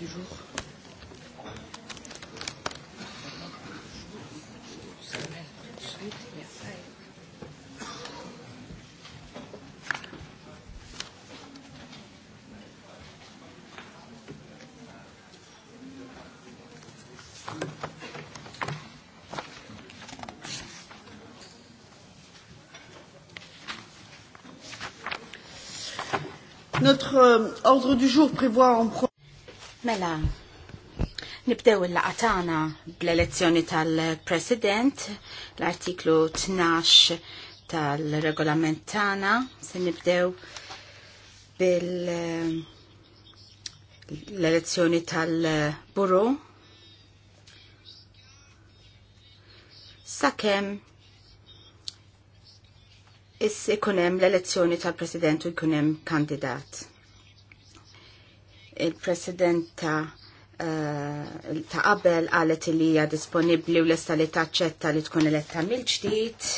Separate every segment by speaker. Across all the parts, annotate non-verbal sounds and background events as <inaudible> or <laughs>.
Speaker 1: du jour.
Speaker 2: Notre euh, ordre du jour prévoit en
Speaker 3: Mela, nibdew il-laqatana bl-elezzjoni tal-President, l-artiklu 12 tal-regolament tagħna, se nibdew bil-elezzjoni tal-Buru. Sakemm is ikunem l-elezzjoni tal-President u ikunem kandidat. Eh, il president ta' ta' qabel għalet li hija disponibbli u lesta li taċċetta li tkun eletta mill-ġdid.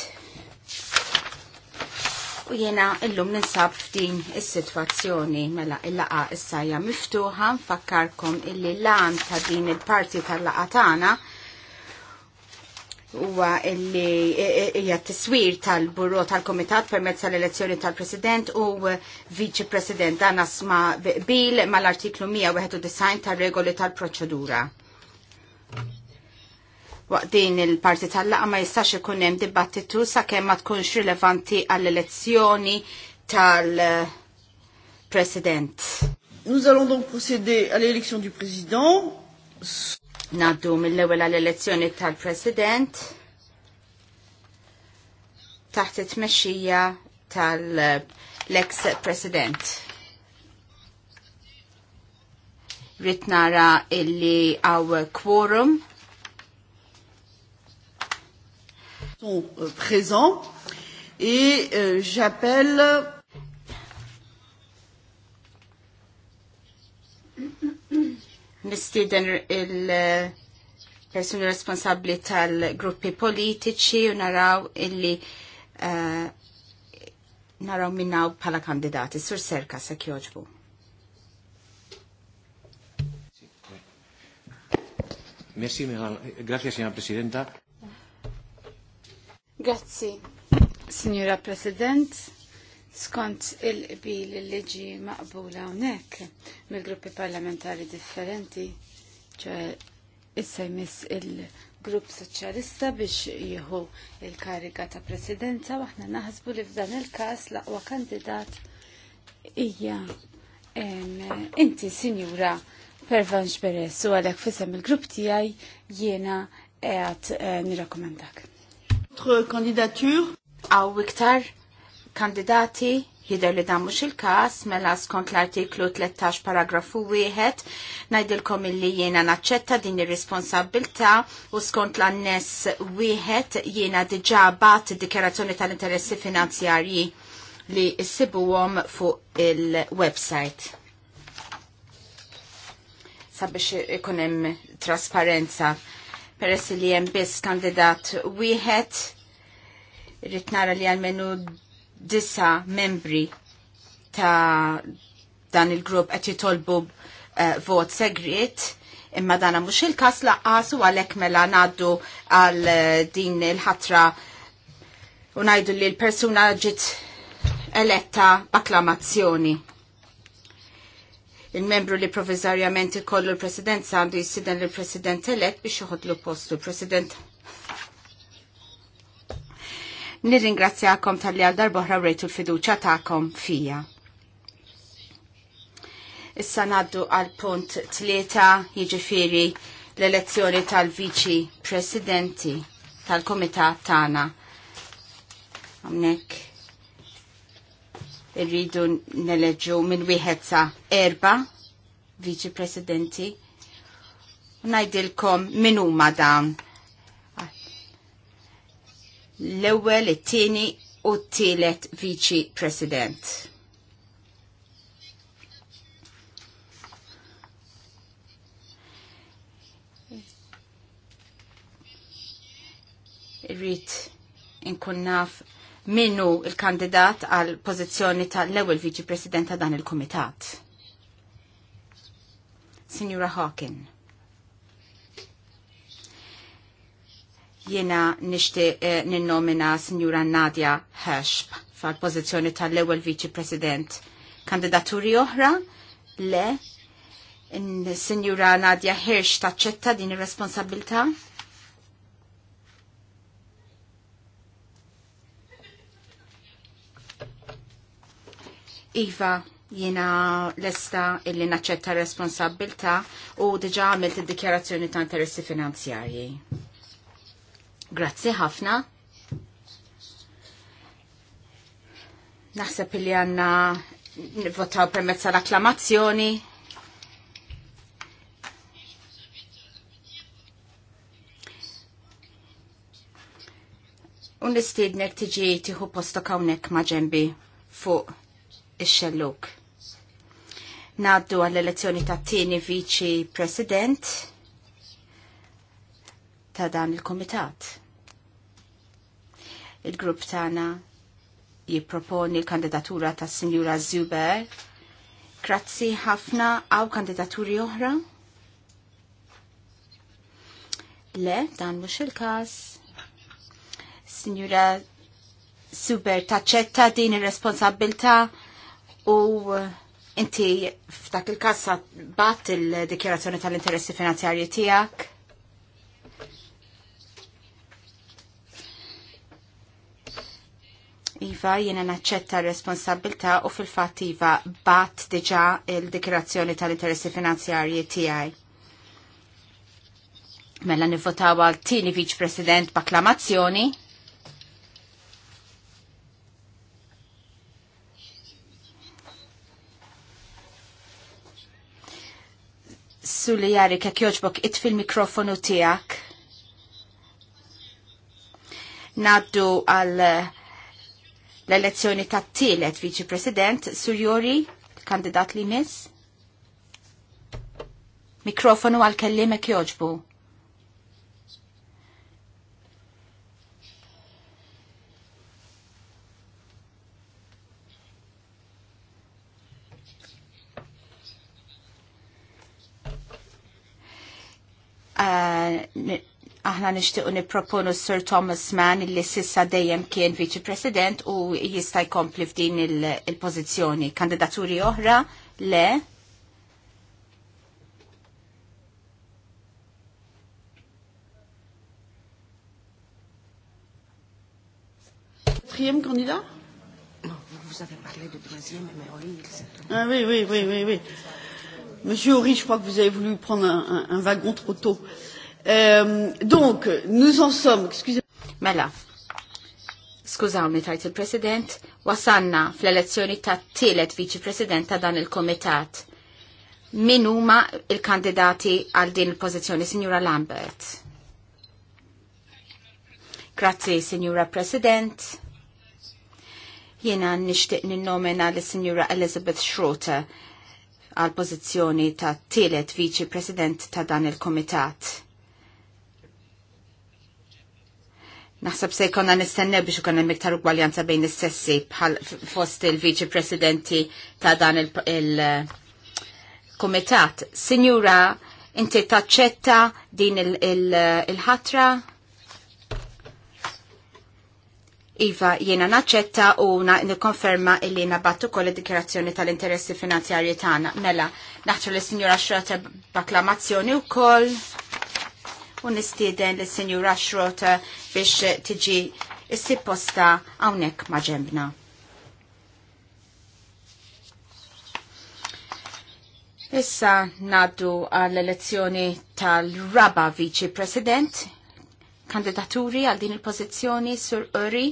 Speaker 3: U jena illum ninsab f'din is-sitwazzjoni mela il-laqa hija miftuħa nfakkarkom illi l-għan ta' din il-parti tal-laqa tagħna huwa li hija t-tiswir tal burro tal-Komitat permezz tal-elezzjoni tal-President u Viċi President dan asma bil mal-artiklu 191 tal-regoli tal-proċedura. Waqt din il-parti tal-laqa ma jistax ikun hemm dibattitu sakemm ma tkunx rilevanti għall-elezzjoni tal-President. Nous allons donc procéder à l'élection du président. Naddu mill-ewwel għall-elezzjoni tal-President taħt it-tmexxija tal-ex President. Rrid nara illi għaw quorum. Sont euh,
Speaker 2: et euh, j'appelle
Speaker 3: <coughs> <coughs> <coughs> nistiden il-persuni responsabli tal-gruppi politiċi u naraw illi uh, naraw minnaw pala kandidati. Sur serka se kjoġbu.
Speaker 2: Merci, grazie, signora Presidenta. Grazie, signora President skont il-qbil il-liġi maqbula unek mill-gruppi parlamentari differenti, ċe issa jmiss il-grupp soċjalista biex jieħu il-kariga ta' presidenza waħna naħsbu li f'dan il-kas laqwa kandidat hija inti sinjura Pervanx Beres u għalek fissem il-grupp
Speaker 3: tijaj jiena għed eh, nirakomendak. Kandidatur għaw iktar kandidati jider li dammu xil il-każ mela skont l-artiklu 13 paragrafu 1 ngħidilkom illi jiena naċċetta din ir responsabbilta u skont l-anness wieħed jiena diġà bat dikjarazzjoni tal-interessi finanzjarji li issibuhom fuq il-website. Sabiex ikun hemm trasparenza peress li hemm biss kandidat wieħed rrit nara li għalmenu disa membri ta' dan il-grupp qed jitolbu uh, vot segret imma dana mhux il-każ laqqas u għalhekk mela ngħaddu għal eh, din il-ħatra u ngħidu li l-persuna ġiet eletta b'akklamazzjoni. Il-membru li provizorjament ikollu l-presidenza għandu jissiden l-president elett biex joħodlu postu. president Nirringrazzjakom tal-li għal darboħra rejtu l-fiduċa ta'kom fija. Issa naddu għal punt tlieta jiġifieri l-elezzjoni tal-viċi presidenti tal-komitat tagħna. Hawnhekk irridu neleġu minn wieħed sa erba viċi presidenti. Najdilkom minn huma dawn l-ewwel, it-tieni u t-tielet viċi president. Irrid inkun naf minnu il-kandidat għal pożizzjoni tal-ewwel viċi president ta' dan il-kumitat. Signora Hawkins. Jena nishti eh, ninnomina Signora Nadja Hershp fa' pozizjoni tal-ewwel Viċi President. Kandidaturi oħra? Le. Signora Nadja Hirsch taċċetta din ir-responsabilità? Iva, jina lesta illi naċċetta responsabilta u diġa għamilt id-dikjarazzjoni ta' interessi finanzjarji. Grazzi ħafna. Naħseb li għanna votaw permezz l-akklamazzjoni. Unistidnek tiġi tiħu posto kawnek maġembi fuq ix-xelluk. Naddu għall-elezzjoni ta' tieni viċi president ta' dan il-komitat il-grupp tagħna jipproponi l-kandidatura ta' Sinjura Zuber. Grazzi ħafna għaw kandidaturi oħra? Le, dan mhux il-każ. Sinjura Zuber taċċetta din ir-responsabilità u inti f'dak il-każ bat il dikjerazzjoni tal-interessi finanzjarji tiegħek Iva jiena naċċetta r-responsabilità u fil-fatt Iva bat diġa il-dikirazzjoni tal-interessi finanzjarji tiegħi. Mela nivvotaw għal tini viċ president b'akklamazzjoni. Suli jari kek joġbok fil mikrofonu tijak. Naddu għal uh, l-elezzjoni ta' tielet viċi president Surjori, kandidat li miss. Mikrofonu għal kellimek joġbu. Uh, Aħna nixtiequ nipproponu Sir Thomas Mann illi sissa dejjem kien Vice President u jista' jkompli f'din il pozizjoni Il Kandidaturi oħra le
Speaker 2: Quatrième candidat Vous avez parlé de troisième, mais oui, Ori, Ah oui, oui, oui, oui, oui. Monsieur Horry, je crois que vous avez voulu prendre un, un, un wagon trop tôt. Euh,
Speaker 3: Euh, donc, nous en sommes, excusez-moi. Mela, skużawni tajt il-President, wasanna fl-elezzjoni ta' tielet viċi President ta' dan il-Komitat. Min huma il-kandidati għal din il-pożizzjoni, Signora Lambert? Grazzi, Signora President. Jena nishtiq ninnomina l-Signora Elizabeth Schroeter għal pożizzjoni ta' tielet viċi President ta' dan il-Komitat Naħseb se jkollna nistenne biex ikun hemm iktar ugwaljanza bejn is-sessi bħal fost il-Viċi Presidenti ta' dan il-Kumitat. Sinjura, inti taċċetta din il-ħatra? iva, jiena naċċetta u nikkonferma illi nabattu koll id-dikjerazzjoni tal-interessi finanzjarji tagħna. Mela, naħtru li sinjura xrata b'akklamazzjoni wkoll u nistieden lis sinjura Xrota biex tiġi s-sipposta hawnhekk ma' ġembna. Issa naddu għall-elezzjoni tal-raba viċi president, kandidaturi għal din il-pozizjoni sur Uri.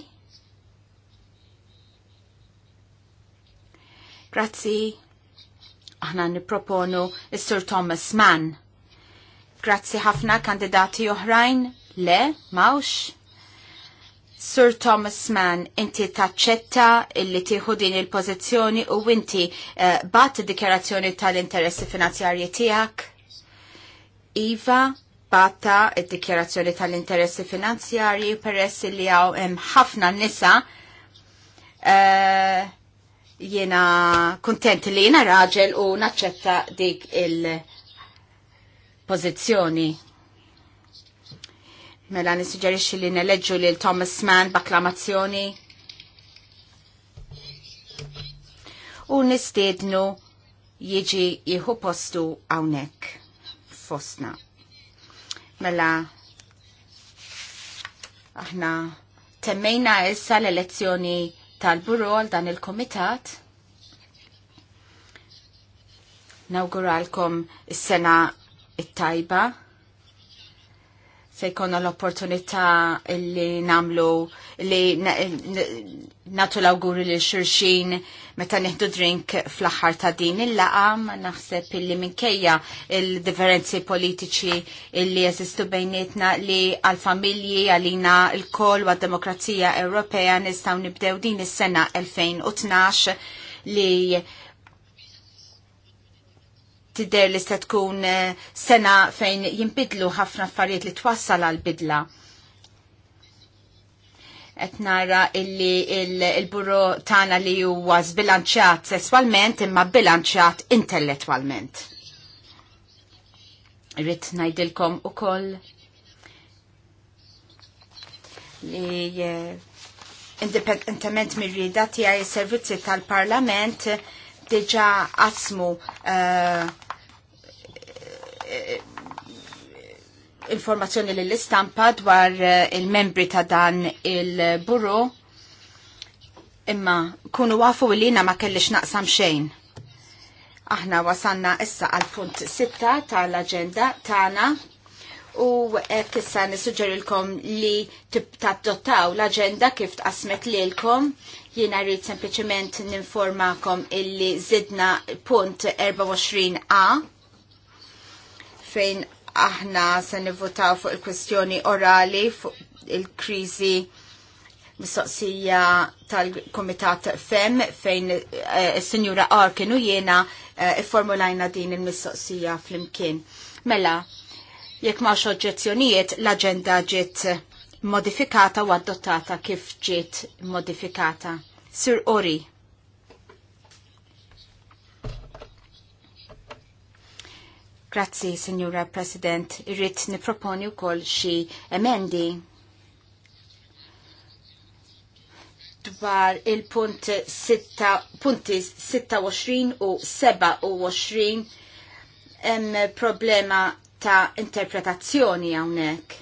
Speaker 3: Grazzi, aħna niproponu is-Sur Thomas Mann. Grazzi ħafna kandidati oħrajn. Le, mawx. Sir Thomas Mann, inti taċċetta illi tieħu din il-pożizzjoni u inti uh, bat dikjerazzjoni tal-interessi finanzjarji tiegħek? Iva bata id dikjerazzjoni tal-interessi finanzjarji peress li għaw ħafna nisa uh, eh, jena kontent li jena raġel u naċċetta dik il- pożizzjoni. Mela nissuġġerixxi li li lil Thomas Mann b'akklamazzjoni u nistiednu jiġi jieħu postu hawnhekk fostna. Mela aħna temmejna issa l-elezzjoni tal-buru għal dan il-komitat nawguralkom is-sena it-tajba se jkollna l-opportunità li namlu li natu l-auguri li xurxin meta neħdu drink fl-aħħar ta' din il-laqam naħseb illi minkejja il-differenzi politiċi li jeżistu bejnietna li għal-familji għalina l-koll u demokrazija Ewropea nistgħu nibdew din is-sena 2012 li tider li se tkun eh, sena fejn jimbidlu ħafna affarijiet li twassal għal bidla. Et nara illi il-buru il tana li huwa zbilanċat sessualment imma bilanċat intellettualment. Rrit najdilkom u koll li eh, indipendentement mir-rida tiegħi servizzi tal-Parlament diġa qasmu uh, informazzjoni l istampa dwar eh, il-membri ta' dan il-buru imma kunu wafu li jina ma kellix naqsam xejn. Aħna wasanna issa għal punt 6 tal-agenda tagħna u hekk issa nisuġġerilkom li tadottaw l-agenda kif tqasmet lilkom jiena rrid sempliċement ninformakom illi zidna punt 24a fejn aħna se nivvotaw fuq il-kwestjoni orali fuq il-kriżi mistoqsija tal-Komitat FEM fejn is-Sinjura eh, e, kienu u jiena eh, formulajna din il-mistoqsija fl-imkien. Mela, jekk ma oġġezzjonijiet l-agenda ġiet modifikata u adottata kif ġiet modifikata. Sir Ori. Grazzi, Signora President. Irrit niproponi u koll xi emendi dwar il-punt 26 u 27 hemm problema ta' interpretazzjoni hawnhekk.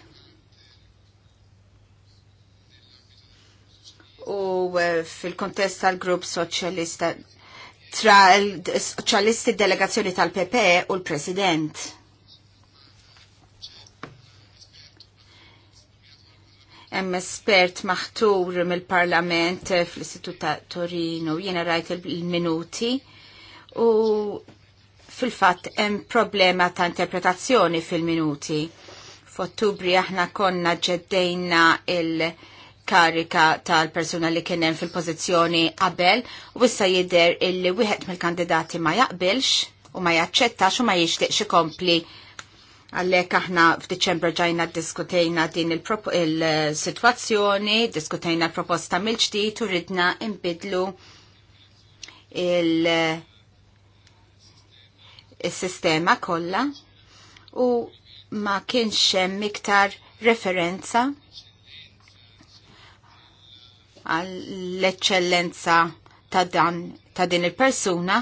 Speaker 3: U eh, fil-kontest tal-grupp soċjalista tra l-soċjalisti delegazzjoni tal pp e u l-President. Hemm espert maħtur mill-Parlament fl-Istitut ta' Torino, jiena rajt il-minuti u fil-fatt hemm problema ta' interpretazzjoni fil-minuti. F'Ottubri aħna konna ġeddejna il- karika tal-persuna li kienem fil-pozizjoni qabel u issa jider illi wieħed mill-kandidati ma jaqbilx u ma jaċċettax u ma jixtieqx ikompli għallek aħna f'Diċembru ġajna diskutejna din il-situazzjoni, il diskutejna proposta mill-ġdid u ridna imbidlu il-sistema il kollha u ma kienx hemm iktar referenza għall-eċċellenza ta' dan ta' din il-persuna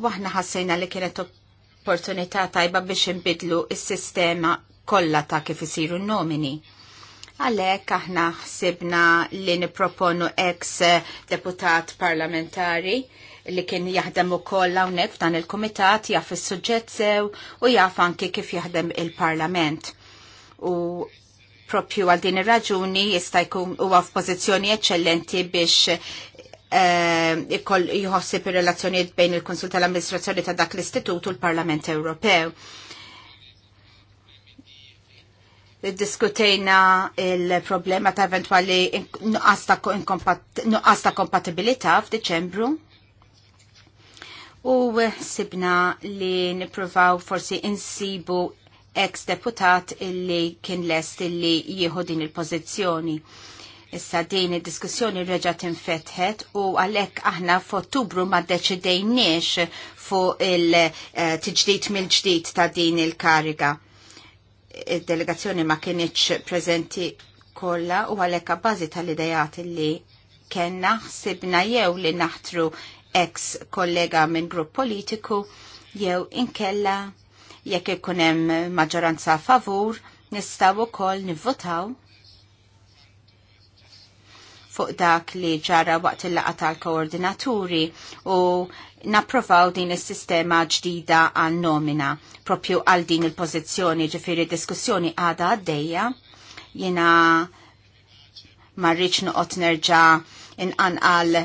Speaker 3: u aħna ħassejna li kienet opportunità tajba biex inbidlu is-sistema kollha ta' kif isiru n-nomini. Għalhekk aħna ħsibna li nipproponu ex deputat parlamentari li kien jaħdem ukoll hawnhekk f'dan il-kumitat jaf is-suġġett sew u jaf anki kif jaħdem il-Parlament. U propju għal din ir-raġuni jista' jkun huwa f'pożizzjoni eċċellenti biex eh, jħossib ir-relazzjonijiet bejn il konsult tal-Amministrazzjoni ta' dak l-Istitut u l-Parlament Ewropew. Diskutejna il-problema ta' eventwali nuqqas ta' kompatibilità f'Diċembru u sibna li niprofaw forsi insibu ex deputat illi kien lest illi jieħu din il-pozizjoni. Issa din id-diskussjoni reġa' tinfetħet u għalhekk aħna f'Ottubru ma deċidejniex fuq il-tiġdid eh, mill-ġdid ta' din il-kariga. il delegazzjoni ma kienieċ preżenti kollha u għalhekk għabazi tal-idejat illi kena ħsibna jew li naħtru ex kollega minn grupp politiku jew inkella jekk ikun hemm maġġoranza favur, nistgħu wkoll nivvotaw fuq dak li ġara waqt il-laqa tal-koordinaturi u napprovaw din is-sistema ġdida għal nomina propju għal din il-pożizzjoni ġifieri diskussjoni għadha għaddejja jiena marriċ noqgħod nerġa' inqanqal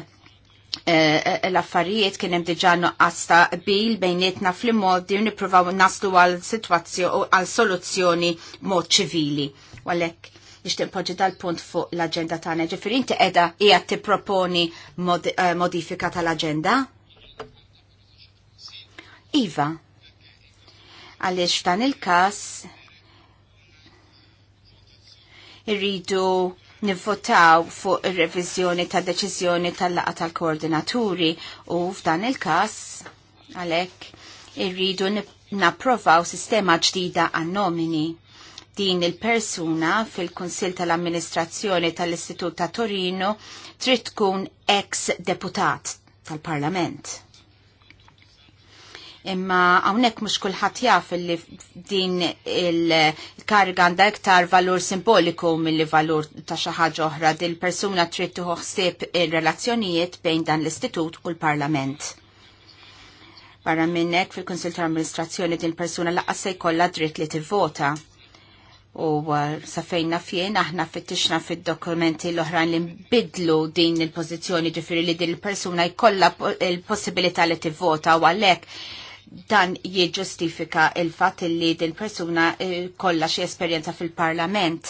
Speaker 3: Eh, l-affarijiet kienem diġa nuqqas ta' bil bejnietna fl immodi u nippruvaw naslu għal situazzjoni għal soluzzjoni mod ċivili. Għalek, nixtieq poġi dal-punt fuq l-agenda tagħna. Ġifieri inti qiegħda hija tipproponi mod eh, modifika tal-aġenda? Iva. Għaliex f'dan il-każ irridu nivvotaw fuq ir-reviżjoni ta' deċiżjoni tal-laqa tal-koordinaturi u f'dan il-każ għalhekk irridu napprovaw sistema ġdida għan-nomini din il-persuna fil konsil tal-Amministrazzjoni tal-Istitut ta' Torino trid tkun ex deputat tal-Parlament imma hawnhekk mhux kulħadd jaf li din il-kariga għandha iktar valur simboliku milli valur ta' xi ħaġa oħra dil persuna trid ħsieb ir-relazzjonijiet bejn dan l-istitut u l-Parlament. Barra minnek fil-Konsil ta' Amministrazzjoni din persuna laqqa se jkollha dritt li tivvota. U uh, safejna fien, aħna fittixna fil-dokumenti l-oħrajn li nbidlu din il-pozizjoni ġifiri li din il-persuna jkollha il-possibilità li tivvota u għalhekk dan jiġustifika il-fat li din persuna eh, kollha xi esperjenza fil-Parlament.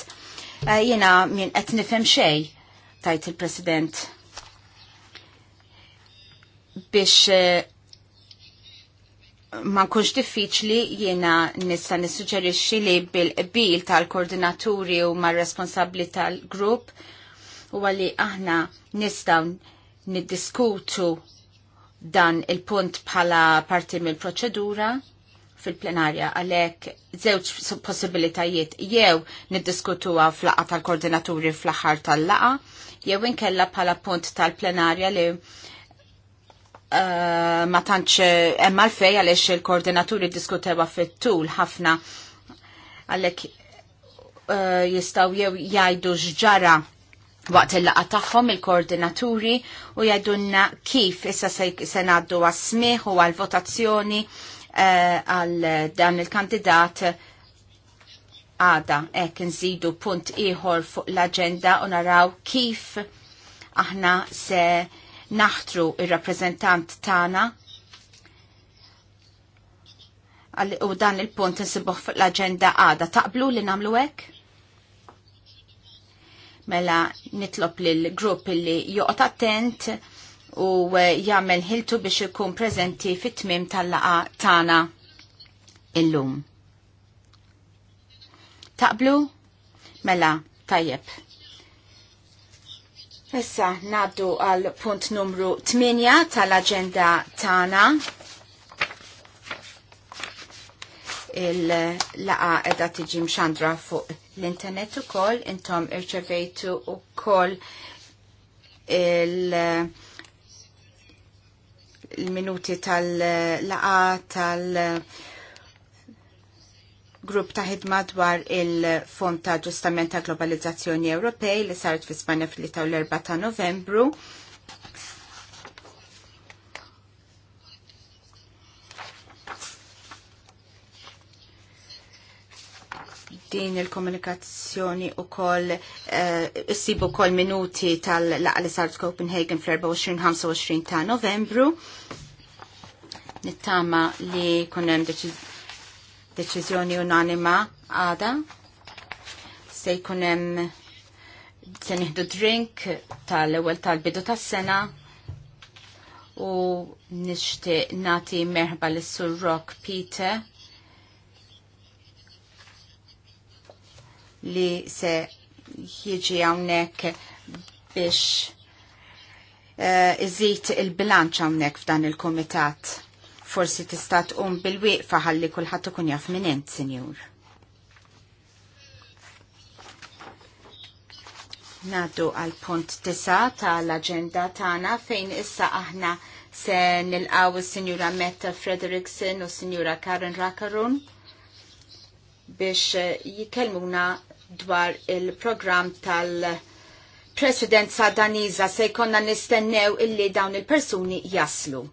Speaker 3: Eh, jiena min qed nifhem xejn tajt il-President biex eh, ma nkunx diffiċli jiena nista' nissuġġerixxi li bil-qbil tal-koordinaturi u mar-responsabbli tal-grupp u għalli aħna nistgħu niddiskutu dan il-punt bħala parti mill-proċedura fil-plenarja għalek zewċ possibilitajiet jew niddiskutuha fl-laqa tal-koordinaturi fl-aħħar tal-laqa jew inkella bħala punt tal-plenarja li uh, ma tantx hemm għalfej għaliex il-koordinaturi diskutewa fit-tul ħafna għalek uh, jistaw jew jgħidu x'ġara waqt il laqa tagħhom il-koordinaturi u jgħidulna kif issa se ngħaddu għas-smieħ u għal-votazzjoni eh, għal dan il-kandidat għada hekk nżidu punt ieħor fuq l-aġenda u naraw kif aħna se naħtru ir-rappreżentant tagħna u dan il-punt nsibuħ fuq l-agenda għada. Taqblu li namlu hekk? Mela nitlob lil grupp li joqgħod attent u eh, jagħmel ħiltu biex ikun preżenti fit-tmim tal-laqa tagħna illum. Taqblu? Mela, tajjeb. Issa naddu għal punt numru 8 tal aġenda tagħna. il-laqa edha tiġi mxandra fuq l-internet u kol, intom irċevejtu u kol il-minuti tal-laqa tal-grupp ta' ħidma dwar il-Fond ta' Ġustament ta' Globalizzazzjoni Ewropej li saret fi Spanja fil-4 ta' novembru. din il-komunikazzjoni u koll eh, issibu koll minuti tal-laqa li Copenhagen fl-24-25 ta' novembru. Nittama li kunem deċizjoni unanima għada. Se kunem se nieħdu drink tal-ewwel tal-bidu tas-sena u nixtieq nati merħba lis sur Rock Peter li se jieġi għawnek biex iżit eh, iżid il-bilanċ għawnek f'dan il-komitat. Forsi tista' tqum bil-wieqfa ħalli kulħadd ikun jaf minn int, Sinjur. Naddu għal punt tisa tal-agenda tagħna fejn issa aħna se nilqaw is-Sinjura Metta Frederiksen u Sinjura Karen Rakarun biex jikelmuna dwar il-programm tal- Presidenza Sadaniza se jkonna nistennew illi dawn il-persuni jaslu.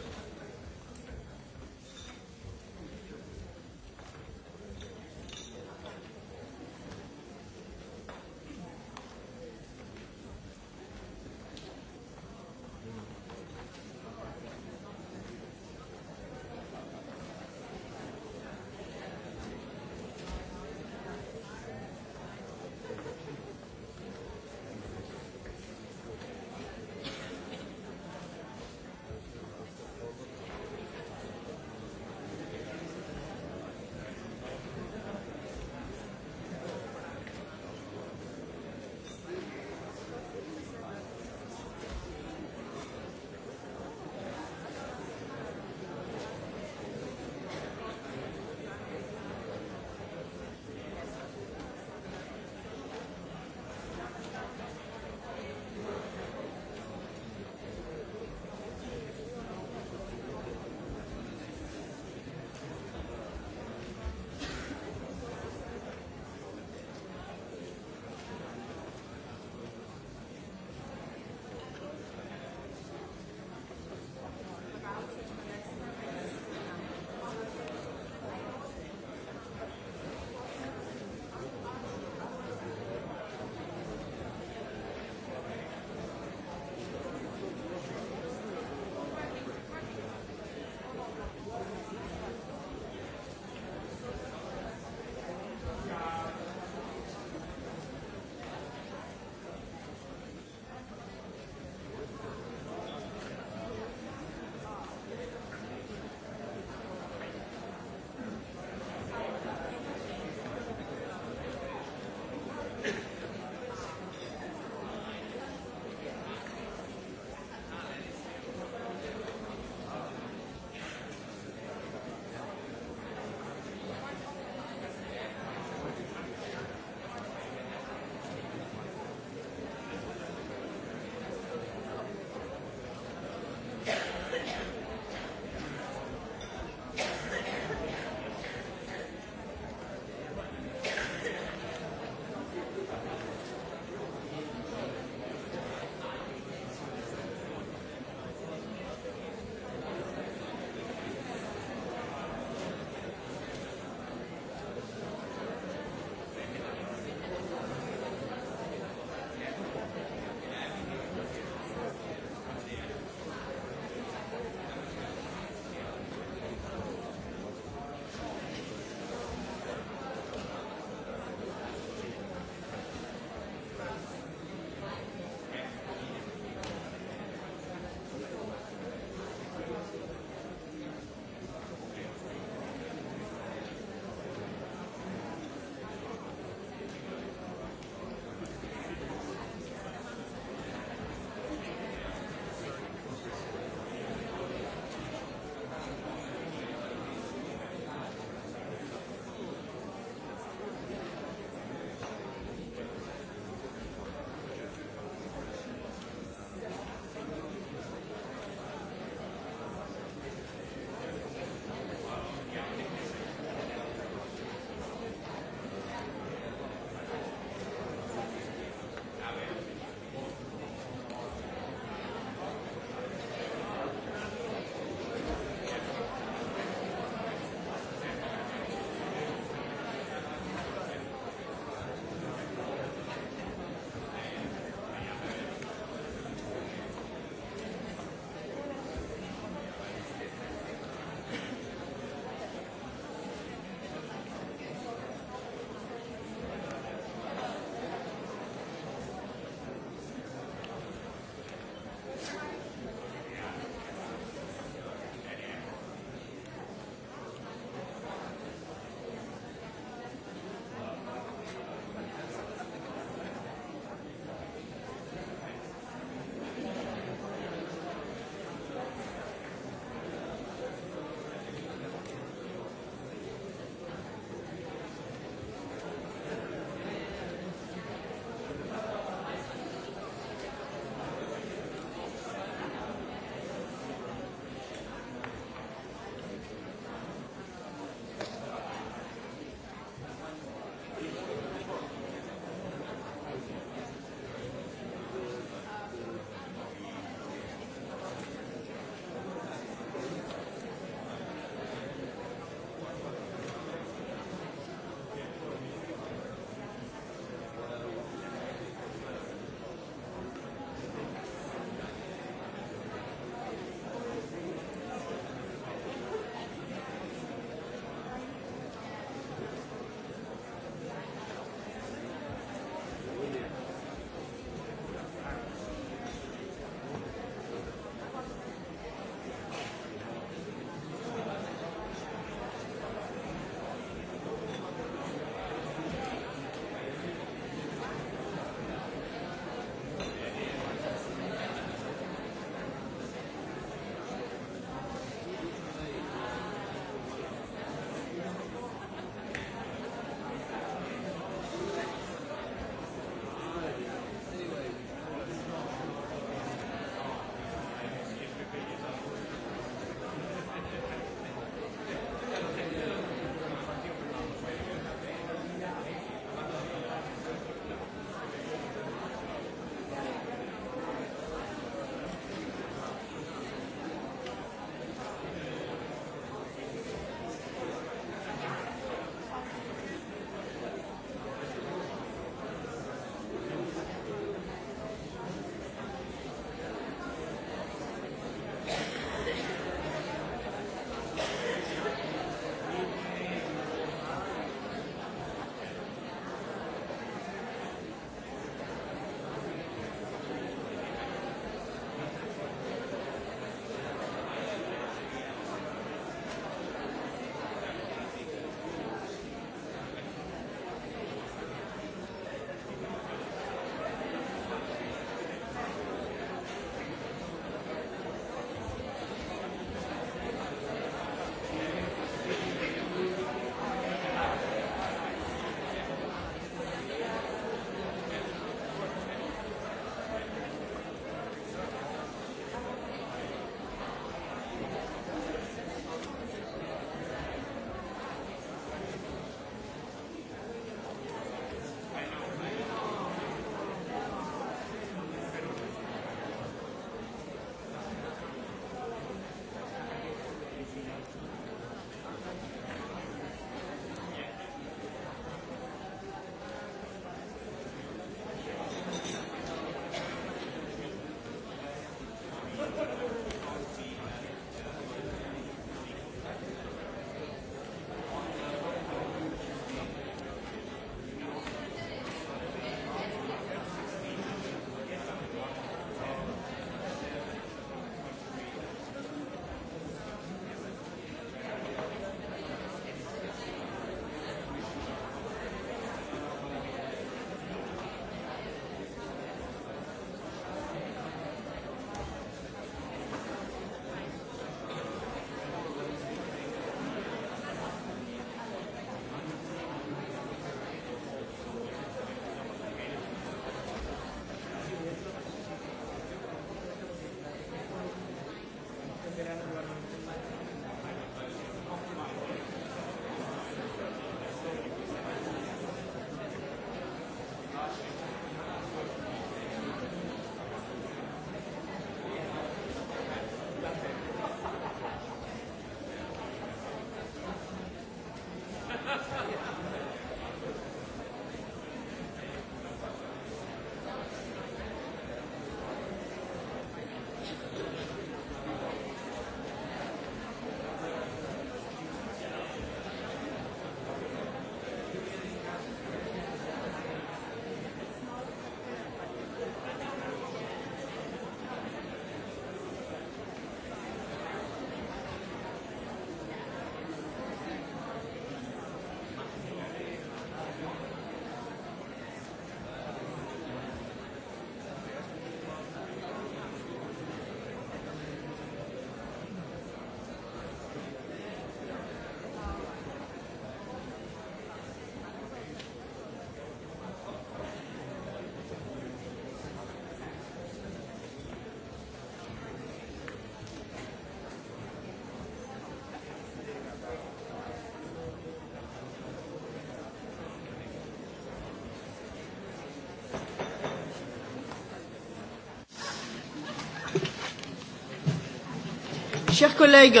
Speaker 2: Chers collègues,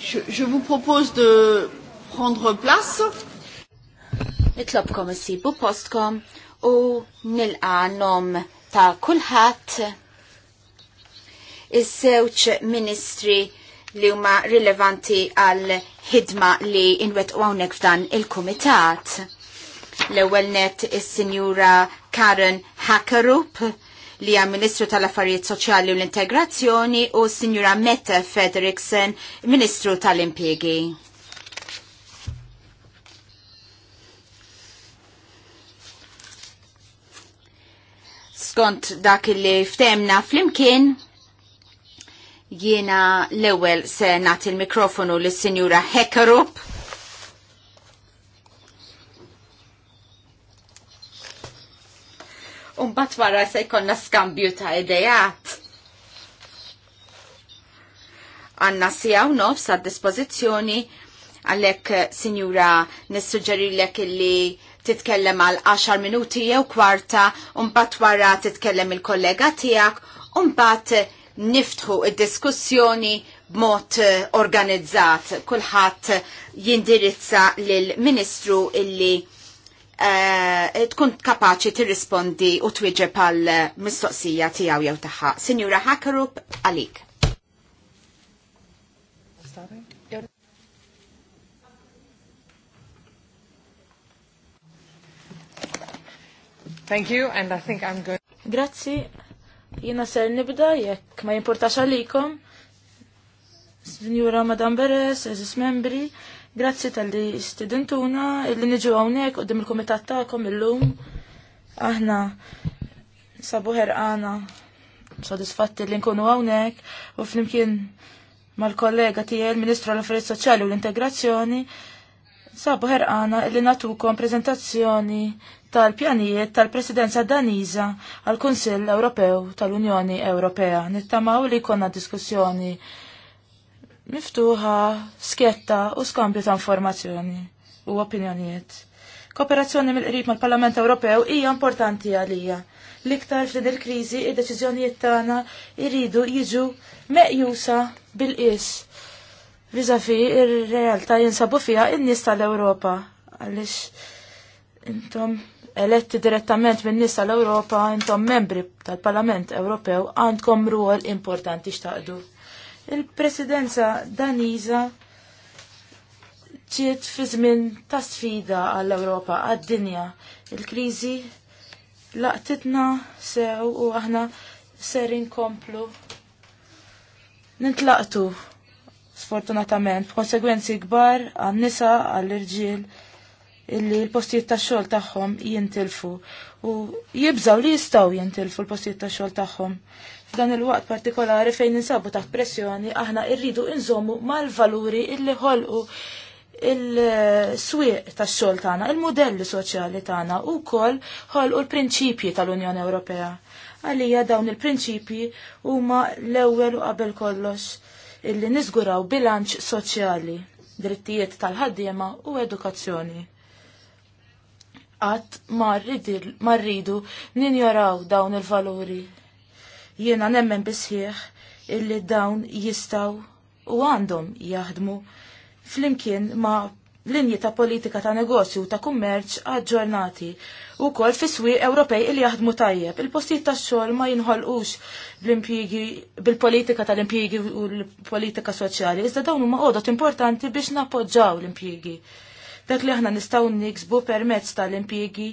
Speaker 3: je, je vous propose de prendre place. Nitlobkom issibu postkom u nilqa nom ta' kulħadd is-sewċ ministri li huma rilevanti għal ħidma li inwet u hawnhekk f'dan il-kumitat. L-ewwel net is-Sinjura Karen Hakarup li għam Ministru tal-Affarijiet Soċjali u l-Integrazzjoni u Sinjura Mette Federiksen, Ministru tal impiegi Skont dak li ftemna flimkien, jiena l-ewel se nat il mikrofonu lis sinjura Hekarup. bat wara se jkollna skambju ta' idejat. Għanna sijaw nofs għad dispozizjoni għalhekk eh, sinjura nissuġġeri lek illi titkellem għal 10 minuti jew kwarta, umbat wara titkellem il-kollega tijak, mbagħad eh, niftħu id-diskussjoni b'mod eh, organizzat. Kulħadd jindirizza lill-Ministru illi Eh, tkun kapaċi tirrispondi u twiġe pal mistoqsija tijaw jew taħħa. Sinjura Hakarup, għalik.
Speaker 1: Thank you, and I think I'm going. Grazzi, jina ser nibda, jekk ma jimportax għalikom. Signora Madame Beres, eżis membri, Grazzi tal-li studentuna, illi niġu għawnek u dim il-komitat kom il-lum. Aħna sabu ħerqana sodisfatti li nkunu għawnek u flimkien mal-kollega tijel, il-Ministru l affarijiet Soċjali u l-Integrazzjoni, sabu ħerqana illi natukom prezentazzjoni tal-pjanijiet tal-Presidenza Daniża għal-Kunsill Ewropew tal-Unjoni Ewropea. Nittamaw li konna diskussjoni miftuħa, skjetta u skambju ta' informazzjoni u opinjonijiet. Kooperazzjoni mill-qrib mal-Parlament Ewropew hija importanti għalija. L-iktar f'din il-kriżi id-deċiżjonijiet tagħna jridu jiġu meqjusa bil-qis. Viżafi ir-realtà jinsabu fiha in-nies tal-Ewropa għaliex intom eletti direttament minn nisa l-Europa, intom membri tal-Parlament Ewropew, għandkom ruol importanti xtaqdu. Il-presidenza daniza ġiet fi żmien ta' sfida għall-Ewropa għad-dinja. Il-kriżi laqtitna sew u aħna ser inkomplu nintlaqtu sfortunatament konsegwenzi kbar għan-nisa għall-irġiel illi l-postijiet ta' xogħol tagħhom jintilfu u jibżaw li jistgħu jintilfu l-postijiet ta' xogħol tagħhom f'dan il-waqt partikolari fejn ninsabu taħt pressjoni aħna irridu inżommu mal-valuri illi ħolqu il-swieq tax xogħol tagħna, il-modelli soċjali tagħna u wkoll ħolqu l-prinċipji tal-Unjoni Ewropea. Għalija dawn il-prinċipji huma l-ewwel u qabel kollox illi niżguraw bilanċ soċjali, drittijiet tal-ħaddiema u edukazzjoni għat marridu ninjoraw dawn il-valuri Jiena nemmen bisħieħ illi dawn jistaw u għandhom jaħdmu flimkien ma' linji ta' politika ta' negozju ta' kummerċ aġġornati u kol fiswi Ewropej il jaħdmu tajjeb. Il-postijiet ta' xogħol ma jinħolqux bil-politika tal-impjigi u l-politika soċjali, iżda dawn huma għodot importanti biex napoġġaw l-impjigi. Dak li aħna nistgħu niksbu permezz tal-impjigi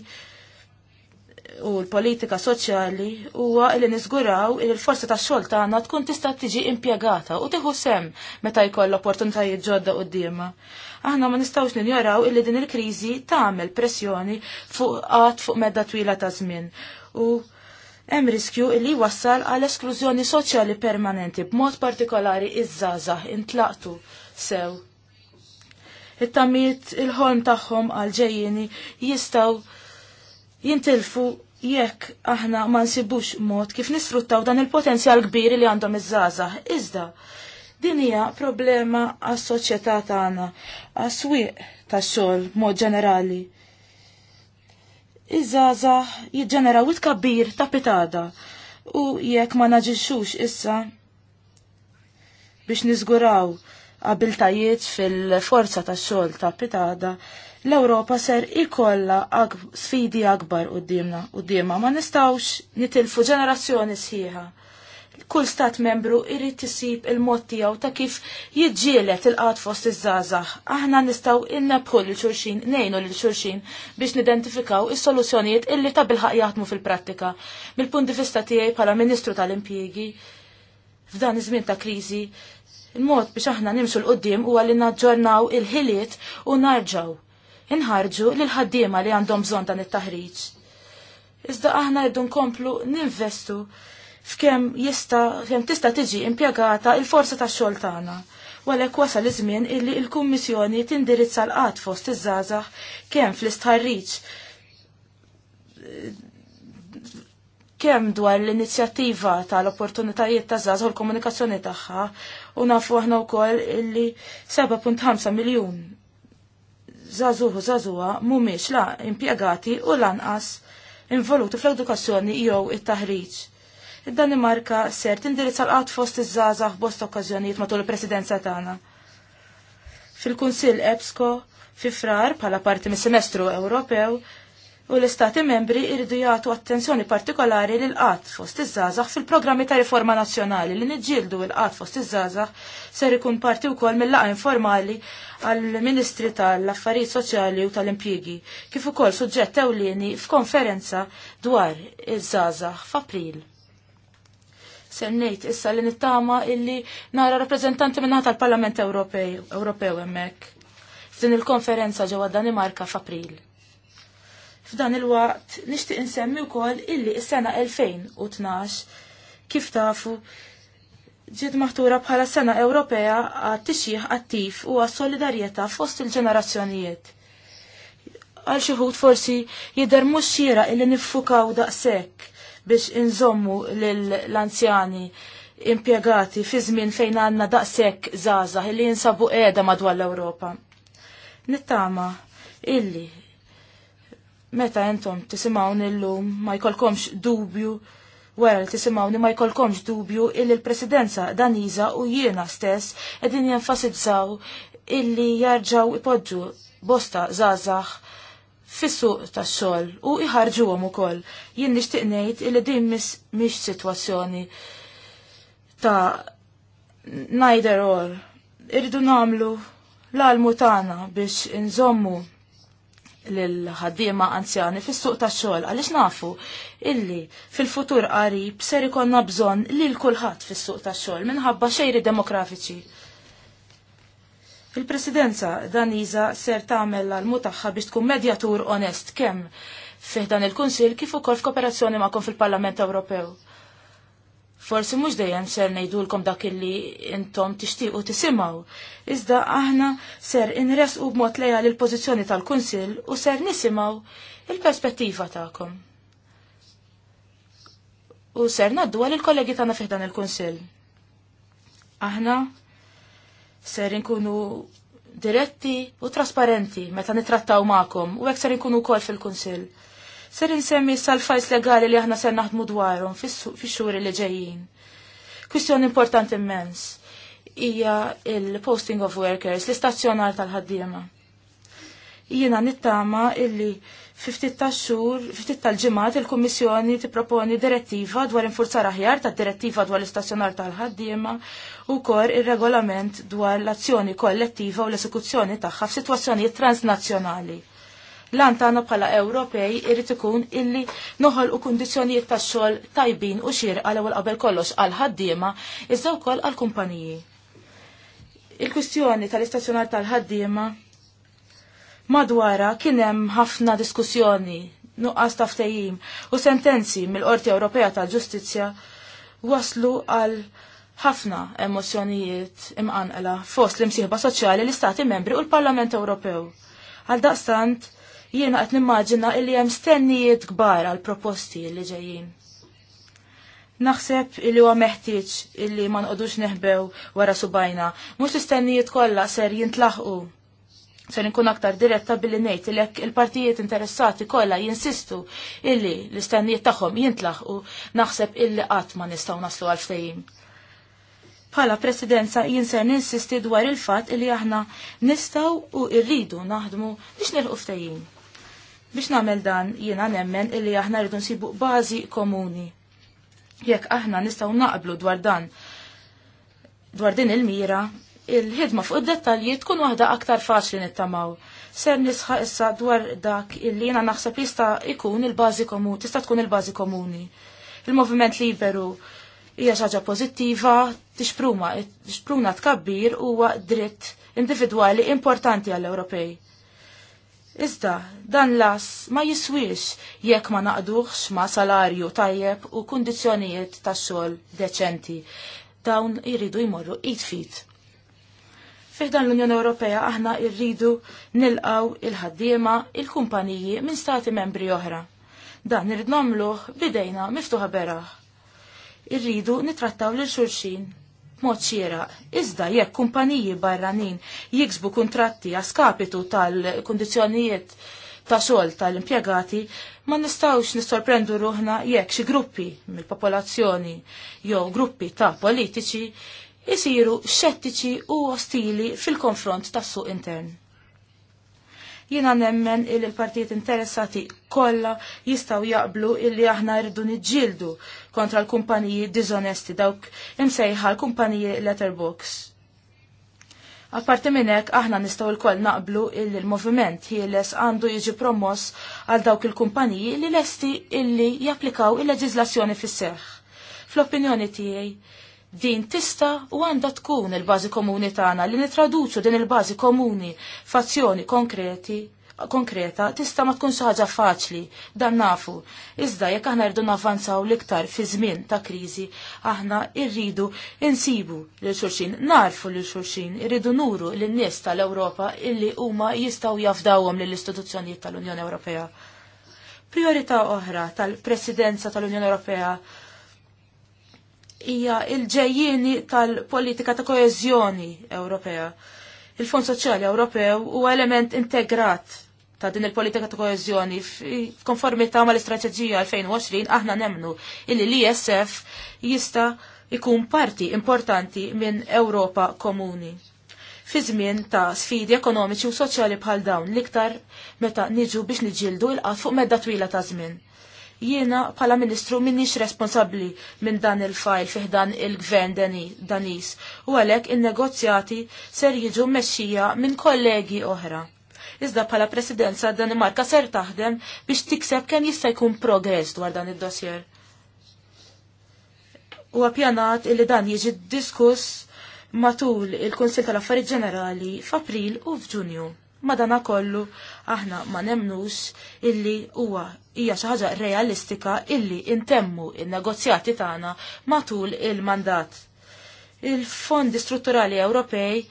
Speaker 1: u l-politika soċjali huwa li niżguraw li l-forza tax xogħol tagħna tkun tista' tiġi impjegata u tieħu sem meta jkoll opportunitajiet ġodda qudiema. Aħna ma nistgħux ninjoraw illi din il-kriżi tagħmel pressjoni fuq qatt fuq medda twila ta' żmien. U hemm riskju li wassal għal esklużjoni soċjali permanenti b'mod partikolari iż-żgħażagħ intlaqtu sew. It-tamiet il-ħolm tagħhom għal ġejjini jistgħu jintilfu jekk aħna ma nsibux mod kif nisfruttaw dan il-potenzjal kbir li għandhom iż-żgħażagħ. Iżda, din hija problema għas-soċjetà tagħna, għas-swieq tax-xogħol mod ġenerali. Iż-żgħażagħ jiġġeneraw it-kabbir ta' pitada u jekk ma naġixxux issa biex niżguraw abiltajiet fil-forza tax-xogħol ta' pitada, l-Ewropa ser ikolla sfidi akbar d qoddimha ma nistgħux nitilfu ġenerazzjoni sħiħa. Kull stat membru irrid tisib il-mod tiegħu ta' kif jidġielet il-qat fost iż żazax Aħna nistgħu innebħu lil xulxin, ngħinu lil xulxin biex nidentifikaw is-soluzzjonijiet illi ta' bilħaq jaħdmu fil-prattika. mil punt di vista tiegħi bħala Ministru tal-Impjiegi f'dan iż-żmien ta' kriżi, il-mod biex aħna nimxu l-qoddim huwa li naġġornaw il-ħiliet u narġaw inħarġu lil ħaddiema li għandhom bżonn dan it-taħriġ. Iżda aħna rridu nkomplu ninvestu f'kemm jista' kemm tista' tiġi impjegata il-forza tax-xogħol tagħna. Walek wasal iż-żmien illi l-Kummissjoni tindirizza l qat fost iż-żgħażagħ kemm fl-istħarriġ kemm dwar l-inizjattiva tal-opportunitajiet ta' żgħażagħ u l-komunikazzjoni tagħha u nafu aħna wkoll illi 7.5 miljun zazuħu zazuha mhumiex la impjegati u lanqas involuti fl-edukazzjoni jew it-taħriġ. Id-Danimarka ser tindirizza l fost iż-żgħażagħ bost okkażjonijiet matul il-presidenza tagħna. Fil-Kunsill EBSCO fi frar bħala parti mis-semestru Ewropew u l-Istati membri irridu jagħtu attenzjoni partikolari lil qat fost iż-żgħażagħ fil-programmi ta' riforma nazzjonali li niġġieldu l qat fost iż-żgħażagħ ser ikun parti wkoll mill-laqgħa informali għall-Ministri tal-Affarijiet Soċjali u tal-Impjiegi kif ukoll suġġett ewlieni f'konferenza dwar iż-żgħażagħ f'April. Ser ngħid issa li nittama illi nara rappreżentanti minnaħa tal-Parlament Ewropew hemmhekk f'din il-konferenza ġewwa Danimarka f'April. F'dan il-waqt nixtieq insemmi wkoll illi s-sena 2012 kif tafu ġiet maħtura bħala sena Ewropea għat tixjih attiv u għas solidarjetà fost il-ġenerazzjonijiet. Għal xi forsi jidher mhux xira illi niffukaw daqshekk biex inżommu l-anzjani impiegati fi żmien fejn għandna daqshekk żgħażagħ illi jinsabu qiegħda madwar l-Ewropa. Nittama illi Meta jentom tisimawni il lum ma jkolkomx dubju wara li tisimawni ma jkolkomx dubju illi l-presidenza Daniza u jiena stess qegħdin jenfasizzaw illi jarġaw ipoġġu bosta zazax fis-suq tax-xogħol u iħarġuhom ukoll. Jien nixtieq ngħid illi din mhix sitwazzjoni ta' neither or. Irridu nagħmlu l-almu tagħna biex inżommu l-ħaddiema anzjani fis-suq tax-xogħol għaliex nafu illi fil-futur qarib ser ikonna bżonn lil kulħadd fis-suq tax-xogħol minħabba xejri demografiċi. Il-Presidenza Daniza ser tagħmel għal mutaħħa biex tkun medjatur onest kemm fih dan il kunsil kif ukoll f'kooperazzjoni magħkom fil-Parlament Ewropew Forsi mhux dejjem ser ngħidulkom dak illi intom tixtiequ tisimgħu. Iżda aħna ser inresqu b'mod lejha l pożizzjoni tal-Kunsill u ser nisimgħu il-perspettiva tagħkom. U ser naddu għal il-kollegi tagħna fih dan il-Kunsill. Aħna ser inkunu diretti u trasparenti meta nitrattaw ma'kom u hekk ser inkunu wkoll fil-Kunsill Ser insemmi sal-fajs legali li aħna ser naħdmu dwarhom fix-xhur li ġejjin. Kwistjoni importanti immens hija il-posting of workers, l-istazzjonar tal-ħaddiema. Jiena nittama illi ftit tax-xhur, ftit tal-ġimgħat il-Kummissjoni tipproponi direttiva dwar infurzar aħjar tad direttiva dwar l-istazzjonar tal-ħaddiema u kor ir-regolament dwar l-azzjoni kollettiva u l-esekuzzjoni tagħha f'sitwazzjonijiet transnazzjonali. Lan tagħna bħala Ewropej irrit ikun illi noħolqu kundizzjonijiet tax-xogħol tajbin u xir l-ewwel qabel kollox għal ħaddiema iżda wkoll għal kumpaniji. Il-kwistjoni tal-istazzjonar tal-ħaddiema madwara kien hemm ħafna diskussjoni nuqqas ta' u sentenzi mill-Qorti Ewropea tal-Ġustizzja waslu għal ħafna emozjonijiet imqanqla fost l-imsieħba soċjali l-Istati membri u l-Parlament Ewropew. Għal daqstant, jiena qed nimmaġina illi hemm stennijiet kbar għal proposti li ġejjin. Naħseb illi huwa meħtieġ illi ma nqodux neħbew wara subajna, mhux l-istennijiet kollha ser jintlaħqu. Ser nkun aktar diretta billi ngħid li jekk il-partijiet interessati kollha jinsistu illi l-istennijiet tagħhom jintlaħqu, naħseb illi qatt ma nistgħu naslu għal ftehim bħala presidenza jinser ninsisti dwar il-fat illi aħna nistaw u irridu naħdmu biex nilqu ftejjin. Biex nagħmel dan jiena nemmen illi aħna rridu nsibu bażi komuni. Jekk aħna nistgħu naqblu dwar dan dwar din il-mira, il-ħidma fuq id-dettalji tkun waħda aktar faċli nittamaw. Ser nisħa issa dwar dak illi jiena naħseb jista' ikun il-bażi komuni, tista' tkun il-bażi komuni. Il-moviment liberu hija ħaġa pożittiva, tixpruma, tixpruna tkabbir huwa dritt individwali importanti għall-Ewropej. Iżda, dan las ma jiswix jekk ma naqduħx ma salarju tajjeb u kondizjonijiet ta' xogħol deċenti. Dawn irridu jmorru id-fit. Fiħdan l-Unjoni Ewropea aħna irridu nilqaw il-ħaddiema il-kumpaniji minn stati membri oħra. Dan irrid nagħmluh bidejna miftuħa beraħ. Irridu nitrattaw lil xulxin mod xieraq. Iżda jekk kumpaniji barranin jiksbu kontratti skapitu tal-kondizjonijiet ta' xogħol tal-impjegati, ma nistgħux nissorprendu ruħna jekk xi gruppi mill-popolazzjoni jew gruppi ta' politiċi jisiru xettiċi u ostili fil-konfront tas suq intern. Jiena nemmen il-partijiet interessati kollha jistgħu jaqblu illi aħna rridu niġġieldu kontra l-kumpaniji dizonesti dawk imsejħa l-kumpaniji letterbox. Apparti minn hekk aħna nistgħu lkoll naqblu illi l-moviment għandu jiġi promoss għal dawk il-kumpaniji li lesti illi japplikaw il-leġiżlazzjoni fis Fl-opinjoni tiegħi, din tista u għanda tkun il-bazi komuni tagħna li nitraduċu din il-bazi komuni f'azzjoni konkreti konkreta tista' ma tkun ħaġa faċli, dan nafu. Iżda jekk aħna rridu navanzaw l-iktar fi żmien ta' kriżi, aħna rridu insibu lil xulxin, narfu lil xulxin, irridu nuru lin nies tal-Ewropa illi huma jistgħu jafdawhom lill-istituzzjonijiet tal-Unjoni Ewropea. Priorità oħra tal-Presidenza tal-Unjoni Ewropea hija il-ġejjieni tal-politika ta' koeżjoni Ewropea il-Fond Soċjali Ewropew huwa element integrat ta' din il-politika ta' koezjoni f'konformità ma' l-istrateġija 2020 aħna nemnu illi l-ISF jista' ikun parti importanti minn Ewropa komuni. Fi żmien ta' sfidi ekonomiċi u soċjali bħal dawn l-iktar meta niġu biex niġildu il-qat fuq medda twila ta' żmien. Jiena bħala ministru minnix responsabli minn dan il-fajl fih dan il-gvern danis u għalek il-negozjati ser jiġu mexxija minn kollegi oħra. Iżda bħala presidenza Danimarka ser taħdem biex tikseb kemm jista' jkun progress dwar dan id-dossier. U appjanat illi dan jiġi diskuss matul il kunsill tal-Affarijiet Ġenerali f'April u f'Ġunju. Madana kollu aħna ma nemnux illi huwa hija xi ħaġa realistika illi intemmu in-negozjati tagħna matul il-mandat. Il-fondi strutturali Ewropej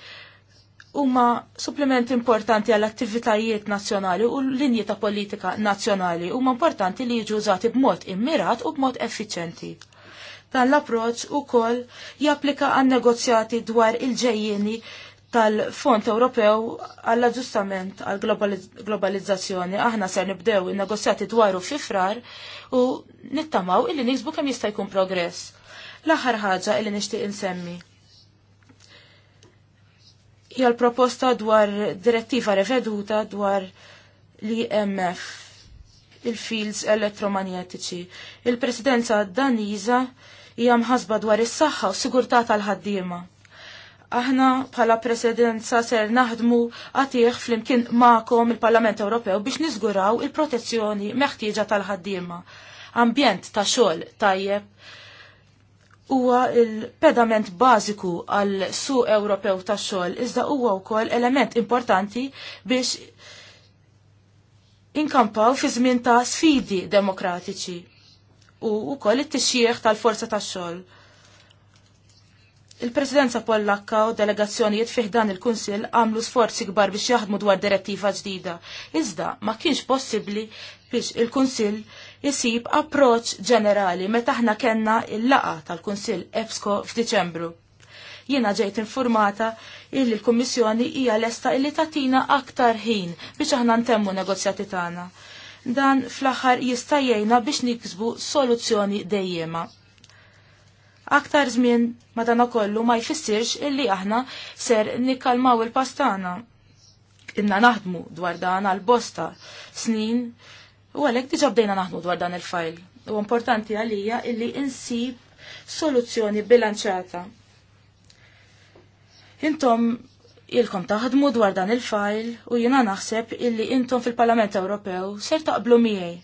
Speaker 1: huma supplement importanti għall attivitajiet nazzjonali u l-linji ta' politika nazzjonali huma importanti li jiġu użati b'mod immirat u b'mod effiċenti. Dan l-approċ ukoll japplika għan negozjati dwar il ġejjeni tal-Fond Ewropew għall-aġġustament għall globalizzazzjoni aħna ser nibdew in-negozjati dwaru fifrar u nittamaw illi nisbu kemm jista' jkun progress. L-aħħar ħaġa illi nixtieq insemmi hija l-proposta dwar direttiva reveduta dwar l-IMF il-fields elettromanjetiċi. Il-presidenza daniża hija mħasba dwar is-saħħa u sigurtà tal-ħaddiema. Aħna bħala presidenza ser naħdmu għatih flimkien ma'kom il-Parlament Ewropew biex niżguraw il-protezzjoni meħtieġa tal-ħaddiema. Ambjent ta' xogħol tajjeb huwa il-pedament bażiku għal su Ewropew tax-xogħol iżda huwa wkoll element importanti biex inkampaw fi żmien ta' sfidi demokratiċi u wkoll it-tixjieħ tal-forza tax-xogħol. Il-Presidenza Pollakka u delegazzjonijiet fih dan il-Kunsill għamlu sforzi kbar biex jaħdmu dwar direttiva ġdida. Iżda ma kienx possibbli biex il-Kunsill jisib approċ ġenerali meta aħna kenna il-laqa tal-Kunsill EBSCO f'Diċembru. Jiena ġejt informata illi l-Kummissjoni hija lesta illi tatina aktar ħin biex aħna ntemmu negozjati tagħna. Dan fl-aħħar jista' jgħinna biex nikzbu soluzzjoni dejjema. Aktar żmien madanakollu ma jfissirx illi aħna ser nikkalmaw il-pastana. Inna naħdmu dwar dan għal-bosta snin U għalek diġa bdejna naħnu dwar dan il-fajl. U importanti għalija illi insib soluzzjoni bilanċata. Intom ilkom taħdmu dwar dan il-fajl u jina naħseb illi intom fil-Parlament Ewropew ser taqblu miegħi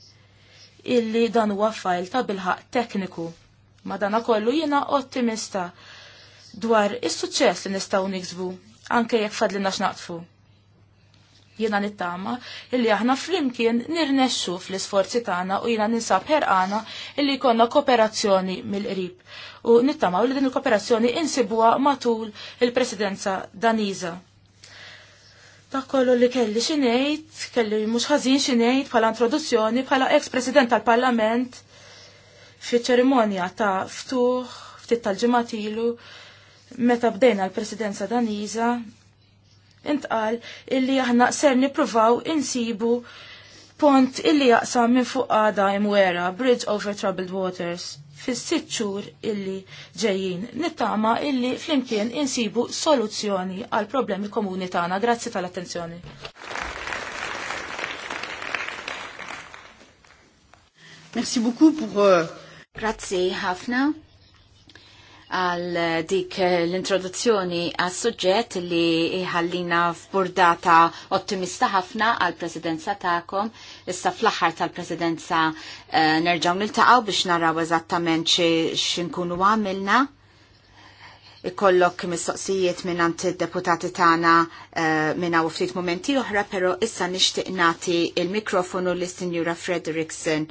Speaker 1: illi dan huwa fajl ta' bilħaq tekniku. dan kollu jina ottimista dwar is-suċċess li nistgħu niksbu anke jekk fadlina naqtfu. Jiena nittama illi aħna flimkien nirnexxu fl-isforzi tagħna u jiena ninsab ħerqana illi jkollna kooperazzjoni mill-qrib. U nittama li din il-kooperazzjoni insibuha matul il-Presidenza Daniza. Ta' kollu li kelli xinejt, kelli mhux ħażin xinejt bħala introduzzjoni bħala ex-President tal-Parlament fi ċerimonja ta' ftuħ ftit tal ġematilu meta bdejna l-presidenza Daniza intqal illi aħna ser nipruvaw insibu pont illi jaqsam minn fuq għada imwera, Bridge over Troubled Waters, fis sitt xhur illi ġejjin. Nittama illi flimkien insibu soluzzjoni għal problemi komuni tagħna. Grazzi tal-attenzjoni.
Speaker 3: Merci beaucoup pour... Euh, Grazie, ħafna għal eh, dik eh, l-introduzzjoni għas suġġett li ħallina f'burdata ottimista ħafna għal presidenza ta'kom. Issa fl-aħħar tal-presidenza uh, nerġaw niltaqgħu biex naraw eżattament x'inkunu għamilna. Ikollok mistoqsijiet minn għant deputati tagħna uh, minn ftit momenti oħra, però issa nixtieq nagħti il-mikrofonu lis-Sinjura Frederiksen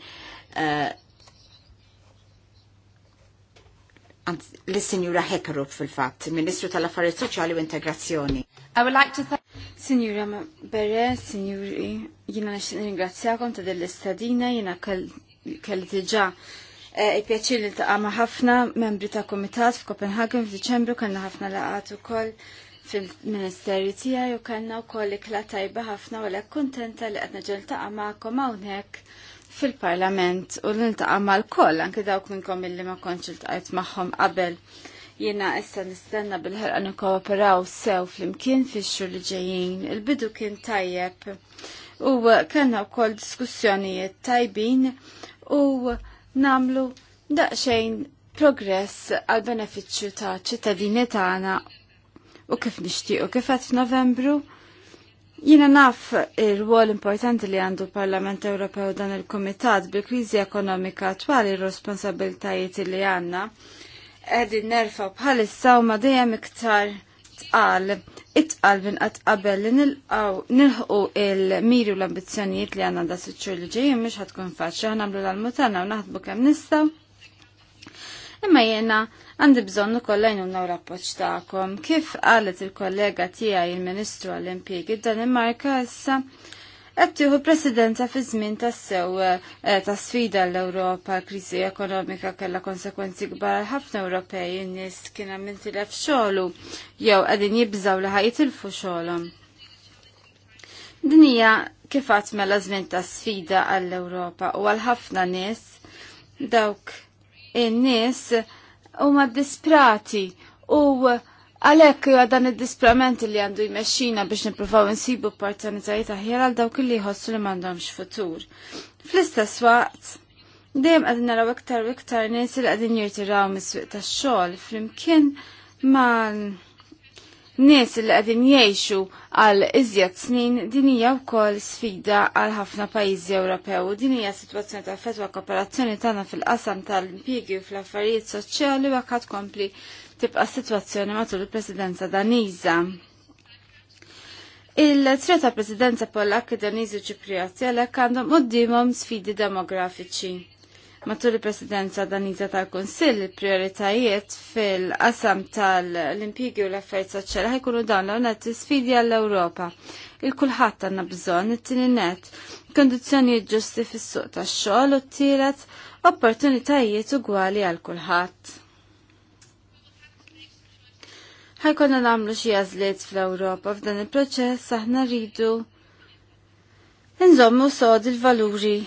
Speaker 3: l-Sinjura Hekarup fil-fat, Ministru tal-Affarijiet Soċjali u Integrazzjoni.
Speaker 2: I would like to thank Signora Berre, Sinjuri, jina nixtieq ringrazzjakom ta' dell-istadina, jina kelli diġà e, il-pjaċir li taqama ħafna membri ta' komitat f'Kopenhagen f'Diċembru kellna ħafna laqat ukoll fil-Ministeri tiegħi u kellna wkoll ikla tajba ħafna u kontenta li qed neġel taqa' għakom hawnhekk fil-parlament u l-niltaqa mal-koll, anke dawk minnkom illi ma konċ il-taqajt maħħom qabel. Jena issa nistenna bil-ħarqa nikkooperaw sew fl-imkien fix-xhur li ġejjin. Il-bidu kien tajjeb u kellna wkoll diskussjonijiet tajbin u namlu daqsxejn progress għal benefiċċju ta' ċittadini tagħna u kif nixtiequ kif qed f'Novembru. novembru Jina naf il-wol importanti li għandu Parlament Ewropew dan il-Komitat bil-krizi ekonomika attwali responsabiltajiet li għanna. għedin nerfa bħalissa u ma dejjem iktar tqal, itqal minn qatt qabel li nilħu il-miri u l-ambizzjonijiet li għanna da s-sitxur li ġejjin mhux ħatkun faċli ħanamlu l-almutana u naħdbu kemm nistaw imma jena għandi bżonn kollajnu naw u rapporġ tagħkom. Kif qalet il-kollega tiegħi il-Ministru għall-Impjiegi dan issa qed tieħu presidenza fi żmien tassew eh, ta' sfida l-Ewropa kriżi ekonomika kellha konsekwenzi kbar għal ħafna Ewropej in-nies kien hemm intilef xogħlu jew qegħdin jibżgħu li ħajitilfu xogħolhom. Din hija kif għat mela żmien ta' sfida għall-Ewropa u għal ħafna nies dawk in-nies huma disprati u għalhekk huwa dan id-disprament li għandu jmexxina biex nippruvaw insibu opportunitajiet aħjar għal dawk li jħossu li m'għandhomx futur. Fl-istess waqt, dejjem qegħdin naraw iktar u iktar nies li qegħdin jirtiraw mis-swieq tax-xogħol flimkien ma' nies li qegħdin jgħixu għal iżjed snin din hija wkoll sfida għal ħafna pajjiżi Ewropew din hija sitwazzjoni ta' fetwa kooperazzjoni tagħna fil-qasam tal-impjiegi u fl-affarijiet soċjali u ħadd kompli tibqa' sitwazzjoni matul il-Presidenza Daniża. il treta ta' Presidenza Pollak Daniżi Ċipriati għalhekk għandhom qudiemhom sfidi demografiċi Matul il-presidenza Danita tal-Konsill, prioritajiet fil-qasam tal-impjigi u l-affarijiet soċjali ħajkunu dawn l net sfidi għall-Ewropa. Il-kulħadd għandna bżonn it-tieni net, kondizzjoni ġusti fis-suq tax-xogħol u t-tielet opportunitajiet ugwali għal kulħadd. Ħajkonna nagħmlu xi għażliet fl-Ewropa f'dan il-proċess aħna rridu Inżommu sod il-valuri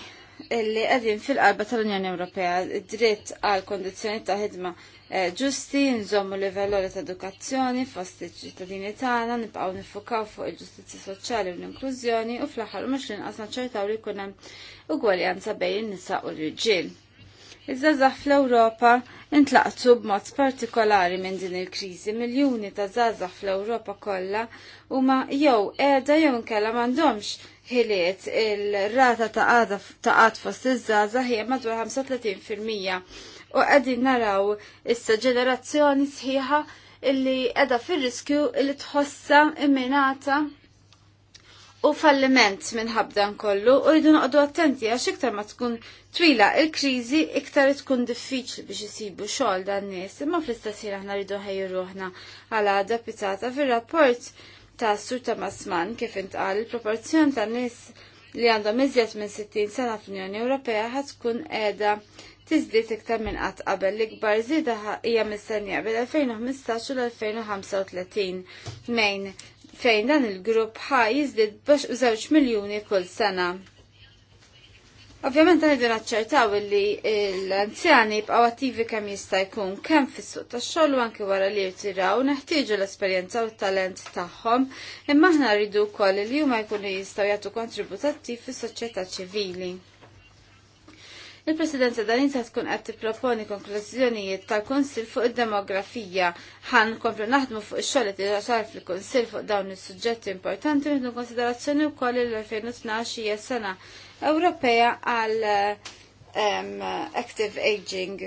Speaker 2: illi għedin fil-qalba tal-Unjoni Ewropea id dritt għal kondizjoni ta' ħidma eh, ġusti, nżommu livelloli ta' edukazzjoni fost iċ-ċittadini tagħna, nibqgħu nifukaw fuq il-ġustizzja soċjali u l-inklużjoni u fl-aħħar mhux linqas naċċertaw li jkun hemm ugwaljanza bejn in-nisa u l-irġiel. Iż-żazax fl-Ewropa intlaqtu b'mod partikolari minn din il-kriżi. Miljuni ta' żazax fl-Ewropa kollha huma jew qiegħda jew inkella m'għandhomx ħiliet il-rata ta' għadfa fost iż-żaza hija madwar 35% u għedin naraw issa ġenerazzjoni sħiħa illi edha fil-riskju illi tħossa imminata u falliment minħabdan kollu u rridu għadu attenti għax iktar ma tkun twila il-krizi iktar tkun diffiċli biex jisibu xogħol dan nies imma fl-istess ħin aħna rridu ħejju ruħna għal għada pitata fir-rapport ta' Sur ta' Masman kif intqal il-proporzjon ta' nis li għandhom iżjed minn 60 sena fl-Unjoni Ewropea ħad tkun qiegħda tiżdiet iktar minn qatt qabel l-ikbar żieda hija mistennija bil-2015 u l-2035 mejn fejn dan il-grupp ħaj jiżdied b'żewġ 2 miljuni kull sena. Ovvjament għan idu naċċertaw li l-anzjani jibqaw attivi kemm jista' jkun kemm fis-suq tax-xogħol anke wara li jirtiraw neħtieġu l esperienza u talent tagħhom, imma aħna rridu wkoll li huma jkunu jistgħu jagħtu kontribut attiv fis-soċjetà ċivili. Il-Presidenza Danita tkun qed tipproponi konklużjonijiet tal kunsill fuq id-demografija. Ħan komplu naħdmu fuq ix-xogħol li sar fil kunsill fuq dawn is-suġġetti importanti minnu konsiderazzjoni wkoll il-2012 hija sena Ewropea għal Active Aging.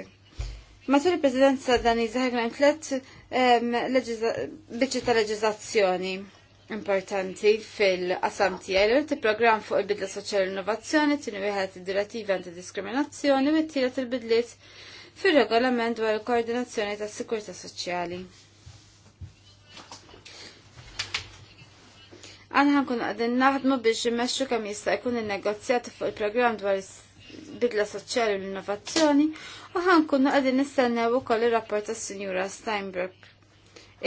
Speaker 2: Matul il-Presidenza Dani ħagna tlet biċi ta' leġizazzjoni importanti fil-qasam tiegħi li ti programm fuq il-bidla soċjali innovazzjoni tieni wieħed id-direttiva antidiskriminazzjoni mit t-tielet il-bidliet fir-regolament dwar il-koordinazzjoni tas-sikurità soċjali. Għanna kun għadin naħdmu biex immexxu kemm jista' jkun il-negozjati fuq il-programm dwar bidla soċjali u l-innovazzjoni u ħankun għadin nistennew ukoll ir-rapport tas-Sinjura Steinbrück.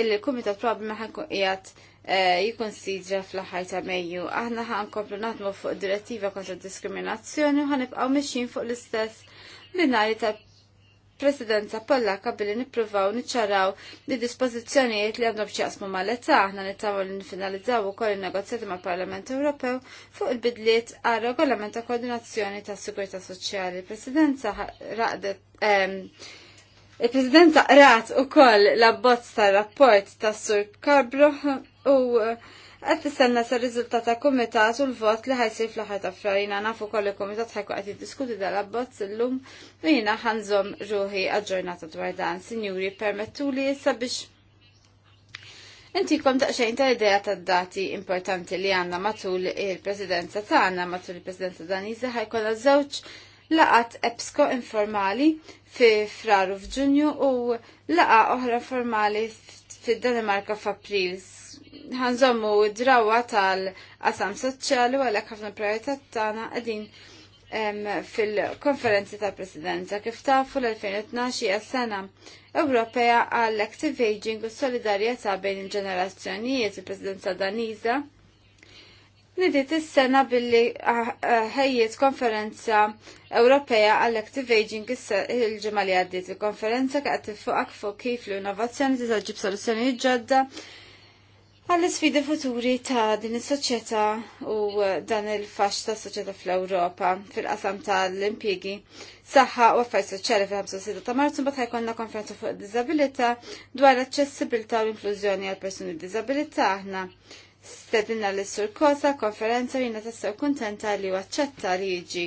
Speaker 2: illi l-Kumitat għan kun qiegħed eh, jikun sidra fl-ħaj ta' Mejju. Aħna ħan komplu naħdmu fuq direttiva kontra diskriminazzjoni u ibqaw meċin fuq l-istess binari ta' presidenza Pollaka billi nippruvaw niċċaraw li dispożizzjonijiet li għandhom x'jaqsmu mal-età aħna nittgħu li nifinalizzaw ukoll in-negozjati mal-Parlament Ewropew fuq il-bidliet għal regolament ta' koordinazzjoni ta' sigurtà soċjali. Il-Presidenza raqdet ehm, il-Presidenza rat ukoll l-abbozz tar rapport tas Sur Carbro u Għed tistenna sa' rizultat ta' komitat u l-vot li ħajsir fl-ħar ta' frar nafu kolli komitat ħajku għed jiddiskuti dal-abbozz l-lum u jina ħanżom ruħi għadġornata dwar dan. Signuri, permettu li jissa biex Inti kom ta' ideja ta' dati importanti li għanna matul il-presidenza ta' għanna matul il-presidenza danizi ħajkolla zewċ laqat EBSCO informali fi fraru f'ġunju u laqa oħra formali fi Danimarka f'April ħanżommu id-drawa tal-qasam soċjali u għalhekk ħafna prioritat tagħna qegħdin fil-konferenzi tal-presidenza kif tafu l-2012 hija sena Ewropea għall active aging u solidarjetà bejn il-ġenerazzjonijiet il-presidenza Daniża. Nidiet is-sena billi ħejjiet konferenza Ewropea għall active aging il-ġimgħa li għaddiet il-konferenza qed tiffuqak fuq kif l-innovazzjoni tista' ġib soluzzjonijiet ġodda għall sfidi futuri ta' din is-soċjetà u uh, dan il faċ ta' soċjetà fl-Ewropa fil-qasam tal impjiegi saħħa u affarijiet soċjali fil-5 ta' Marzu mbagħad ħajkonna konferenza fuq id-diżabilità dwar l-aċċessibilità u l-inklużjoni għal persuni b'diżabilità aħna. Stedinna l sur kosa konferenza jina tassew kuntenta li waċċetta li jiġi.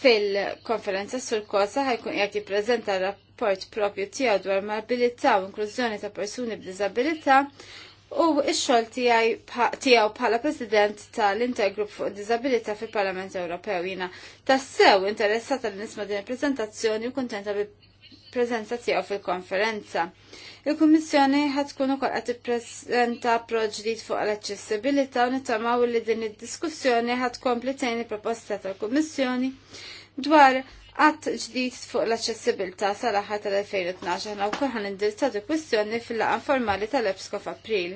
Speaker 2: Fil-konferenza sur kosa ħajkun jgħati prezenta rapp rapport propju tiegħu dwar mobilità u inklużjoni ta' persuni b'diżabilità u x-xogħol tiegħu bħala President tal-Intergrupp fuq Disabilità fil-Parlament Ewropew jiena tassew interessata li nisma' din il-preżentazzjoni u kuntenta bi preżenza tiegħu fil-konferenza. Il-Kummissjoni ħad tkun ukoll qed tippreżenta approċ fuq l-aċċessibilità u nittamaw li din id-diskussjoni ħad tkompli tgħin il-proposta tal-Kummissjoni dwar għat ġdijt fuq l-accessibilta sal-aħħar tal-2012 u kolħan indirizza di kwestjoni fil-laqan formali tal-EBSCO f'April.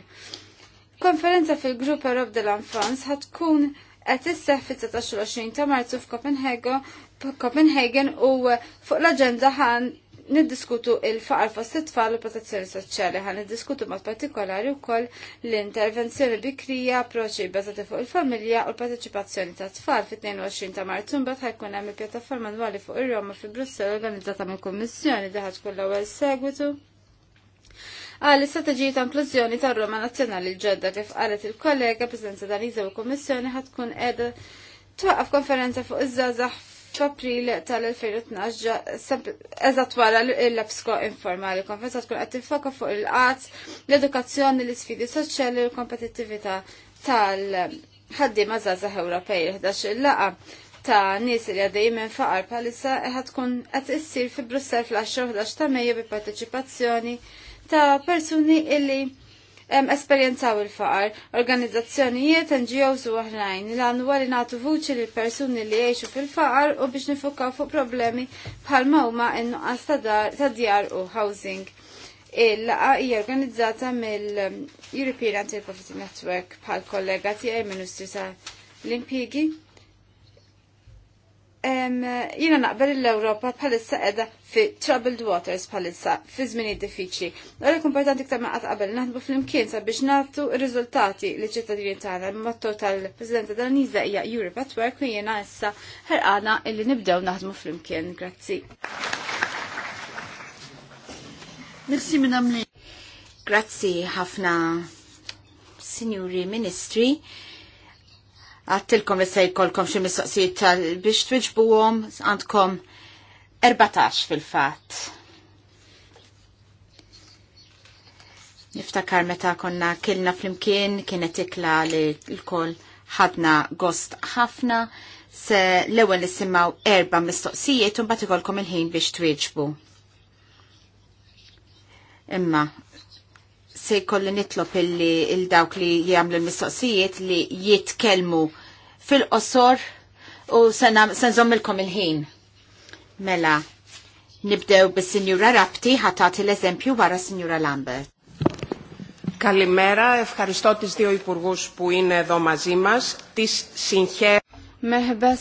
Speaker 2: Konferenza fil-Grupp Europe de l'Enfance ħatkun qed isseħ fit-19 ta' Marzu f'Copenhagen u fuq l-aġenda ħan niddiskutu il-faqar fost it-tfal u protezzjoni soċjali ħan niddiskutu mod partikolari wkoll l-intervenzjoni bikrija, approċċi bbażati fuq il-familja u l-parteċipazzjoni ta' tfal fit-22 ta' Marzu bat ħajkun hemm il-pjattaforma annwali fuq ir-Roma fi Brussell organizzata mill-Kummissjoni diħat kollha kull segwitu għal istrateġiji ta' inklużjoni tar Roma Nazzjonali ġodda kif qalet il-kollega preżenza Daniza u l ħatkun ħadd tkun qiegħda twaqaf konferenza fuq iż-żgħażagħ ċapril tal-2012 eżat wara l-EBSCO informali konferenza tkun qed tiffoka fuq il-qatt, l-edukazzjoni, l-isfidi soċjali u l-kompetittività tal-ħaddiema żgħażagħ Ewropej 11 il-laqa ta' nies li għaddej minn faqar palissa ħad tkun qed issir fi Brussel fl-10 ta' Mejju bi parteċipazzjoni ta' persuni illi esperjenzaw il-faqar, organizzazzjonijiet, NGOs u oħrajn. li għandu li nagħtu vuċi li persuni li jgħixu fil-faqar u biex nifukkaw fuq problemi bħal mawma in-nuqqas ta' djar u housing. Il-laqa hija organizzata mill-European Anti-Poverty Network bħal kollega tiegħi Ministru tal impigi Jina naqbel l-Europa bħalissa edha fi troubled waters bħalissa fi zmini diffiċli. Għalek importanti ktar ma qabel naħdbu fl-imkien sabiex nagħtu r-riżultati li ċittadini tagħna motto tal-Presidenta Daniża hija Europe at Work u jiena issa ħerqana illi nibdew naħdmu fl-imkien. Grazzi.
Speaker 3: Merci Madame Grazzi ħafna Signori Ministri għattilkom li se jkollkom xi mistoqsijiet biex għom għandkom 14 fil-fatt. Niftakar meta konna kilna flimkien kienet ikla li l-koll ħadna gost ħafna se l-ewwel nisimgħu erba' mistoqsijiet un mbagħad ikolkom il-ħin biex twieġbu. Imma se jkolli nitlob il-dawk li jagħmlu l-mistoqsijiet li jitkellmu fil-qosor u senżom ilkom il-ħin. Mela, nibdew bis-Sinjura Rapti ħatati l-eżempju wara Sinjura Lambert. Καλημέρα, ευχαριστώ τις δύο υπουργούς που είναι εδώ μαζί μας. Τις συγχαίρω.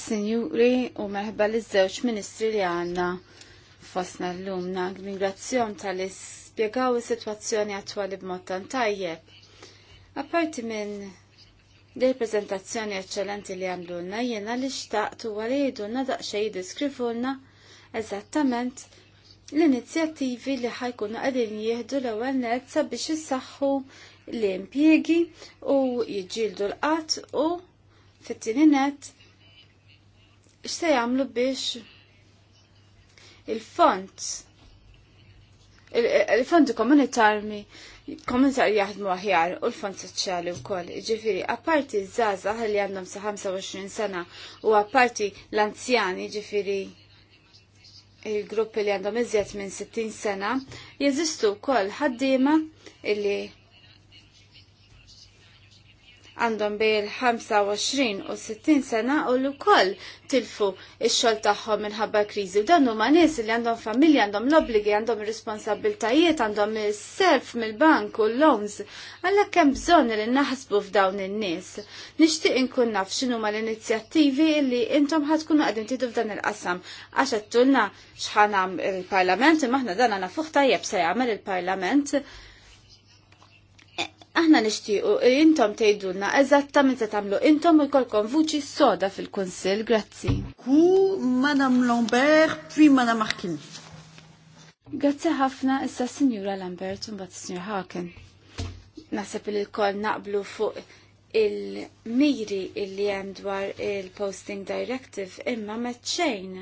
Speaker 2: sinjuri u meħba li żewġ ministri li għanna fosna l-lum na gringrazzjom tal-li spiegaw is-sitwazzjoni Dej prezentazzjoni eccellenti li għamlulna jena li xtaqt u jidulna daqxej diskrivulna eżattament l-inizjattivi li ħajkunu għadin jihdu l-ewwel net sabiex issaħħu l-impjiegi u jiġġieldu l-qatt u fit tininet net x'se jagħmlu biex il-fond il-fondi komunitarmi komissar jaħdmu aħjar u l-fond soċjali u koll. Ġifiri, apparti z-zaza li għandhom sa' 25 sena u apparti l-anzjani, ġifiri, il-gruppi li għandhom iżjed minn 60 sena, jeżistu koll ħaddima illi għandhom bej il-25 u 60 sena u l koll tilfu il-xol taħħom minħabba krizi. U dan huma nies li għandhom familja, għandhom l-obligi, għandhom responsabiltajiet, għandhom il-self mill-bank u l-loans. Għalla kem bżon li naħsbu f'dawn in-nies. Nixtieq inkun naf x'inhu ma l-inizjattivi li intom ħatkunu qegħdin tidu f'dan il-qasam għax għattulna x'ħanam il-Parlament, imma aħna dan għana fuq tajjeb se jagħmel il-Parlament. il parlament aħna nixtiequ intom tgħidulna eżattament se tagħmlu intom u jkollkom vuċi soda fil-Kunsill, grazzi. Ku Madame Lambert, puis Madame Arkin. Grazzi ħafna issa Sinjura Lambert u mbagħad Sinjur Haken. Naħseb li kol naqblu fuq il-miri illi hemm dwar il-Posting Directive imma meċċejn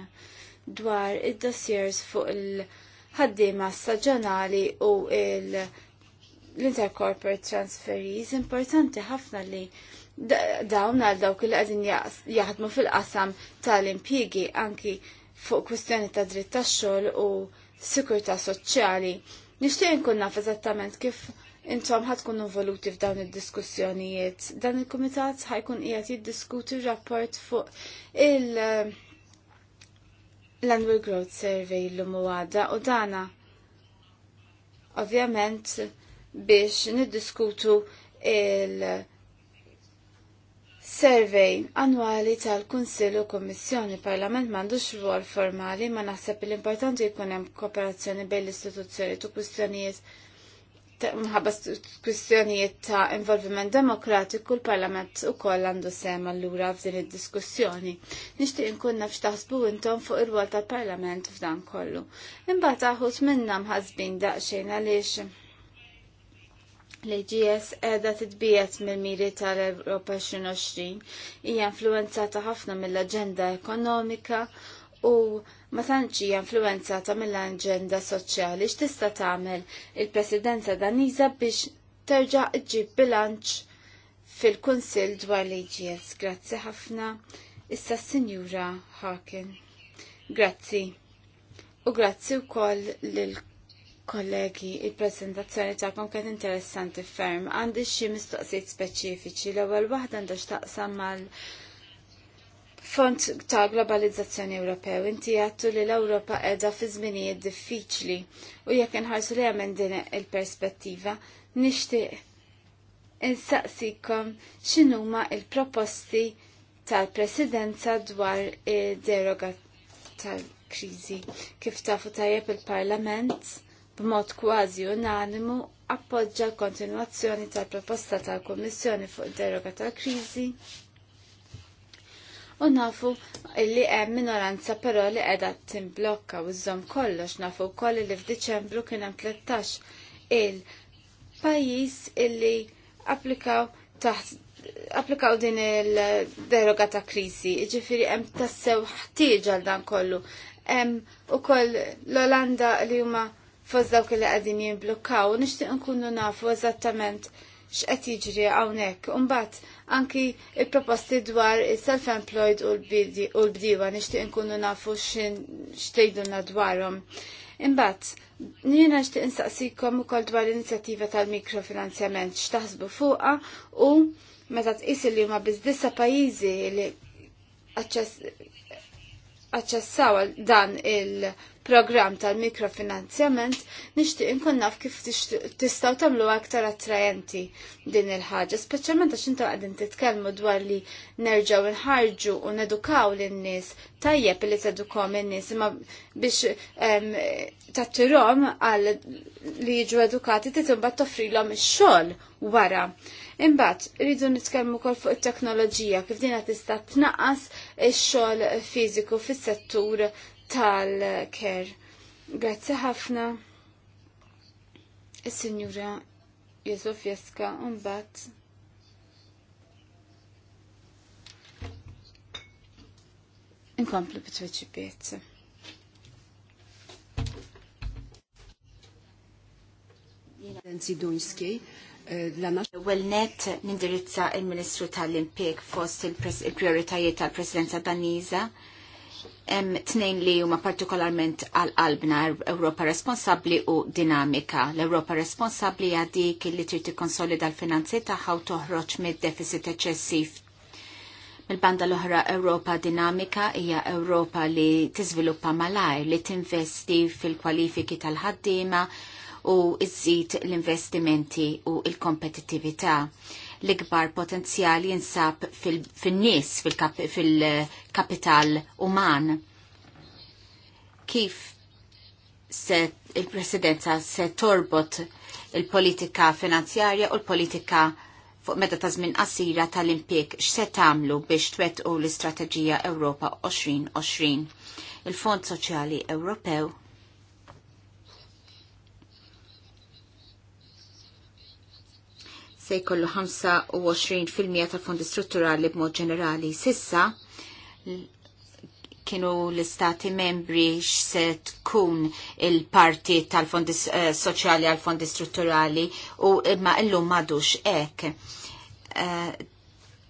Speaker 2: dwar id-dossiers fuq il-ħaddiema staġjonali u il- l-intercorporate transferis importanti ħafna li dawn għal dawk li għadin jaħdmu fil-qasam tal-impjigi anki fuq kwistjoni ta' dritt ta' xogħol u sikurta soċjali. Nixtieq nkun naf eżattament kif intom ħadkun involuti f'dawn id-diskussjonijiet. Dan il-kumitat ħajkun qiegħed jiddiskuti rapport fuq il- eh, l Growth Survey l lumu u għada u dana ovvjament biex niddiskutu il- Survey annwali tal-Kunsill u Kommissjoni Parlament m'għandux rwol formali ma naħseb l-importanti jkun hemm kooperazzjoni bejn l-istituzzjoni tu kwistjonijiet mħabba kwistjonijiet ta' involviment demokratiku l-Parlament ukoll għandu l allura f'din id-diskussjoni. Nixtieq inkun f'taħsbu intom fuq ir-rwol tal-Parlament f'dan kollu. Imbagħad aħut minnha mħasbin daqsxejn għaliex L-IGS edha titbiet mill-miri tal-Europa 2020 hija influenzata ħafna mill-aġenda ekonomika u ma tantx hija influenzata mill-aġenda soċjali x'tista' tagħmel il-Presidenza Daniża biex terġa' ġib bilanċ fil-Kunsill dwar l-IGS. Grazzi ħafna. Issa s-Sinjura Harkin. Grazzi. U grazzi wkoll lil Kollegi, il-prezentazzjoni tagħkom kien interessanti ferm. Għandi xi mistoqsijiet speċifiċi. L-ewwel waħda għandha x'taqsam mal Fond ta' globalizzazzjoni Ewropew inti għattu li l-Ewropa qiegħda fi żminijiet diffiċli u jekk inħarsu li hemm din il-perspettiva nixtieq insaqsikom x'inhuma il-proposti tal-Presidenza dwar id-deroga tal-kriżi. Kif tafu tajjeb il-Parlament? b'mod kważi unanimu appoġġa l-kontinuazzjoni tal-proposta tal-Kummissjoni fuq deroga tal-kriżi u nafu li hemm minoranza però li qiegħda timblokka u kollox nafu wkoll li f'Diċembru kien hemm 13 il-pajjiż illi applikaw taħt applikaw din il-deroga ta' kriżi, ġifiri hemm tassew ħtieġ għal dan kollu. Hemm ukoll l-Olanda li huma fost dawk li qegħdin jimblukkaw nishtiq nixtieq nkunu nafu eżattament x'qed jiġri hawnhekk. Imbagħad anki il-proposti dwar il-self-employed u l-bdiwa nixtieq nkunu nafu x'tgħidulna dwarhom. Imbagħad, jiena nixtieq insaqsikom ukoll dwar l-inizjattiva tal-mikrofinanzjament x'taħsbu fuqha u meta tqis li huma biż disa pajjiżi li aċċessaw dan il-programm tal-mikrofinanzjament, nixtieq inkun naf kif tistgħu tagħmlu aktar attrajenti din il-ħaġa, speċjalment għax intom qegħdin titkellmu dwar li nerġgħu nħarġu u nedukaw lin-nies tajjeb li tedukom in-nies imma biex tattirhom għal li jiġu edukati titimbagħad toffrilhom ix-xogħol wara. Imbagħad rridu nitkellmu wkoll fuq it-teknoloġija kif dinha tista' tnaqqas ix-xogħol fiżiku fis-settur tal ker Grazzi ħafna. Is-Sinjura Jeżof Jeska mbagħad. Inkomplu bit-tweġibiet.
Speaker 3: Nancy Dunski, Eh, Wellnet nindirizza il-Ministru tal-Impjeg fost il-prioritajiet tal-Presidenza Daniża hemm tnejn li huma partikolarment għal qalbna Ewropa responsabbli u dinamika. L-Ewropa responsabbli hija dik li trid tikkonsolida l-finanzi tagħha u toħroġ mid-deficit eċċessiv. Mill-banda l-oħra Ewropa dinamika hija Ewropa li tiżviluppa malajr li tinvesti fil-kwalifiki tal-ħaddiema u iżid l-investimenti u l-kompetittività l-ikbar potenzjali jinsab fil-nies, fil-kapital uman. Kif se il-presidenza se torbot il-politika finanzjarja u l-politika fuq meta ta' żmien qasira tal-impjeg x'se tagħmlu biex twettqu l-Istrateġija Ewropa 2020. Il-Fond Soċjali Ewropew se jkollu 25% tal-fondi strutturali b'mod ġenerali sissa kienu l-istati membri x'se tkun il-parti tal-fondi eh, soċjali għal-fondi strutturali u imma illum madux ek. Uh, eh,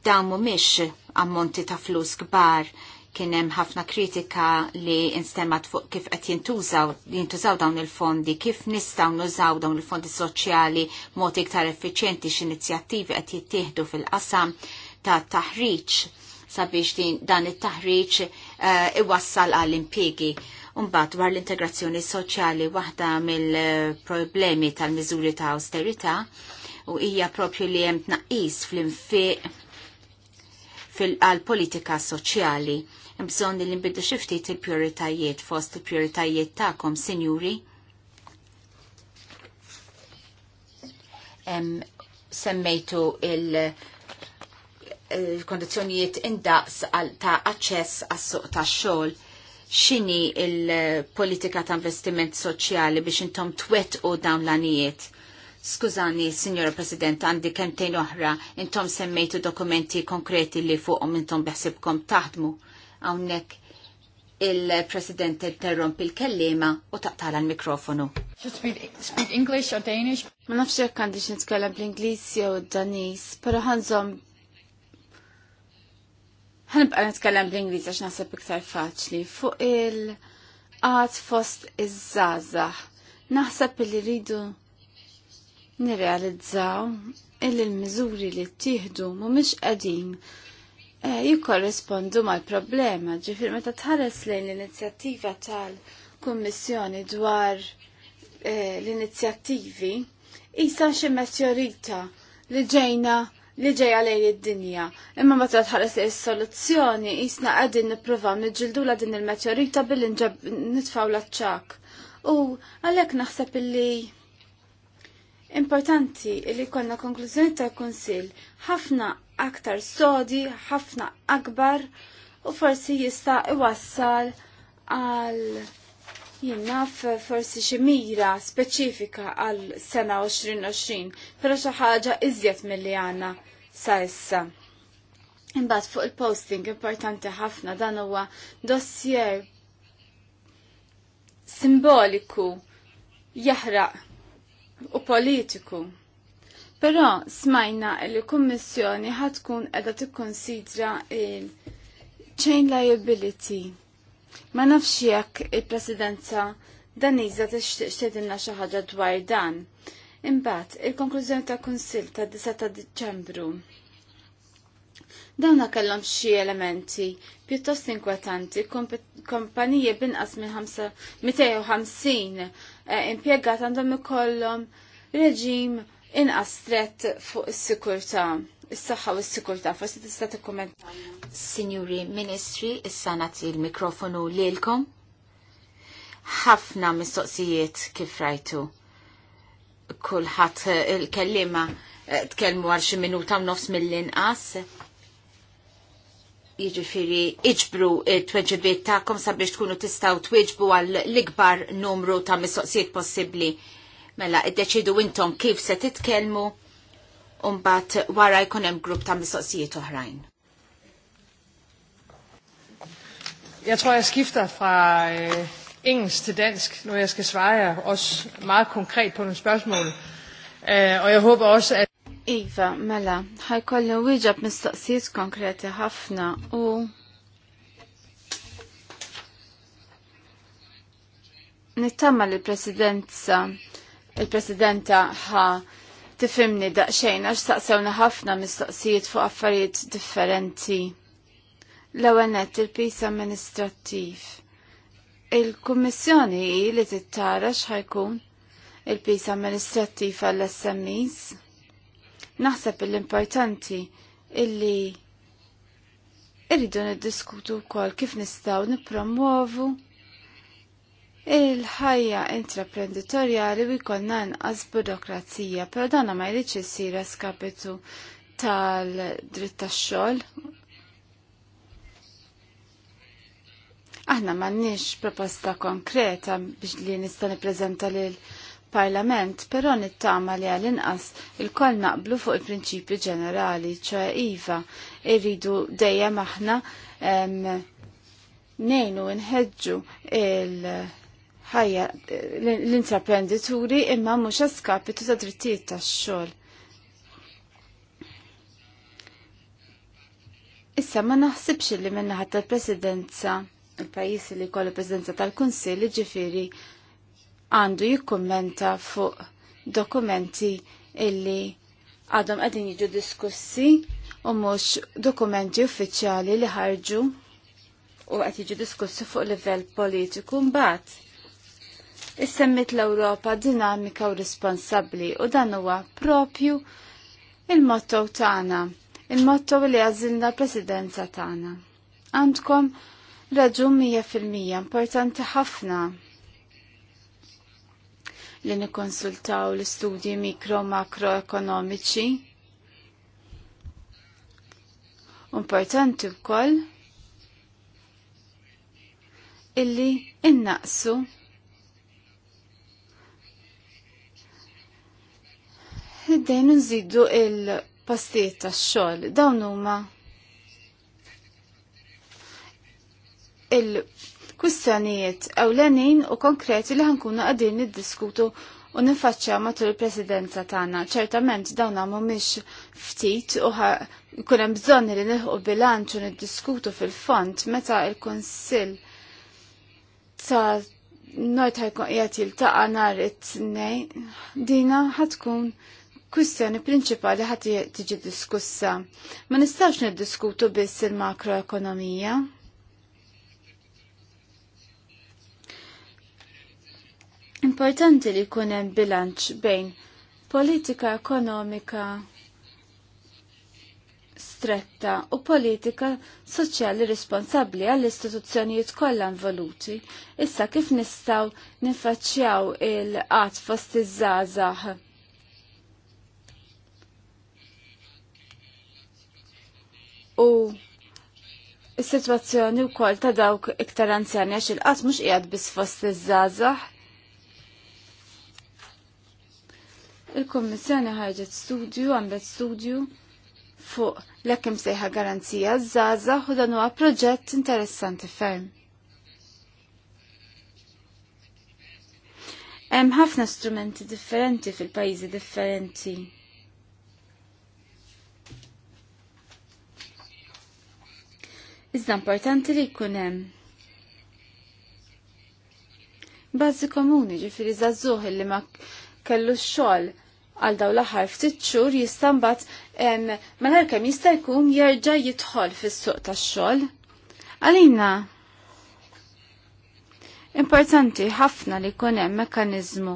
Speaker 3: Dawn mhumiex ammonti ta' flus kbar kienem ħafna kritika li instemmat fuq kif qed jintużaw jintużaw dawn il-fondi, kif nistgħu nużaw dawn il-fondi soċjali mod iktar effiċjenti x'inizjattivi qed jittieħdu fil-qasam ta' taħriġ sabiex dan it-taħriġ uh, iwassal għall impjiegi Umbat dwar l-integrazzjoni soċjali waħda mill-problemi tal-miżuri ta' austerità u hija propju li hemm tnaqqis fl-infiq fil-politika soċjali bżonn li nbiddu xi ftit il-prioritajiet fost il-prioritajiet tagħkom, sinjuri. Semmejtu il- kondizjonijiet indaqs ta' aċċess għas-suq ta' xogħol x'inhi il-politika ta' investiment soċjali biex intom twettqu dawn l-anijiet. Skużani, Signora President, għandi kemtejn oħra intom semmejtu dokumenti konkreti li fuqhom intom beħsibkom taħdmu. Hawnhekk il-President interrompi il-kellima u taqtala l-mikrofonu.
Speaker 2: Speak English or Danish? Ma nafx jekk għandix nitkellem bl-Ingliż jew Danis, però ħanżom ħanibqa' nitkellem bl inglis għax naħseb iktar faċli. Fuq il-qat fost iż-żgħażagħ, naħseb li rridu nirrealizzaw illi l-miżuri li ttieħdu mhumiex qegħdin Eh, jikkorrespondu mal-problema. Ġifir meta tħares lejn l-inizjattiva tal-Kummissjoni dwar eh, l-inizjattivi, jisa xi meteorita li ġejna li ġeja lejn id-dinja. Imma meta tħares lejn is-soluzzjoni jisna qegħdin nippruvaw niġġildula din il-meteorita billi nitfgħu l-aċċak. U għalhekk naħseb illi importanti li konna konklużjoni tal-Kunsill ħafna aktar sodi, ħafna akbar u forsi jista' iwassal għal jinnaf forsi x'imira speċifika għal sena 2020, però xi ħaġa iżjed milli għandna sa issa. Imbagħad fuq il-posting importanti ħafna dan huwa dossier simboliku jaħraq u politiku. Però smajna li kummissjoni ħatkun qiegħda tikkonsidra il-chain liability. Ma nafx jekk il-Presidenza Daniża tixtieq tgħidilna xi ħaġa dwar dan. Imbagħad il-konklużjoni ta' Kunsill ta' 10 ta' Diċembru. Dawna kellhom xi elementi pjuttost inkwetanti, kompanije binqas minn 250 eh, impjegat għandhom ikollhom reġim inqas stret fuq
Speaker 3: is-sikurtà Is-saħħa u s-sikurtà, forsi tista' tikkumenta. Signori Ministri, issa nagħti l-mikrofonu lilkom. Ħafna mistoqsijiet kif rajtu. Kulħadd eh, il-kellima eh, tkellmu għal xi minuta u nofs mill-inqas. Jiġifieri iġbru t-tweġibiet tagħkom sabiex tkunu tistgħu għal għall ikbar numru ta' mistoqsijiet possibbli Mela, id-deċidu intom kif se titkellmu umbat wara jkunem hemm grupp ta' mistoqsijiet oħrajn.
Speaker 1: Jeg tror, jeg skifter fra øh, engelsk til dansk, når jeg skal svare jer også meget konkret på nogle spørgsmål. Øh, og jeg håber også, at... Iva,
Speaker 2: mela, ħaj kollu wieġab mistaqsijiet konkreti ħafna u nittama li presidenza il-Presidenta ħa tifimni daqxejn għax saqsewna ħafna mistoqsijiet fuq affarijiet differenti. L-ewwel il-pis amministrattiv. Il-Kummissjoni li tittara x'ħajkun il-pis amministrattiv għall smis Naħseb l-importanti illi irridu niddiskutu wkoll kif nistgħu nippromuovu il-ħajja intraprenditorjali u jkollna nqas burokrazija, però dana ma jridx isir skapitu tal-dritt tax-xogħol. Aħna m'għandniex proposta konkreta biex li nista' nippreżenta lil parlament, però nittama li għal-inqas il-koll naqblu fuq il-prinċipju ġenerali, ċoħe Iva, irridu dejjem aħna nejnu nħedġu il- ħajja l-intraprenditori imma mhux għaskapitu ta' drittijiet tax-xogħol. Issa ma naħsibx li minn ħadd tal presidenza il-pajjiż li jkollu presidenza tal-Kunsill ġifieri għandu jikkummenta fuq dokumenti illi għadhom qegħdin jiġu diskussi u mhux dokumenti uffiċjali li ħarġu u qed jiġu diskussi fuq livell politiku mbagħad issemmit l-Ewropa dinamika u responsabbli u dan huwa propju il-motto tagħna, il-motto li għażilna l-presidenza tagħna. Għandkom raġun mija fil-mija importanti ħafna li nikkonsultaw l-istudji mikro makroekonomiċi. Importanti wkoll illi innaqsu niddejn nżidu il-postijiet tax-xogħol. Dawn huma il-kwistjonijiet ewlenin u konkreti li ħankunu qegħdin niddiskutu u nifaċċa matul il-presidenza tagħna. Ċertament dawn mhumiex ftit u jkun hemm bżonn li nilħu bilanċ u niddiskutu fil-fond meta l-Kunsill ta' nojt ħajkun qiegħed jiltaqa' nhar it-tnej dina ħatkun tkun kwistjoni prinċipali ħat tiġi diskussa. Ma nistawx niddiskutu biss il-makroekonomija. Importanti li jkun hemm bilanċ bejn politika ekonomika stretta u politika soċjali responsabbli għall istituzzjonijiet kollha involuti. Issa kif nistgħu nifaċċjaw il-qatt fost iż-żgħażagħ u s-situazzjoni sitwazzjoni wkoll ta' dawk iktar anzjani għax il qas mhux qiegħed biss fost iż żazax Il-Kummissjoni ħarġet studju, għambet studju fuq l-ekkim sejħa garanzija żgħażagħ u dan huwa proġett interessanti ferm. Hemm ħafna strumenti differenti fil-pajjiżi differenti. Iżda importanti li jkun hemm bazzi komuni ġifiri zazzuħ li ma kellu xol għal daw l-aħħar ftit xhur jista' mbagħad malħar kemm jista' jkun jerġa' jidħol fis-suq tax-xogħol. Għalina importanti ħafna li jkun hemm mekkaniżmu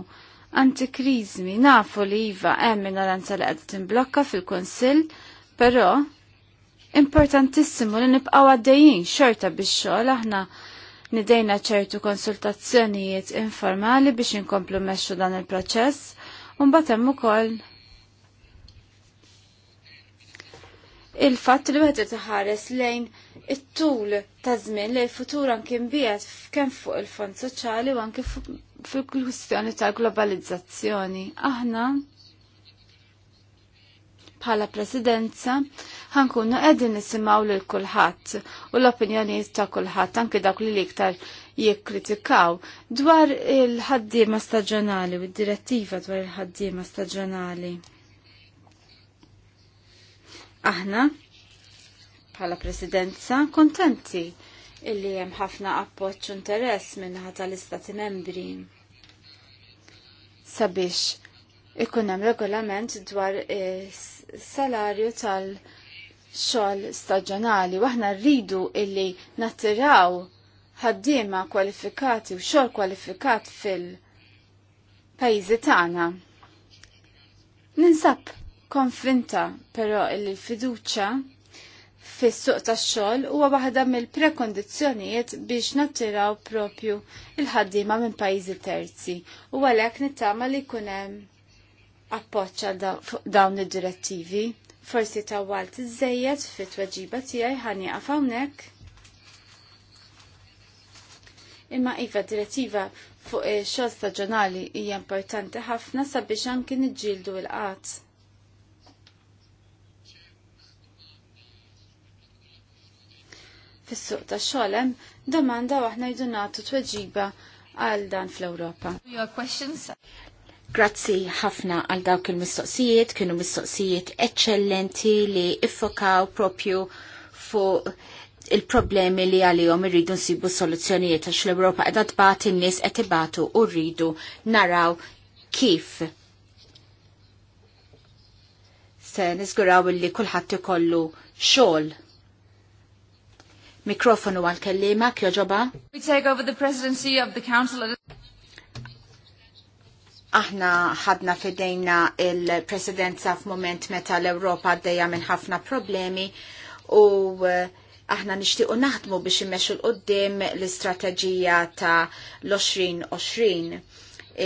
Speaker 2: antikrizmi nafu li iva hemm minoranza li qed blokka fil-Kunsill, però Importantissimo li nibqaw għaddejjin xorta biex xogħol aħna nidejna ċertu konsultazzjonijiet informali biex inkomplu meċu dan il-proċess, un batem u koll il-fatt li għedu taħares lejn it-tul ta' żmien li l-futur anki mbijat kemm fuq il-fond soċjali u anki fil-kwistjoni tal globalizzazzjoni. Aħna bħala presidenza ħankunu qegħdin nisimgħu lil kulħadd u l-opinjonijiet ta' kulħadd anke dak li iktar jikkritikaw dwar il-ħaddiema staġjonali u d-direttiva dwar il-ħaddiema staġjonali. Aħna bħala presidenza kontenti illi hemm ħafna appoġġ interess minnaħa tal-istati membri. Sabiex ikun hemm regolament dwar is salarju tal-xogħol staġjonali waħna rridu illi nattiraw ħaddiema kwalifikati u xogħol kwalifikat fil-pajjiżi tagħna. Ninsab konfinta però illi l-fiduċa fis-suq tax-xogħol huwa waħda mill-prekondizzjonijiet biex nattiraw propju il-ħaddiema minn pajjiżi terzi u għalhekk nittama li jkun hemm appoċċa dawn id-direttivi. Forsi tawalt iż-żejjed fit-tweġiba tiegħi ħani hawnhekk. Imma iva direttiva fuq ix-xogħol eh, staġjonali hija importanti ħafna sabiex anki niġġieldu l-qatt. Fis-suq tax-xogħol hemm domanda waħna jdu nagħtu tweġiba għal dan fl-Ewropa.
Speaker 3: Grazzi ħafna għal dawk il-mistoqsijiet, kienu mistoqsijiet eccellenti li iffokaw propju fuq il-problemi li għalihom irridu nsibu soluzzjonijiet għax l-Ewropa qed tbagħat in-nies qed ibatu u rridu naraw kif se niżguraw li kulħadd ikollu xogħol. Mikrofonu għal-kellima, kjoġoba.
Speaker 2: We take over the presidency of the council.
Speaker 3: Aħna ħadna fidejna il-presidenza f'moment meta l-Ewropa għaddejja minn ħafna problemi u eh, aħna nixtiequ naħdmu biex immexxu l qoddim l-istrateġija ta' l-2020.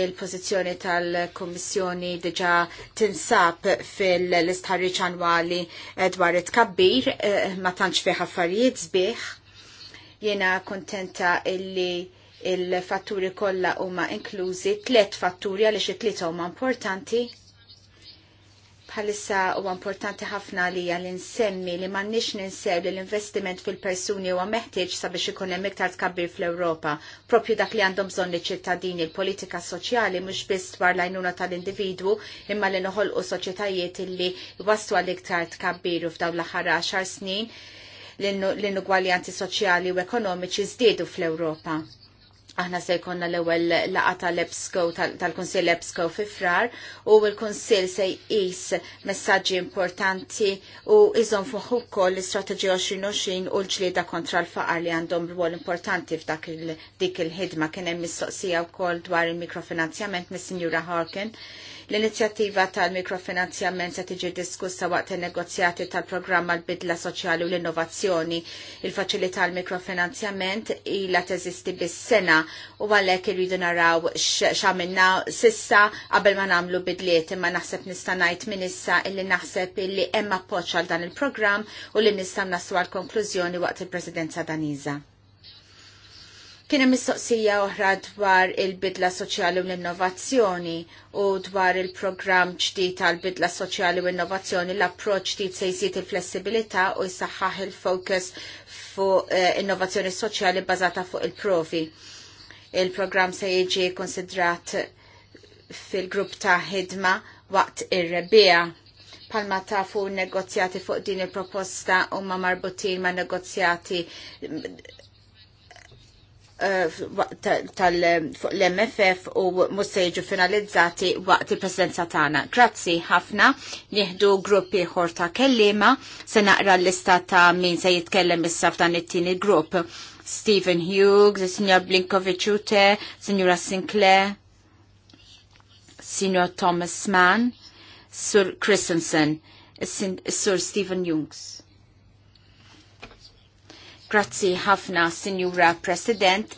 Speaker 3: Il-pożizzjoni tal-Kummissjoni diġa tinsab fil-istħarriċ annwali eh, dwar it-kabbir eh, ma tantx fih affarijiet sbieħ. Jena kontenta illi il-fatturi kollha huma inklużi, tliet fatturi għaliex it-tlieta huma importanti. Bħalissa huwa importanti ħafna għalija li nsemmi li m'għandniex ninsew li l-investiment fil-persuni huwa meħtieġ sabiex ikun hemm iktar tkabbir fl-Ewropa. Propju dak li għandhom bżonn iċ-ċittadini l-politika soċjali mhux biss dwar l-għajnuna tal-individwu imma li noħolqu soċjetajiet illi waslu għal iktar tkabbir f'dawn l-aħħar 10 snin l-inugwaljanti soċjali u ekonomiċi żdiedu fl-Ewropa. Aħna se jkonna l-ewwel laqa tal-EBSCO tal-Kunsill EBSCO fi frar u l-Kunsill se jqis messaġġi importanti u iżom fuq ukoll l-Istrateġija 2020 u l-ġlieda kontra l-faqar li għandhom rwol importanti f'dak dik il-ħidma kien hemm mistoqsija wkoll dwar il-mikrofinanzjament mis-Sinjura Harkin. L-inizjattiva tal-mikrofinanzjament se tiġi diskussa waqt il-negozjati tal-programma l-bidla soċjali u l-innovazzjoni. Il-faċilità l-mikrofinanzjament ila teżisti bis-sena u għalhekk irridu naraw x'għamilna sissa qabel ma nagħmlu bidliet imma naħseb nista' ngħid minn issa illi naħseb illi hemm appoġġ għal dan il-programm u li nista' naswa l konklużjoni waqt il-Presidenza Danisa. Kienem mistoqsija oħra dwar il-bidla soċjali u l-innovazzjoni u dwar il-programm ġdid tal-bidla soċjali u innovazzjoni l-approċ ġdid se jżid il-flessibilità u jsaħħaħ il-fokus fuq eh, innovazzjoni soċjali bbażata fuq il-provi. Il-programm se jiġi konsidrat fil-grupp ta' ħidma waqt ir-rebija palma tafu negozjati fuq din il-proposta u ma marbutin ma negozjati tal-MFF u mussejġu finalizzati waqt il-presidenza tagħna. Grazzi ħafna nieħdu gruppi ħor ta' kellima se naqra l-lista ta' min se jitkellem issa f'dan it-tieni grupp. Stephen Hughes, Signor Blinkovic Ute, Signora Sinclair, Signor Thomas Mann, Sir Christensen, Sir Stephen Hughes. Grazzi ħafna, Sinjura President.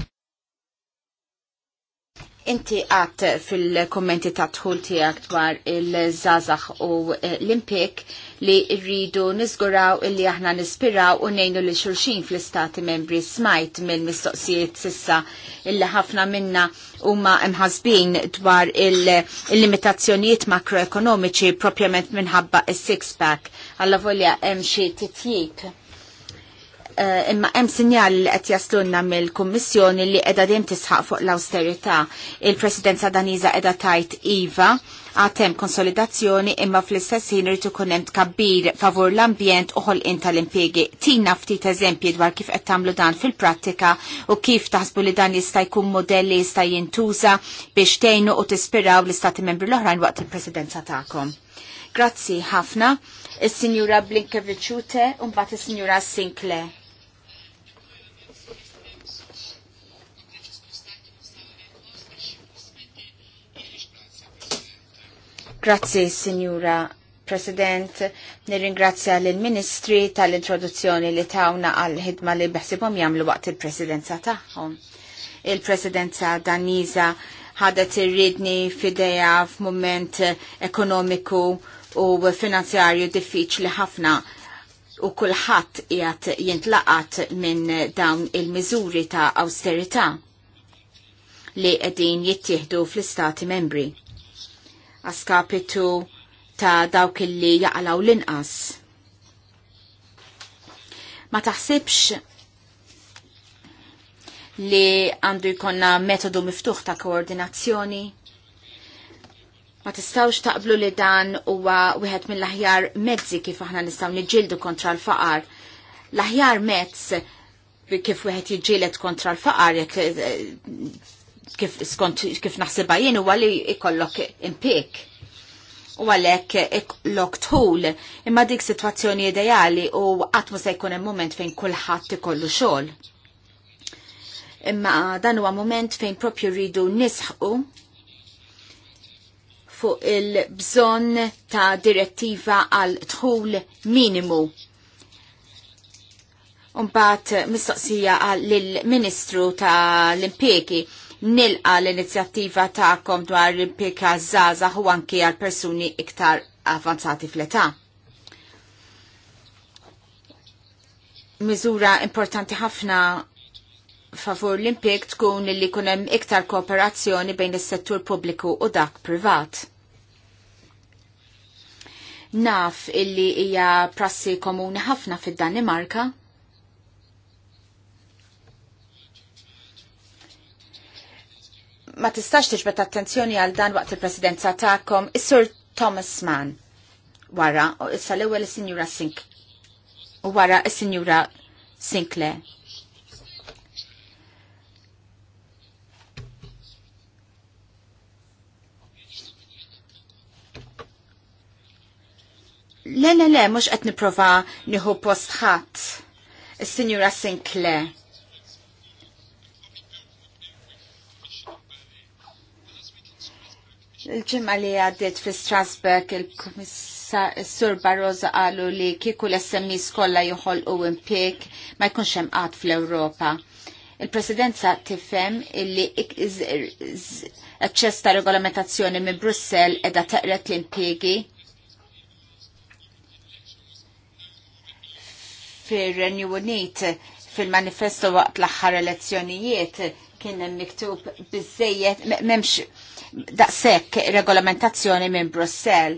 Speaker 3: Inti għat fil-kommenti ta' tħul tijak dwar il zazax u l-impik li rridu nizguraw illi aħna nispiraw u nejnu li xulxin fl-istati membri smajt minn mistoqsijiet sissa illi ħafna minna huma imħazbin dwar il-limitazzjonijiet makroekonomiċi propjament minħabba il six pack għalla volja hemm xi titjib Eh, imma hemm sinjal li qed jaslunna mill-Kummissjoni li qiegħda dejjem tisħaq fuq l-austerità. Il-Presidenza Daniża qiegħda tajt iva għatem konsolidazzjoni imma fl-istess ħin ikun hemm tkabbir favur l-ambjent u ħolqin tal-impjegi. Tina ftit eżempji dwar kif qed tagħmlu dan fil-prattika u kif taħsbu li dan jista' jkun li jista' jintuża biex tgħinu u tispiraw l-istati membri l-oħrajn waqt il-presidenza tagħkom. Grazzi ħafna, il sinjura Blinkeviċute u mbagħad is-Sinjura Sinclair. Grazzi, Signora President, nirringrazzja l-Ministri tal-introduzzjoni li tawna għal-ħidma li beħsibom jagħmlu waqt il-Presidenza tagħhom. Il-Presidenza Daniza ħadet irridni fideja f'mument ekonomiku u finanzjarju diffiċli ħafna u kulħadd qiegħed jintlaqat minn dawn il-miżuri ta' austerità li qegħdin jittieħdu fl-istati membri għaskapitu ta' dawk illi jaqalaw l-inqas. Ma taħsibx li għandu jkonna metodu miftuħ ta' koordinazzjoni. Ma tistawx taqblu li dan huwa wieħed mill-aħjar mezzi kif aħna nistgħu niġġieldu kontra l-faqar. L-aħjar mezz kif wieħed jiġġieled kontra l-faqar jekk eh, kif, skont, kif naħsibha jien huwa li ikollok impik u għalek ikollok tħul imma dik situazzjoni ideali u għatmu se jkun hemm moment fejn kulħadd ikollu xogħol. Imma dan huwa moment fejn propju rridu nisħu fuq il-bżonn ta' direttiva għal tħul minimu Umbat mistoqsija lill-Ministru ta' l impieki nilqa l-inizjattiva ta'kom dwar l zaza żgħażagħ u anki għal persuni iktar avanzati fl-età. Miżura importanti ħafna favur l impik tkun li kunem iktar kooperazzjoni bejn is-settur pubbliku u dak privat. Naf illi hija prassi komuni ħafna fid-Danimarka, ma tistax tiġbet attenzjoni għal dan waqt il-presidenza ta'kom is-Sur Thomas Mann wara u issa l-ewwel is-Sinjura Sink u wara is-Sinjura Sinkle. Le, le, le, mux qed niprofa niħu postħat il Is-Sinjura Sinkle Il-ġimma li għaddit fi Strasbourg, il-Sur Barroza għalu li kiku l-SMI skolla juħol u impik ma jkunx hemm qatt fl-Ewropa. Il-Presidenza tifhem il-li ċesta regolamentazzjoni minn Brussell edha teqret l impiegi fir-Renju Unit fil-manifesto waqt l-aħħar elezzjonijiet kien hemm miktub biżejjed m'hemmx daqshekk regolamentazzjoni minn Brussell.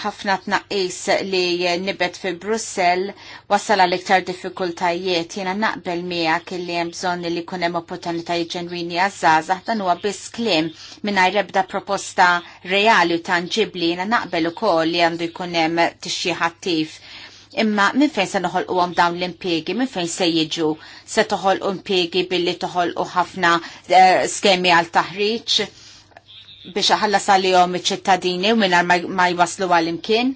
Speaker 3: ħafna tnaqqis li nibet fi Brussell wasala l iktar diffikultajiet. Jiena naqbel mija li hemm bżonn li jkun hemm opportunitajiet ġenwini għaż-żgħażagħ dan huwa biss kliem mingħajr ebda proposta reali u tanġibli Jiena naqbel ukoll li għandu jkun hemm tixjih Imma minn fejn se noħolquhom dawn l impiegi minn fejn se jiġu se toħolqu impiegi billi toħolqu ħafna eh, skemi għal taħriġ biex ħallas għalihom iċ-ċittadini u mingħajr ma jwaslu għal imkien.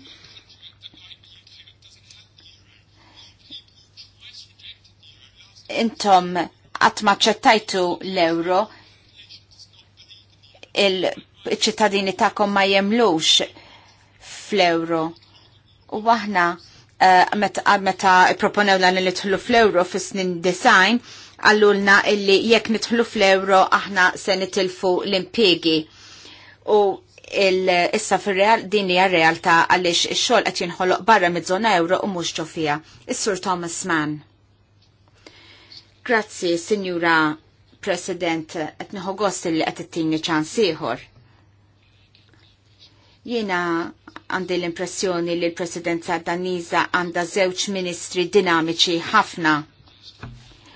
Speaker 3: Intom qatt ċettajtu l-euro il-ċittadini tagħkom ma jemlux fl-euro. U għahna, Eh, meta proponew lan li tħlu fl-euro fis-snin design, għallulna illi jekk nitħlu fl-euro aħna se nitilfu l-impiegi. U issa fil-real din hija realtà għaliex ix-xogħol qed jinħoloq barra mid zona euro u mhux ġo fiha. Is-Sur Thomas Mann. Grazzi, Sinjura President, qed niħogost il li qed t ċans ieħor Jiena għandi l-impressjoni li l-presidenza Daniza għanda żewġ ministri dinamiċi ħafna.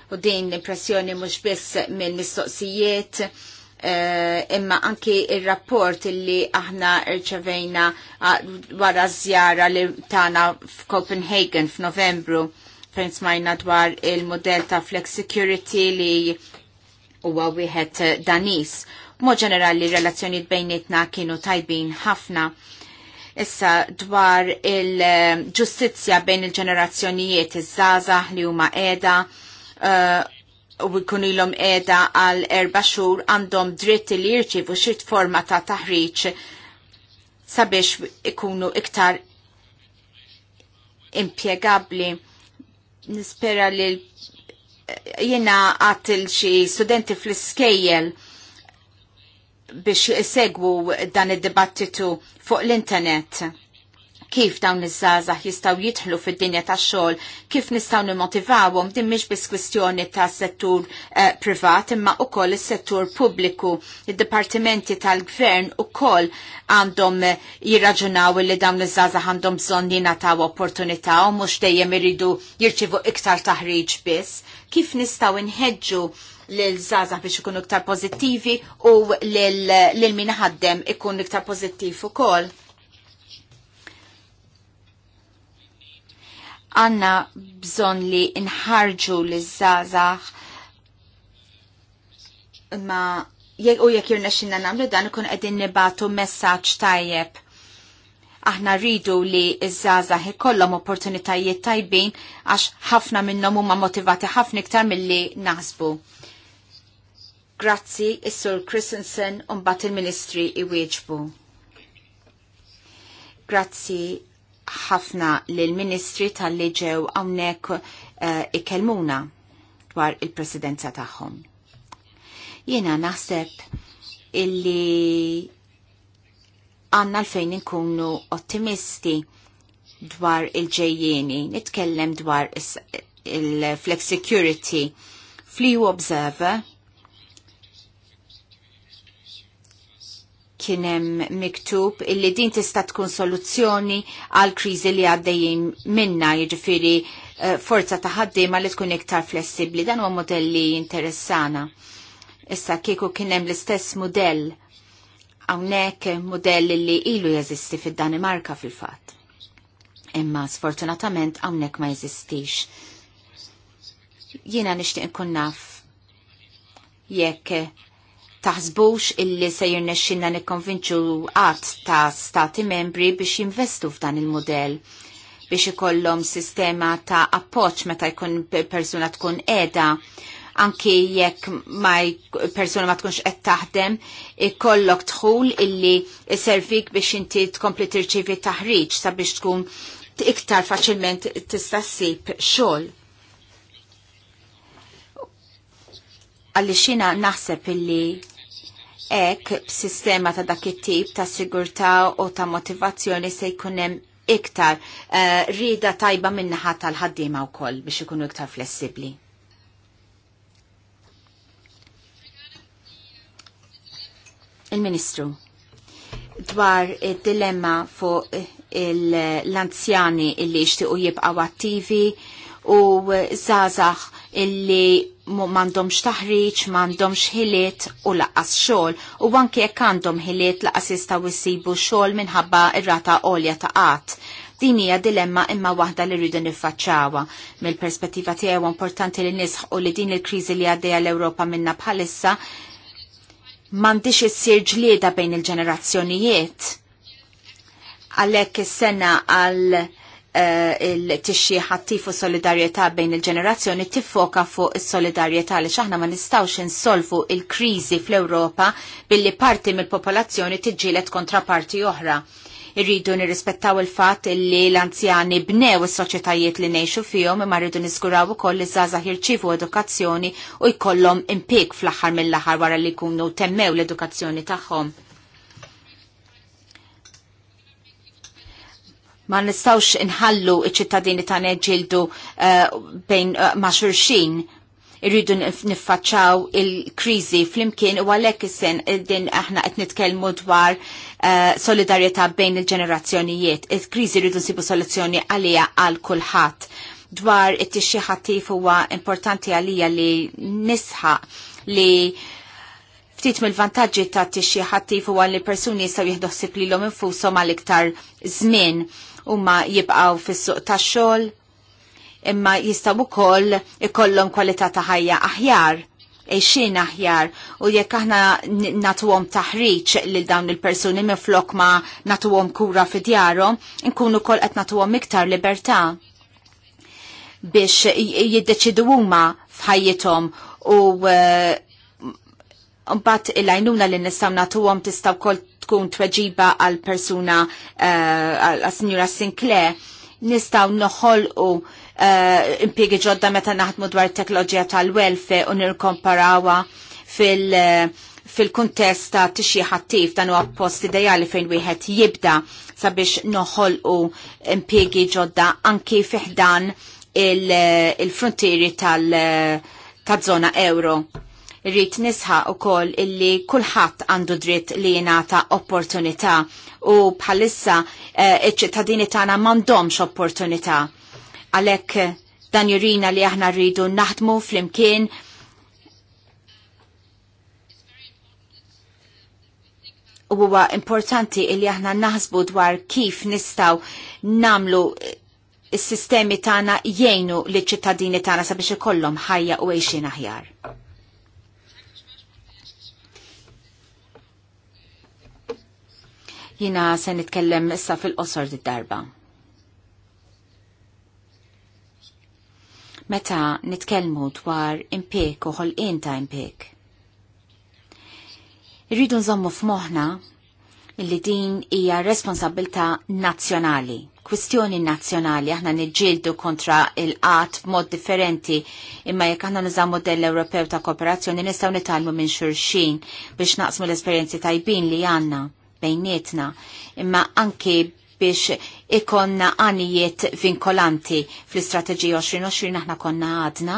Speaker 3: U din l-impressjoni mhux biss minn mistoqsijiet eh, imma anki il-rapport li aħna irċevejna ah, wara żjara li tana f'Copenhagen f'Novembru fejn smajna dwar il-modell ta' flex security li huwa wieħed danis Mod ġenerali relazzjoniet bejnietna kienu tajbin ħafna. Issa dwar il-ġustizzja bejn il-ġenerazzjonijiet iż żaza li huma qiegħda uh, u jkun ilhom qiegħda għal erba' xhur għandhom dritti li jirċievu xi forma ta' taħriġ sabiex ikunu iktar impjegabbli. Nispera li jiena għatil xi studenti fl-iskejjel biex segwu dan id-dibattitu fuq l-internet kif dawn iż-żgħażagħ jistgħu jidħlu fid-dinja tax-xogħol, kif nistgħu nimmotivawhom din mhix biss kwistjoni ta' settur eh, privat imma wkoll is-settur pubbliku. Id-dipartimenti tal-gvern ukoll għandhom eh, jirraġunaw li dawn iż-żgħażagħ għandhom bżonn jingħataw opportunità u mhux dejjem iridu jirċivu iktar taħriġ biss. Kif nistgħu inħeġġu l-żaza biex ikunu iktar pozittivi u l-min ħaddem ikun iktar pozittiv u kol. Għanna bżon li nħarġu l-żazax ma u jek jirna xinna namlu dan ikun għedin nibatu messaċ tajjeb aħna rridu li iż żaza ikollhom opportunitajiet tajbin għax ħafna minnhom huma motivati ħafna iktar milli naħsbu. Grazzi, Is-Sur Christensen, mbagħad il-Ministri iwieġbu. Grazzi ħafna l-Ministri tal-li ġew għawnek uh, eh, ikelmuna dwar il-presidenza tagħhom. Jiena naħseb illi għanna l-fejn inkunu ottimisti dwar il-ġejjeni, nitkellem dwar il-flexicurity, flew observer, kienem miktub illi din tista' tkun soluzzjoni għal kriżi li għaddejjin minna jiġifieri eh, forza ta' ħaddiema li tkun iktar flessibbli. Dan huwa modelli interessana. Issa kieku kienem l-istess modell hawnhekk modell li ilu jeżisti fid-Danimarka fil-fatt. Imma sfortunatament hawnhekk ma jeżistix. Jiena nixtieq nkun naf jekk taħsbux illi se jirnexxinna nikkonvinċu qatt ta' stati membri biex jinvestu f'dan il-modell biex ikollhom sistema ta' appoġġ meta jkun persuna tkun qiegħda anki jekk ma persuna ma tkunx qed taħdem ikollok dħul illi servik biex inti tkompli tirċivi taħriġ sabiex tkun iktar faċilment tista' ssib xogħol. għalli xina naħseb illi ek b'sistema ta' dak it-tip ta' sigurtà u ta' motivazzjoni se jkunem iktar uh, rida tajba minnaħa tal-ħaddima u koll biex ikunu iktar flessibli. Il-Ministru, dwar il-dilemma fuq l-anzjani il illi jishtiqu jibqaw attivi u zazax illi m'għandhomx taħriġ, m'għandhomx ħiliet u laqqas xogħol u anke jekk għandhom ħiliet laqqas jistaw jisibu xogħol minħabba irrata rata għolja ta' qatt. Din hija dilemma imma waħda li rridu niffaċċawha. Mill-perspettiva tiegħu importanti li nisħu li din il-kriżi li għaddejja l-Ewropa minna bħalissa m'għandix issir ġlieda bejn il-ġenerazzjonijiet. Għalhekk is-sena għal Eh, il-tixxieħ attiv solidarjetà bejn il-ġenerazzjoni tiffoka fuq is-solidarjetà li xaħna ma nistawx insolvu il-kriżi fl-Ewropa billi parti mill-popolazzjoni tiġġielet kontra parti oħra. Irridu nirrispettaw il-fatt li l-anzjani bnew is-soċjetajiet li ngħixu fihom imma rridu niżguraw ukoll li żgħażagħ jirċievu edukazzjoni u jkollhom impik fl-aħħar mill-aħħar wara li jkunu temmew l-edukazzjoni tagħhom ma nistawx inħallu iċ-ċittadini ta' neġildu eh, bejn eh, ma' xurxin irridu niffaċċaw il-krizi fl-imkien u għalek isen din aħna qed nitkellmu dwar eh, solidarjetà bejn il-ġenerazzjonijiet. Il-krizi rridu nsibu soluzzjoni għalija għal kulħadd. Dwar it-tixxi ħattif huwa importanti għalija li nisħaq li ftit mill-vantaġġi ta' tixxi ħattif huwa li persuni jistgħu jieħdu l lilhom infushom għal iktar żmien huma jibqgħu fis-suq tax-xogħol imma jistgħu wkoll ikollhom kwalità ta' ħajja aħjar eixin aħjar u jekk aħna natuhom taħriġ lil dawn il-persuni miflok flok ma natuhom kura fidjarom, djarhom, nkunu kol qed natuhom iktar libertà biex jiddeċidu huma f'ħajjithom u eh, mbagħad il-għajnuna li nistgħu natuhom tista' wkoll tkun tweġiba għal persuna eh, għal uh, signora Sinclair nistaw noħolqu uh, eh, impiegi ġodda meta naħdmu dwar teknoloġija tal welfe u nirkomparawa fil- uh, fil-kuntest ta' tixi ħattif dan huwa post ideali fejn wieħed jibda sabiex noħolqu impiegi ġodda anki fiħdan il-frontieri il tal-żona tal euro. Irrid nisħa u kol illi kullħat għandu dritt li jenata opportunità u bħalissa eh, iċ-ċittadini tagħna m'għandhomx opportunità. Għalhekk eh, dan jurina li aħna rridu naħdmu flimkien u huwa importanti illi aħna naħsbu dwar kif nistaw namlu eh, s-sistemi tagħna jgħinu liċ ċittadini tagħna sabiex ikollhom ħajja u għejxin aħjar. Jina se nitkellem issa fil-qosor darba. Meta nitkellmu dwar impik u ħolqien ta' impik. Irridu nżommu f'moħħna illi din hija responsabilta nazzjonali, kwistjoni nazzjonali, aħna niġġieldu kontra il-qat b'mod differenti, imma jekk aħna niżam modell Ewropew ta' kooperazzjoni nistgħu nitalmu minn xulxin biex naqsmu l-esperjenzi tajbin li għandna bejnietna, imma anki biex ikonna għanijiet vinkolanti fl-istrateġija 2020 aħna konna għadna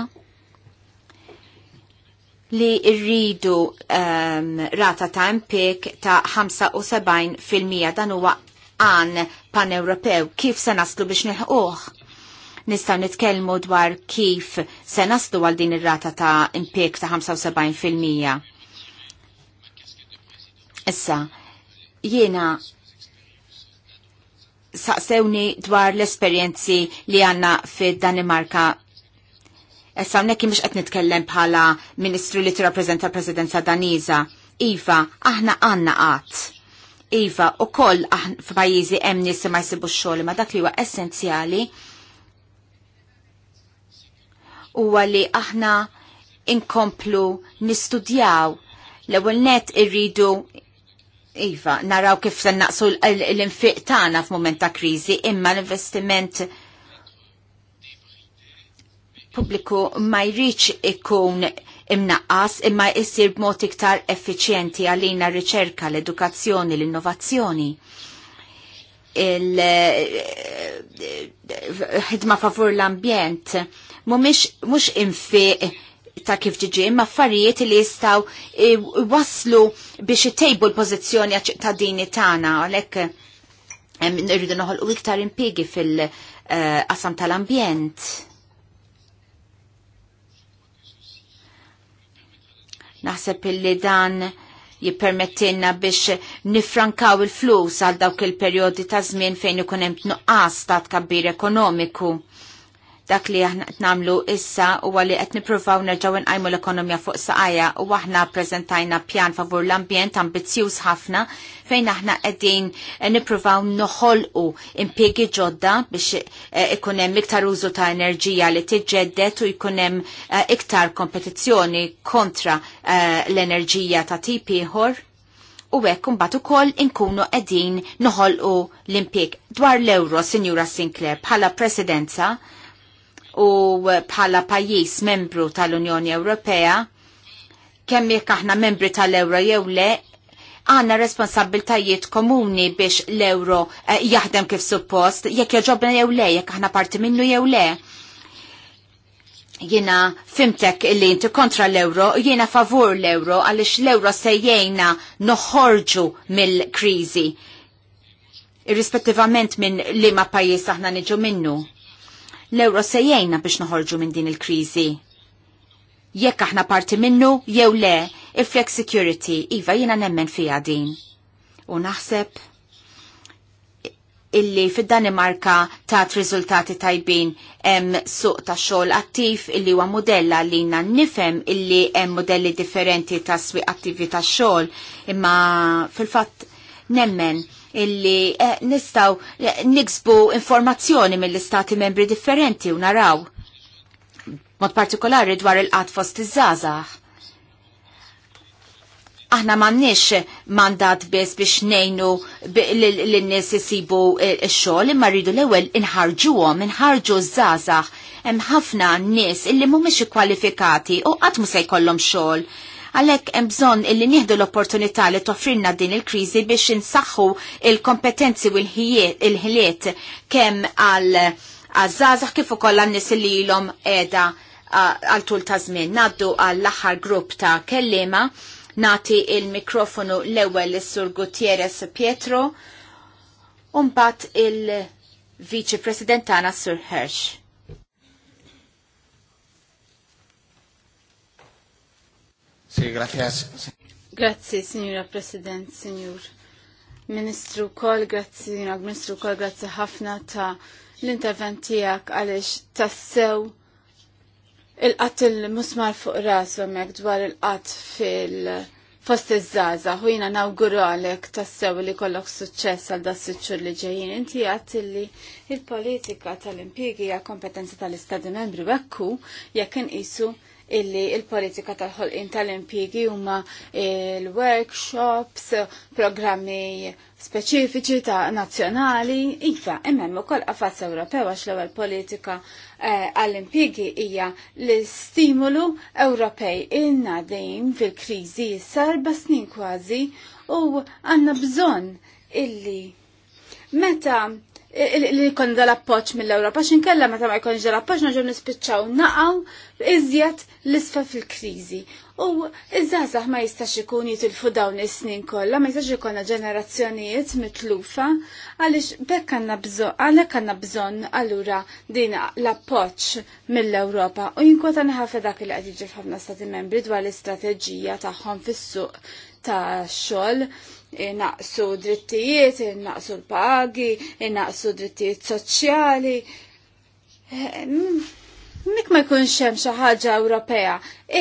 Speaker 3: li rridu um, rata ta' impik ta' 75% dan huwa għan pan-Ewropew kif se naslu biex nilħuħ? Nistaw nitkellmu dwar kif se naslu għal din ir-rata ta' impik ta' 75%. Issa, Jiena saqsewni dwar l-esperienzi li għanna fid Danimarka. Essa unnek mux għet nitkellem bħala ministru li tirrappreżenta l-presidenza Daniża. Iva, aħna għanna qatt. Iva, u koll f'pajjiżi hemm nies ma jsibu x ma dak li huwa essenzjali huwa li aħna inkomplu nistudjaw l-ewwel net irridu Iva, naraw kif se naqsu l-infiq tagħna f'mument ta' kriżi, imma l-investiment pubbliku ma jriċ ikun imnaqqas imma jissir b'mod iktar effiċjenti għalina r-riċerka, l-edukazzjoni, l-innovazzjoni il-ħidma favur l-ambjent mhumiex mhux infiq ta' kif ġiġi, ma' affarijiet li jistaw e, waslu biex tejbu l-pozizjoni tana, tagħna, għalhekk irridu noħolqu iktar impigi fil-qasam e, tal-ambjent. Naħseb illi dan jippermettilna biex nifrankaw il-flus għal dawk il-perjodi ta' żmien fejn ikun hemm tnuqqas ta' tkabbir ekonomiku Dak li aħna namlu issa u għalli qed nippruvaw nerġgħu nqajmu l-ekonomija fuq saqajja u aħna preżentajna pjan favur l-ambjent ambizzjuż ħafna fejn aħna qegħdin nippruvaw noħolqu impjiegi ġodda biex eh, ikun hemm iktar użu ta' enerġija li tiġġedded u jkun hemm eh, iktar kompetizzjoni kontra eh, l-enerġija ta' tip ieħor u hekk imbagħad ukoll inkunu qegħdin noħolqu l-impjeg dwar l-euro, Sinjura Sinclair, bħala presidenza u bħala pajjiż membru tal-Unjoni Ewropea kemm jekk aħna membri tal-Euro jew le għanna responsabiltajiet komuni biex l-euro eh, jaħdem kif suppost, jekk joġobna jew le, jekk aħna parti minnu jew le. Jiena fimtek illi inti kontra l-euro, jiena favur l-euro, għalix l-euro sejjena noħorġu mill-krizi, irrispettivament minn li ma pajis aħna niġu minnu l-euro sejjajna biex noħorġu minn din il-kriżi. Jekk aħna parti minnu jew le, il-flex security iva jiena nemmen fija din. U naħseb illi fid-Danimarka tat riżultati tajbin hemm suq ta' xogħol attiv illi huwa modella li jina nifhem illi hemm modelli differenti ta' swi attivi ta' xogħol imma fil-fatt nemmen illi eh, nistaw eh, niksbu informazzjoni mill-istati membri differenti u naraw. Mod partikolari dwar il-qat fost iż-żazax. Aħna m'għandniex mandat biss biex nejnu l-nies isibu eh, x-xogħol imma rridu l-ewwel inħarġuhom, inħarġu żgħażagħ hemm ħafna nies illi mhumiex ikkwalifikati u qatt mhu se jkollhom xogħol Għalhekk hemm bżonn illi nieħdu l-opportunità li toffrinna din il-kriżi biex insaħħu il-kompetenzi u l-ħiliet kemm għal għazzazax kif ukoll għan li ilhom qiegħda għal tul ta' żmien. Naddu għall-aħħar grupp ta' kellima nati il-mikrofonu l-ewwel l sur Gutierrez Pietro u mbagħad il-Viċi President tagħna Sur Hirsch.
Speaker 1: Sì, grazie.
Speaker 2: Grazie, signora President, signor Ministru kol, grazie, signora Ministru kol, grazie ħafna ta' l-intervent għalix tassew il-qat il-musmar fuq rasu mek dwar il-qat fil- fost iż-żaza, u jina nawguralek tassew li kollok suċċess għal da s li ġejjin. Inti għat li il-politika tal-impjegi għal kompetenza tal istadi membri wekku jekk inqisu isu illi il-politika tal-ħolqin tal-impjegi huma il-workshops, programmi speċifiċi ta' nazzjonali, iva, emmem ukoll qafas Ewropew għax l-ewwel politika eh, għall-impjegi hija l-stimulu Ewropej ilna dejjem fil-kriżi sarba snin kważi u għandna bżonn illi meta li jkun dal-appoċ mill-Ewropa, xinkella meta ma jkunx dal-appoċ naġu nispiċċaw naqaw iżjed l-isfa fil-kriżi. U iż-żazax ma jistax ikun jitilfu dawn is-snin kollha, ma jistax ikolna ġenerazzjonijiet mitlufa għaliex bekk għandna bżonn għalhekk għandna bżonn allura din l-appoġġ mill-Ewropa u jinkwota ħafna dak li qed jiġi f'ħafna stati membri dwar l-istrateġija tagħhom fis-suq tax-xogħol naqsu drittijiet, naqsu l-pagi, naqsu drittijiet soċjali. Eh, Mik mm, ma jkunx hemm xi ħaġa Ewropea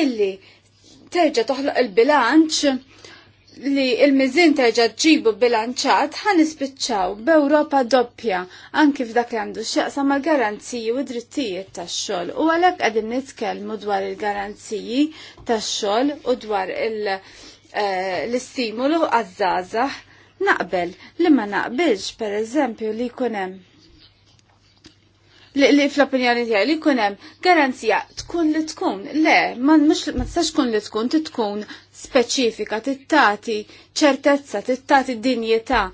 Speaker 2: illi terġa' toħloq il-bilanċ li il-mizin terġa ġibu bilanċat ħan ispiċċaw b'Ewropa doppja anki f'dak li għandu x'jaqsam ma' garanziji u drittijiet tax-xogħol. U għalhekk qegħdin nitkellmu dwar il-garanziji tax-xogħol u dwar il- Eh, l-istimulu għazzazah naqbel li ma naqbilx per eżempju li kunem li fl-opinjoni tiegħi li kunem garanzija tkun li tkun le ma mhux ma tistax tkun li tkun tkun speċifika tittati ċertezza tittati dinjità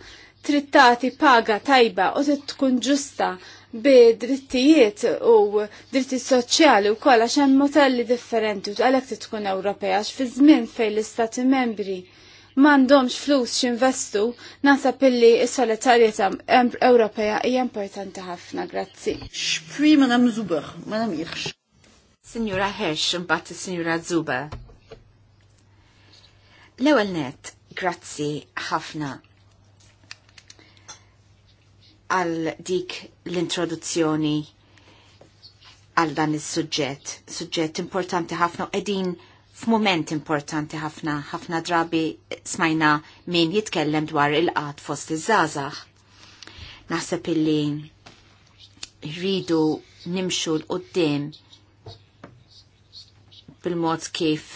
Speaker 2: trittati paga tajba u tkun ġusta drittijiet u drittijiet soċjali u koll għax hemm modelli differenti u għalhekk tkun Ewropea għax fi żmien fejn l-istati membri m'għandhomx flus x'investu nasab illi s-solidarjetà Ewropea hija importanti ħafna, grazzi. Xpri ma
Speaker 3: nam Zuber, ma nam Signora Hirsch imbagħad is-Sinjura Zuber. L-ewwel net, grazzi ħafna għal dik l-introduzzjoni għal dan is-suġġett. Suġġett importanti ħafna u qegħdin f'mument importanti ħafna, ħafna drabi smajna min jitkellem dwar il-qat fost iż-żazax. Naħseb illi rridu nimxu l-qoddim bil-mod kif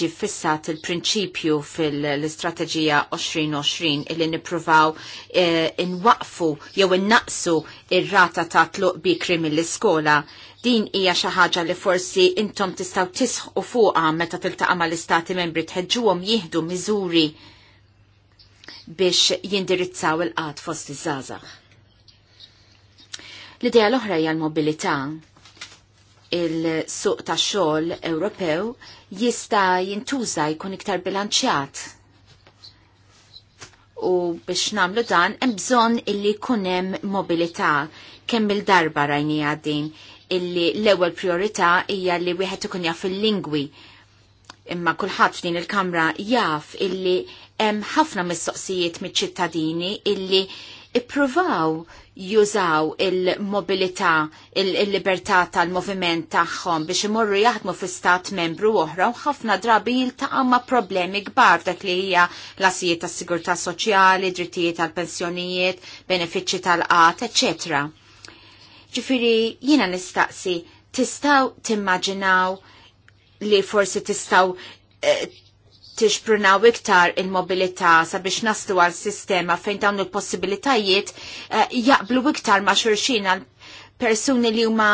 Speaker 3: ġi fissat il-prinċipju fil-istrateġija 2020 illi nipruvaw in eh, inwaqfu jew innaqsu il rata ta' tluq bikri mill-iskola. Din hija xi ħaġa li forsi intom tistgħu tisħu fuqha meta tiltaqa' mal-istati membri tħeġġuhom jieħdu miżuri biex jindirizzaw il-qat fost iż-żgħażagħ. L-idea l-oħra hija l-mobilità il-suq ta' xogħol Ewropew jista' jintuża jkun iktar bilanċjat. U biex namlu dan hemm bżonn illi jkun hemm mobilità kemm il-darba rajnija din illi l-ewwel priorità hija li wieħed ikun jaf il-lingwi. Imma kulħadd f'din il-kamra jaf illi hemm ħafna mistoqsijiet miċ-ċittadini illi ippruvaw jużaw il-mobilità, il-libertà tal-moviment tagħhom biex imorru jaħdmu fi stat membru oħra u ħafna drabi jiltaqa' ma' problemi kbar dak li hija l-asijiet tas-sigurtà soċjali, drittijiet tal-pensjonijiet, benefiċċji tal-qat, etc. Ġifieri jiena nistaqsi tistgħu timmaġinaw li forsi tistgħu eh, tixprunaw iktar il-mobilità sabiex naslu għal sistema fejn dawn il-possibilitajiet eh, jaqblu iktar ma' xurxin għal persuni li huma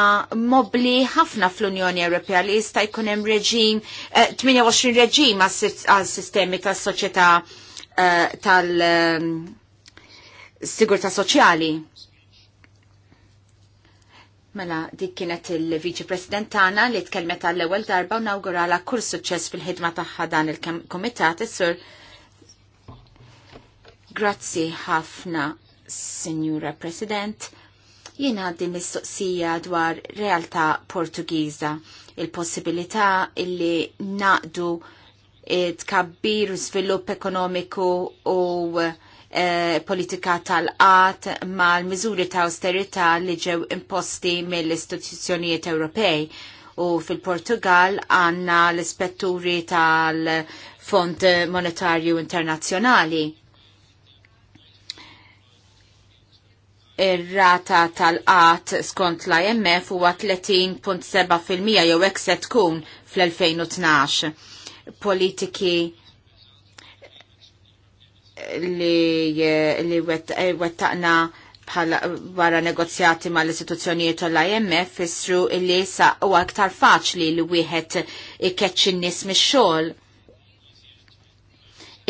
Speaker 3: mobli ħafna fl-Unjoni Ewropea li jista' jkun hemm reġim 28 eh, reġim għal sistemi tas-soċjetà eh, tal-sigurtà soċjali. Mela, dik kienet il-Viċi President tagħna li tkellmet għall ewwel darba u nawgurala kull suċċess fil-ħidma tagħha dan il-Kumitat is-Sur. Grazzi ħafna, Sinjura President. Jiena għaddi mistoqsija dwar realtà Portugiża, il-possibilità illi naqdu tkabbir u svilupp ekonomiku u E, politika tal-qat mal-miżuri ta' austerita li ġew imposti mill-istituzzjonijiet Ewropej u fil-Portugal għanna l-ispetturi tal-Fond Monetarju Internazzjonali. ir-rata tal-qat skont l-IMF huwa 30.7% jew hekk se tkun fl-2012. Politiki li, li eh, wettaqna bħala wara negozjati mal istituzzjonijiet u l-IMF fissru li sa u aktar faċli li wieħed ikkeċċ n-nies mix-xogħol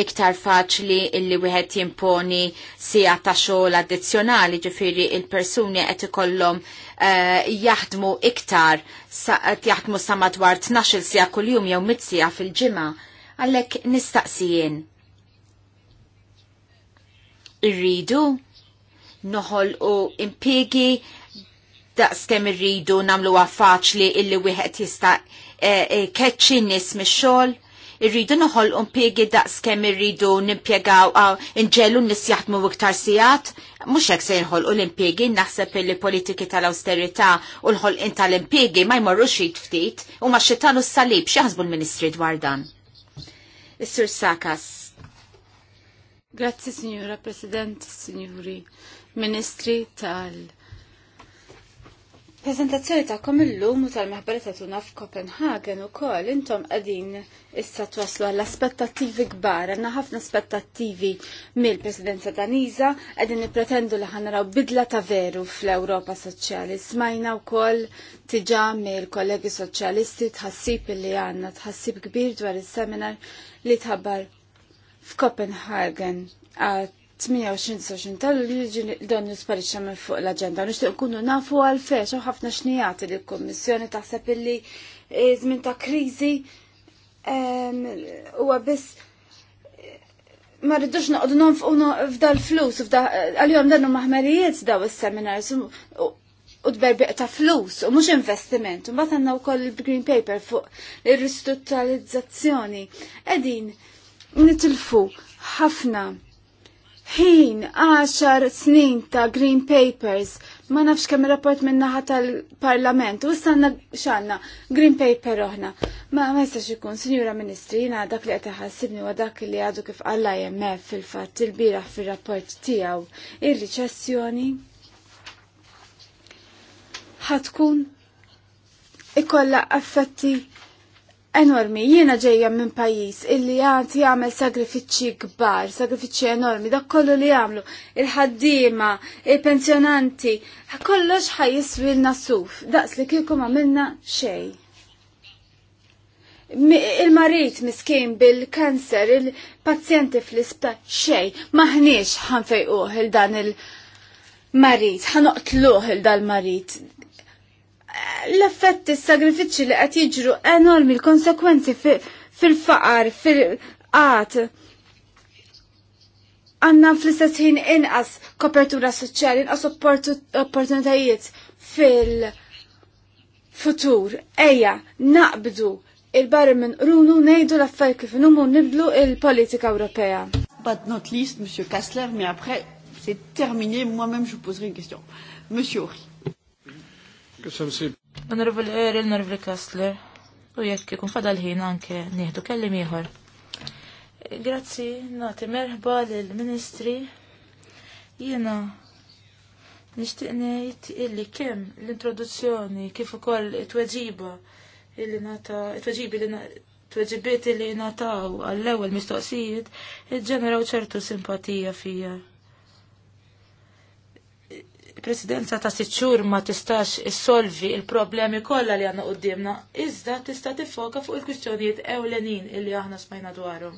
Speaker 3: iktar faċli li wieħed jimponi sija ta' xogħol addizzjonali ġifieri il-persuni qed ikollhom eh, jaħdmu iktar qed jaħdmu sa madwar 12 sija kuljum jew mitsija fil-ġimgħa għalhekk nistaqsijien irridu noħol u impiegi daqskem irridu namlu faċli illi wieħed jista' e, e, keċċi nis mix-xogħol irridu noħol unpiegi daqskem irridu nimpjegaw għaw nġelu nis jaħdmu iktar sigħat. Mhux hekk se jinħol u l-impiegi naħseb li politiki tal awsterità u l-ħol inta l-impiegi ma jmorrux ftit u ma xitanu s-salib x'jaħsbu l-ministri dwar dan. Is-sur Sakas.
Speaker 2: Grazzi, Signora President, Signori Ministri tal- Prezentazzjoni il-lum u tal-meħbara ta' tuna f'Kopenhagen u koll intom għadin issa twaslu għall-aspettativi kbar, għanna ħafna aspettativi mill-presidenza Daniza, għadin nipretendu li ħanaraw bidla ta' veru fl-Europa Soċjali. Smajna u koll tiġa mill-kollegi soċjalisti tħassib li għanna, tħassib kbir dwar il-seminar li tħabbar f'Copenhagen għat 28 tal-li dan jispariċa minn fuq l-agenda. Nishtiq kunu nafu għal-fex, ħafna xnijati li l-Kommissjoni taħseb illi żmien ta' kriżi huwa biss ma rridux noqdu nonfqu f'dal flus għal-jom dan huma daw is-seminars u tberbiq ta' flus u mhux investiment. Mbagħad u wkoll il-green paper fuq ir-ristrutturalizzazzjoni. Edin, nitilfu ħafna ħin 10 snin ta' Green Papers ma nafx kemm rapport minn naħa tal-Parlament u sanna xanna Green Paper oħna. Ma ma jistax ikun, Sinjura Ministri, jina dak li qed iħassibni wa dak li għadu kif għalla IMF fil-fatt il-biraħ fir-rapport tiegħu ir-riċessjoni ħatkun ikolla affetti enormi. Jiena ġejja minn pajis illi għad jagħmel sagrifiċċji kbar, sagrifiċċji enormi, dak kollu li jagħmlu il-ħaddiema, il-pensjonanti, kollox ħajjiswilna nasuf, daqs li kieku għamilna xejn. Il-marit miskin bil-kanser, il-pazjenti fl ispa xej, maħniex ħanfejquħ il-dan il-marit, ħanoqtluh il-dan marit l-effetti s-sagrifiċi li qed jiġru enormi l-konsekwenzi fil-faqar, fil-qat. Għanna fl-istess ħin inqas kopertura soċjali, inqas opportunitajiet fil-futur. Ejja, naqbdu il-barri minn runu nejdu l-affar kif numu nibdu il-politika Ewropea. But not least, Monsieur Kassler, mais après, c'est terminé,
Speaker 1: moi-même je poserai une question. Monsieur Horry. Kisem sib. Onorevoli Kastler, u jekk ikun fadal ħin anke nieħdu kellim ieħor. Grazzi, nagħti merħba lill ministri Jiena nixtieq ngħid illi kemm l-introduzzjoni kif ukoll it-tweġiba illi nata it-tweġibi li tweġibiet illi nataw għall-ewwel mistoqsijiet iġġeneraw ċertu simpatija fija il-presidenza ta' siċur ma tistax issolvi il-problemi kollha li għandna għoddimna, iżda tista' tifoka fuq il-kwistjonijiet ewlenin illi aħna smajna dwarhom.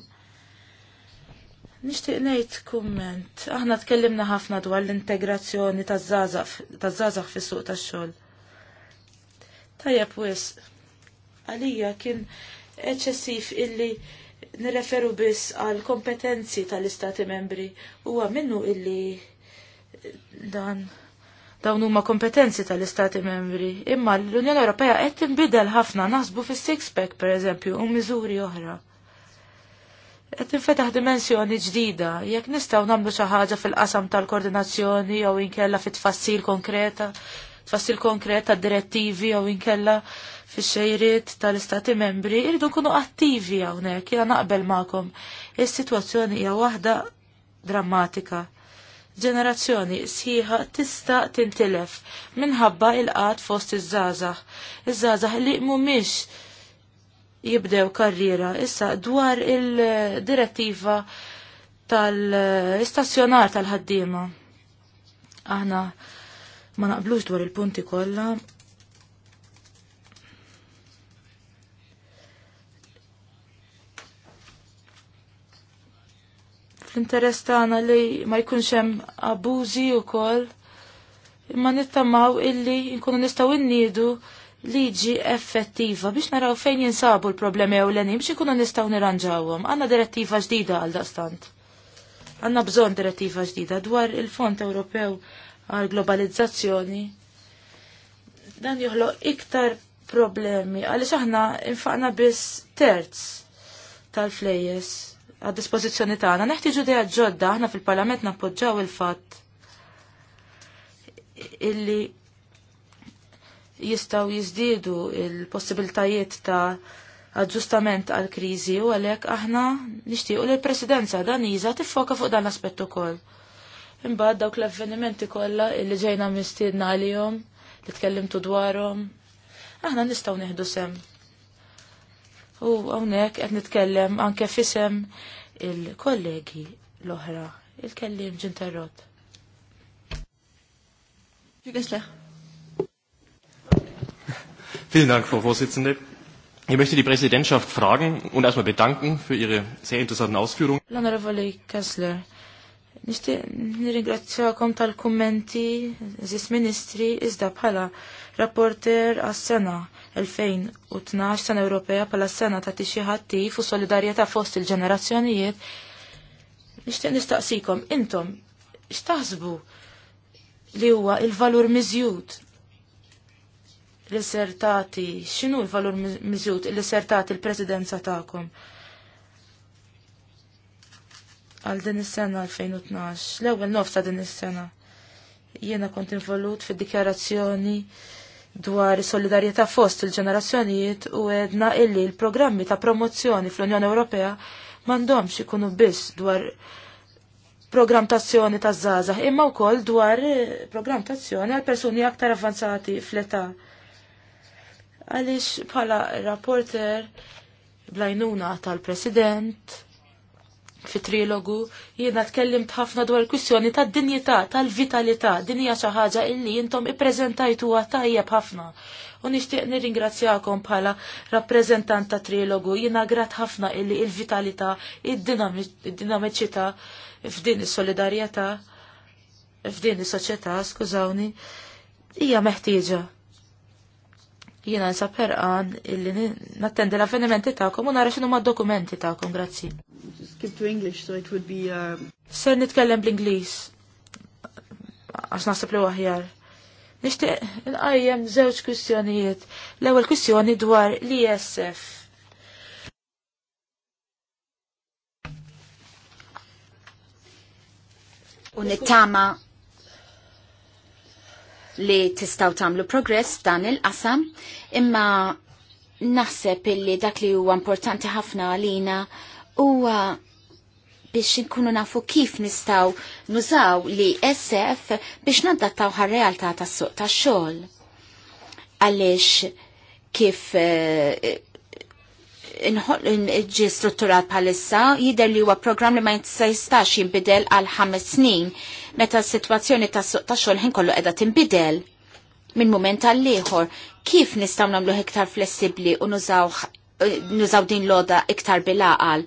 Speaker 1: Nixtieq ngħid kumment. Aħna tkellimna ħafna dwar l-integrazzjoni taż-żgħażagħ fis-suq tax-xogħol. Tajjeb wis, għalija kien eċessif illi nireferu biss għal kompetenzi tal-istati membri huwa minnu illi dan dawn huma kompetenzi tal-Istati membri, imma l-Unjoni Ewropea qed tinbidel ħafna naħsbu fis-six pack pereżempju u miżuri oħra. Qed tinfetaħ dimensjoni ġdida, jekk nistgħu nagħmlu xi ħaġa fil-qasam tal-koordinazzjoni jew inkella fit-tfassil konkreta, tfassil konkreta direttivi jew inkella fix-xejriet tal-Istati membri, irridu nkunu attivi hawnhekk, jiena naqbel magħkom. Is-sitwazzjoni hija waħda drammatika ġenerazzjoni sħiħa tista tintilef minħabba il-qat fost iż-żazax. Iż-żazax li mhumiex jibdew karriera. Issa dwar il-direttiva tal-istazzjonar tal-ħaddiema. Aħna ma naqblux dwar il-punti kollha, l interess tagħna li ma jkunx hemm abużi wkoll imma nittamaw illi nkunu nistgħu nniedu liġi effettiva biex naraw fejn jinsabu l-problemi ewlenin biex ikunu nistgħu niranġawhom. Għandna direttiva ġdida għal daqstant. Għandna bżonn direttiva ġdida dwar il-Fond Ewropew għal globalizzazzjoni. Dan joħloq iktar problemi għaliex aħna infaqna biss terz tal-flejjes għad dispożizzjoni tagħna. Neħtiġu di ġodda aħna fil-Parlament nappoġġaw il-fatt illi jistaw jizdidu il-possibiltajiet ta' aġġustament għal kriżi u għalhekk aħna nixtiequ li l-Presidenza Dan Daniża tiffoka fuq dan l-aspett ukoll. Imbagħad dawk l-avvenimenti kollha illi ġejna mistiedna għalihom li tkellimtu dwarhom, aħna nistgħu neħdu sem. U għonek għed nitkellem anke fisem il-kollegi l-oħra, il-kellim ġinterrot. Vielen Dank, Frau Vorsitzende. Ich möchte die Präsidentschaft fragen und erstmal bedanken für Ihre sehr interessanten Ausführungen. l Kessler, nishti nirringrazzjakom tal-kommenti, zis ministri, iżda bħala rapporter għas-sena 2012 sena Ewropea pala sena ta' tixi ħattif u solidarjetà fost il-ġenerazzjonijiet. Nixtieq nistaqsikom, intom, x'taħsbu li huwa il-valur miżjud li sertati, xinu x'inhu l-valur miżjud li sertati l-presidenza tagħkom? għal din is-sena 2012, l-ewwel nofs ta' din is-sena. Jiena kont involut fid-dikjarazzjoni dwar solidarjetà fost il-ġenerazzjonijiet u edna illi l-programmi ta' promozzjoni fl-Unjoni Ewropea mandomx ikunu biss dwar program tazzjoni ta' zazah imma wkoll dwar eh, program tazzjoni għal persuni aktar avanzati fl-età. Għaliex bħala rapporter blajnuna tal-president fi trilogu jiena tkellimt ħafna dwar kwistjoni ta' dinjità tal-vitalità din hija xi ħaġa illi intom ippreżentajtuha tajjeb ħafna. U nixtieq nirringrazzjakom bħala rappreżentant ta' trilogu jiena grat ħafna illi il-vitalità, id-dinamiċità f'din is-solidarjetà f'din is-soċjetà, skużawni, hija meħtieġa Jiena nsa perqan illi nattendi l-avvenimenti ta'kom u nara xinu ma' dokumenti ta'kom, grazzi skip to English, so it would be... Uh... Um, Ser nitkellem bl-Inglis, għax nasib li għahjar. Nishtiq nqajjem żewġ kwistjonijiet. L-ewwel kwistjoni dwar l-ISF. U nittama
Speaker 3: li tistaw tamlu progress dan il-qasam, imma naħseb illi dak li huwa importanti ħafna għalina huwa biex nkunu nafu kif nistaw nużaw li SF biex nadattaw ħar-realtà tas-suq tax-xogħol. Għaliex kif eh, ġi strutturat bħalissa jider li huwa programm li ma jistax jinbidel għal ħames snin meta s-sitwazzjoni tas-suq tax-xogħol ħin kollu qiegħda tinbidel minn moment għall ieħor kif nistgħu nagħmlu iktar flessibbli u nużaw Eh, nużaw din loda iktar bil-aqal.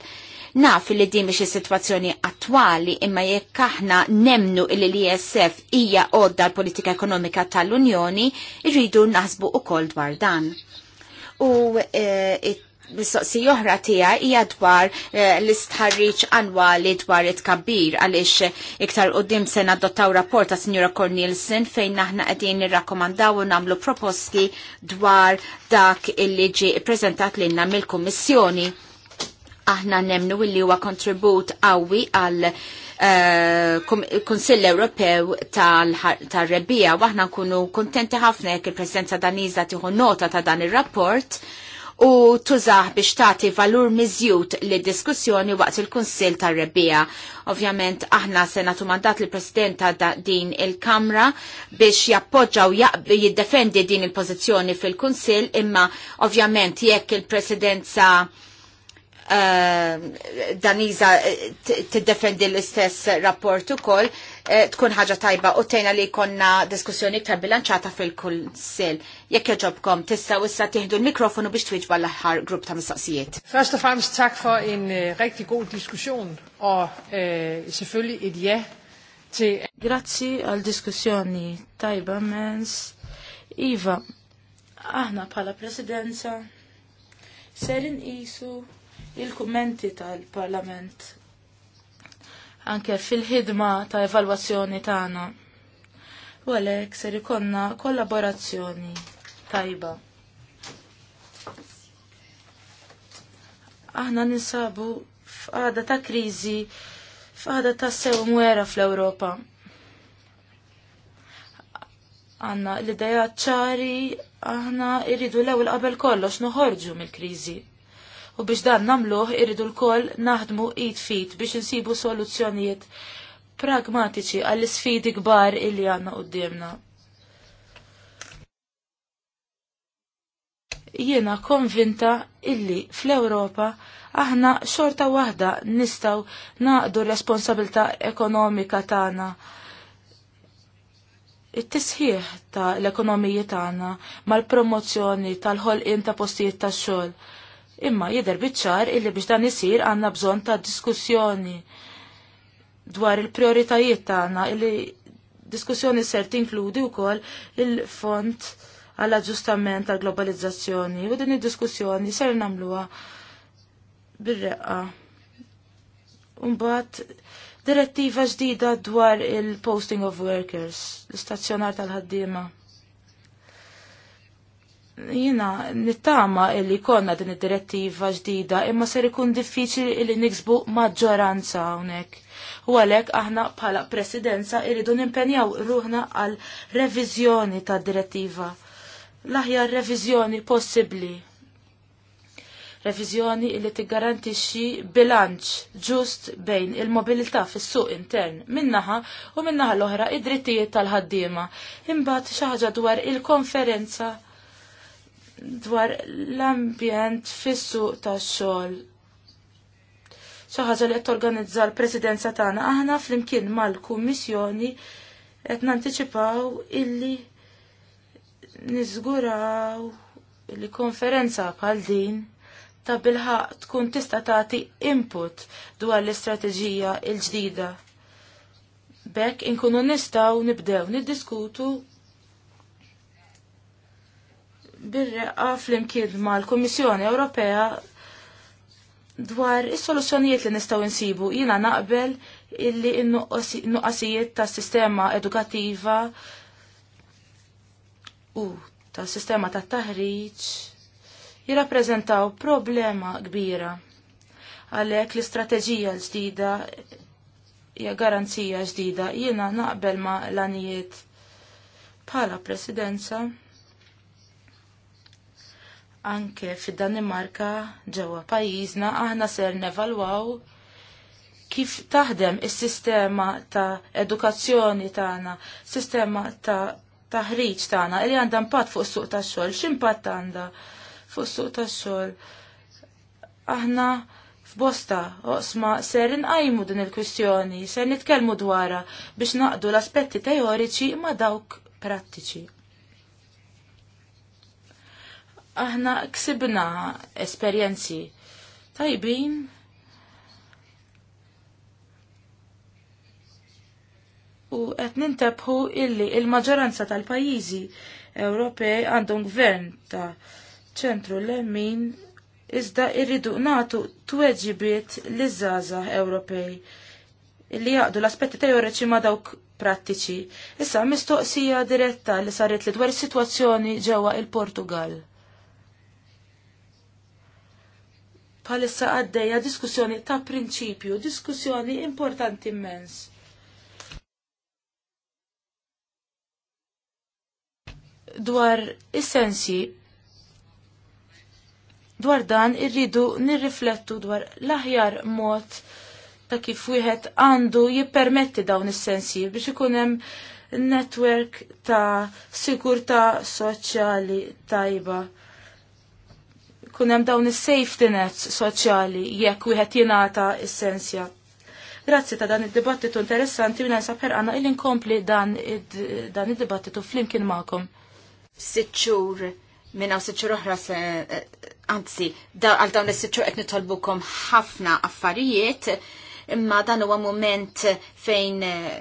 Speaker 3: Naf li din biex is-sitwazzjoni attwali imma jekk aħna nemnu li l-ISF hija għodda l-politika ekonomika tal-Unjoni, irridu naħsbu ukoll dwar dan. U e, mistoqsi oħra tija hija dwar eh, l-istħarriċ annwali dwar it-kabbir għaliex eh, iktar qoddim se nadottaw rapport ta' Signora Cornelsen fejn aħna qegħdin nirrakkomandaw u nagħmlu proposti dwar dak illi ġi ppreżentat lilna mill-Kummissjoni. Aħna nemnu li huwa kontribut qawwi għal eh, Kunsill Ewropew tal tal waħna nkunu kontenti ħafna jekk il-Presidenza Daniża tieħu nota ta' dan ir-rapport u tużaħ biex tagħti valur miżjud li diskussjoni waqt il-Kunsill tar-Rebbija. Ovvjament aħna se nagħtu mandat li president ta' din il-Kamra biex jappoġġa u jiddefendi din il-pożizzjoni fil-Kunsill imma ovvjament jekk il-Presidenza Um, Daniza eh, t-defendi l-istess rapport u koll, eh, tkun ħaġa tajba u tejna li konna diskussjoni ktar bilanċata fil-kull Jekk joġobkom, tista wissa tieħdu l-mikrofonu biex twiġba l-ħar grupp ta' mistaqsijiet. First
Speaker 2: of all, tak for in eh, rigtig
Speaker 1: god diskussjon og selvfølgelig et ja Grazzi għal diskussjoni tajba mens. Iva, aħna pala presidenza, serin isu il-kummenti tal-Parlament anke fil-ħidma ta' evalwazzjoni tagħna. U għalhekk ser ikonna kollaborazzjoni tajba. Aħna ninsabu f'għada ta' kriżi, f'għada ta' sew mwera fl-Ewropa. Għanna l-ideja ċari aħna irridu l-ewwel qabel kollox noħorġu mill-kriżi. U biex dan namluħ irridu l koll naħdmu id fit biex nsibu soluzzjonijiet pragmatiċi għall sfidi kbar illi għanna qoddimna. Jiena konvinta illi fl-Ewropa aħna xorta waħda nistaw naqdu responsabilta ekonomika tagħna it-tisħiħ ta' l-ekonomiji tagħna mal-promozzjoni tal-ħolqien ta' postijiet tax-xogħol imma jidher biċ-ċar illi biex dan isir għandna bżonn ta' diskussjoni dwar il-prioritajiet tagħna illi diskussjoni ser tinkludi wkoll il-font għall aġġustament tal globalizzazzjoni u din id-diskussjoni ser nagħmluha bir-reqqa. Mbagħad direttiva ġdida dwar il-posting of workers, l-istazzjonar tal-ħaddiema jina nittama illi konna din id-direttiva ġdida imma ser ikun diffiċli illi niksbu maġġoranza hawnhekk. U għalhekk aħna bħala presidenza irridu nimpenjaw ruħna għal reviżjoni ta' direttiva. L-aħjar reviżjoni possibbli. Reviżjoni li tiggarantixxi bilanċ ġust bejn il-mobilità fis-suq intern minnaħa u minnaħa l-oħra id-drittijiet tal-ħaddiema. Imbagħad xi ħaġa dwar il-konferenza il konferenza dwar l-ambjent fissu tax-xogħol. Xi ħaġa li qed torganizza l-Presidenza tagħna aħna flimkien mal-Kummissjoni qed nantiċipaw illi niżguraw li konferenza bħal din ta' bilħa tkun tista' tagħti input dwar l-istrateġija l-ġdida. Bekk inkunu nistgħu nibdew niddiskutu bir-reqqa fl-imkien mal-Kummissjoni Ewropea dwar is-soluzzjonijiet li nistgħu insibu. Jiena naqbel illi n-nuqqasijiet tas-sistema edukattiva u tas-sistema tat-taħriġ jirrappreżentaw problema kbira. Għalhekk l-istrateġija l-ġdida hija garanzija ġdida jiena naqbel ma' l-anijiet bħala presidenza anke fid-Danimarka ġewwa pajjiżna aħna ser nevalwaw kif taħdem is-sistema ta' edukazzjoni tagħna, sistema ta' taħriġ tagħna li għandha impatt fuq is-suq tax-xogħol, x'impatt għandha fuq suq tax-xogħol. Aħna f'bosta oqsma ser inqajmu din il-kwistjoni, ser nitkellmu dwarha biex naqdu l-aspetti teoriċi ma' dawk prattiċi aħna ksibna esperjenzi tajbin u qed nintabħu illi il-maġġoranza tal-pajjiżi Ewropej għandhom gvern ta' ċentru lemmin iżda irridu nagħtu tweġibiet liż-żaża Ewropej li jaqdu l-aspetti teoreċi ma' dawk prattiċi. Issa mistoqsija diretta li saret li dwar is-sitwazzjoni ġewwa il-Portugal. palissa għaddeja diskussjoni ta' prinċipju, diskussjoni importanti immens. Dwar is-sensi, dwar dan irridu nirriflettu dwar l-aħjar mod ta' kif wieħed għandu jippermetti dawn is-sensi biex ikun hemm netwerk ta' sigurtà soċjali tajba kunem hemm dawn is-safety nets soċjali jekk wieħed jingħata essenzja. Grazzi ta' dan id-dibattitu interessanti minn nsab għanna il inkompli dan id-dibattitu flimkien magħkom. Sitxur minna hawn sitxur oħra
Speaker 3: se eh, anzi, għal dawn is-sitxur qed nitolbukom ħafna affarijiet imma dan huwa moment fejn eh,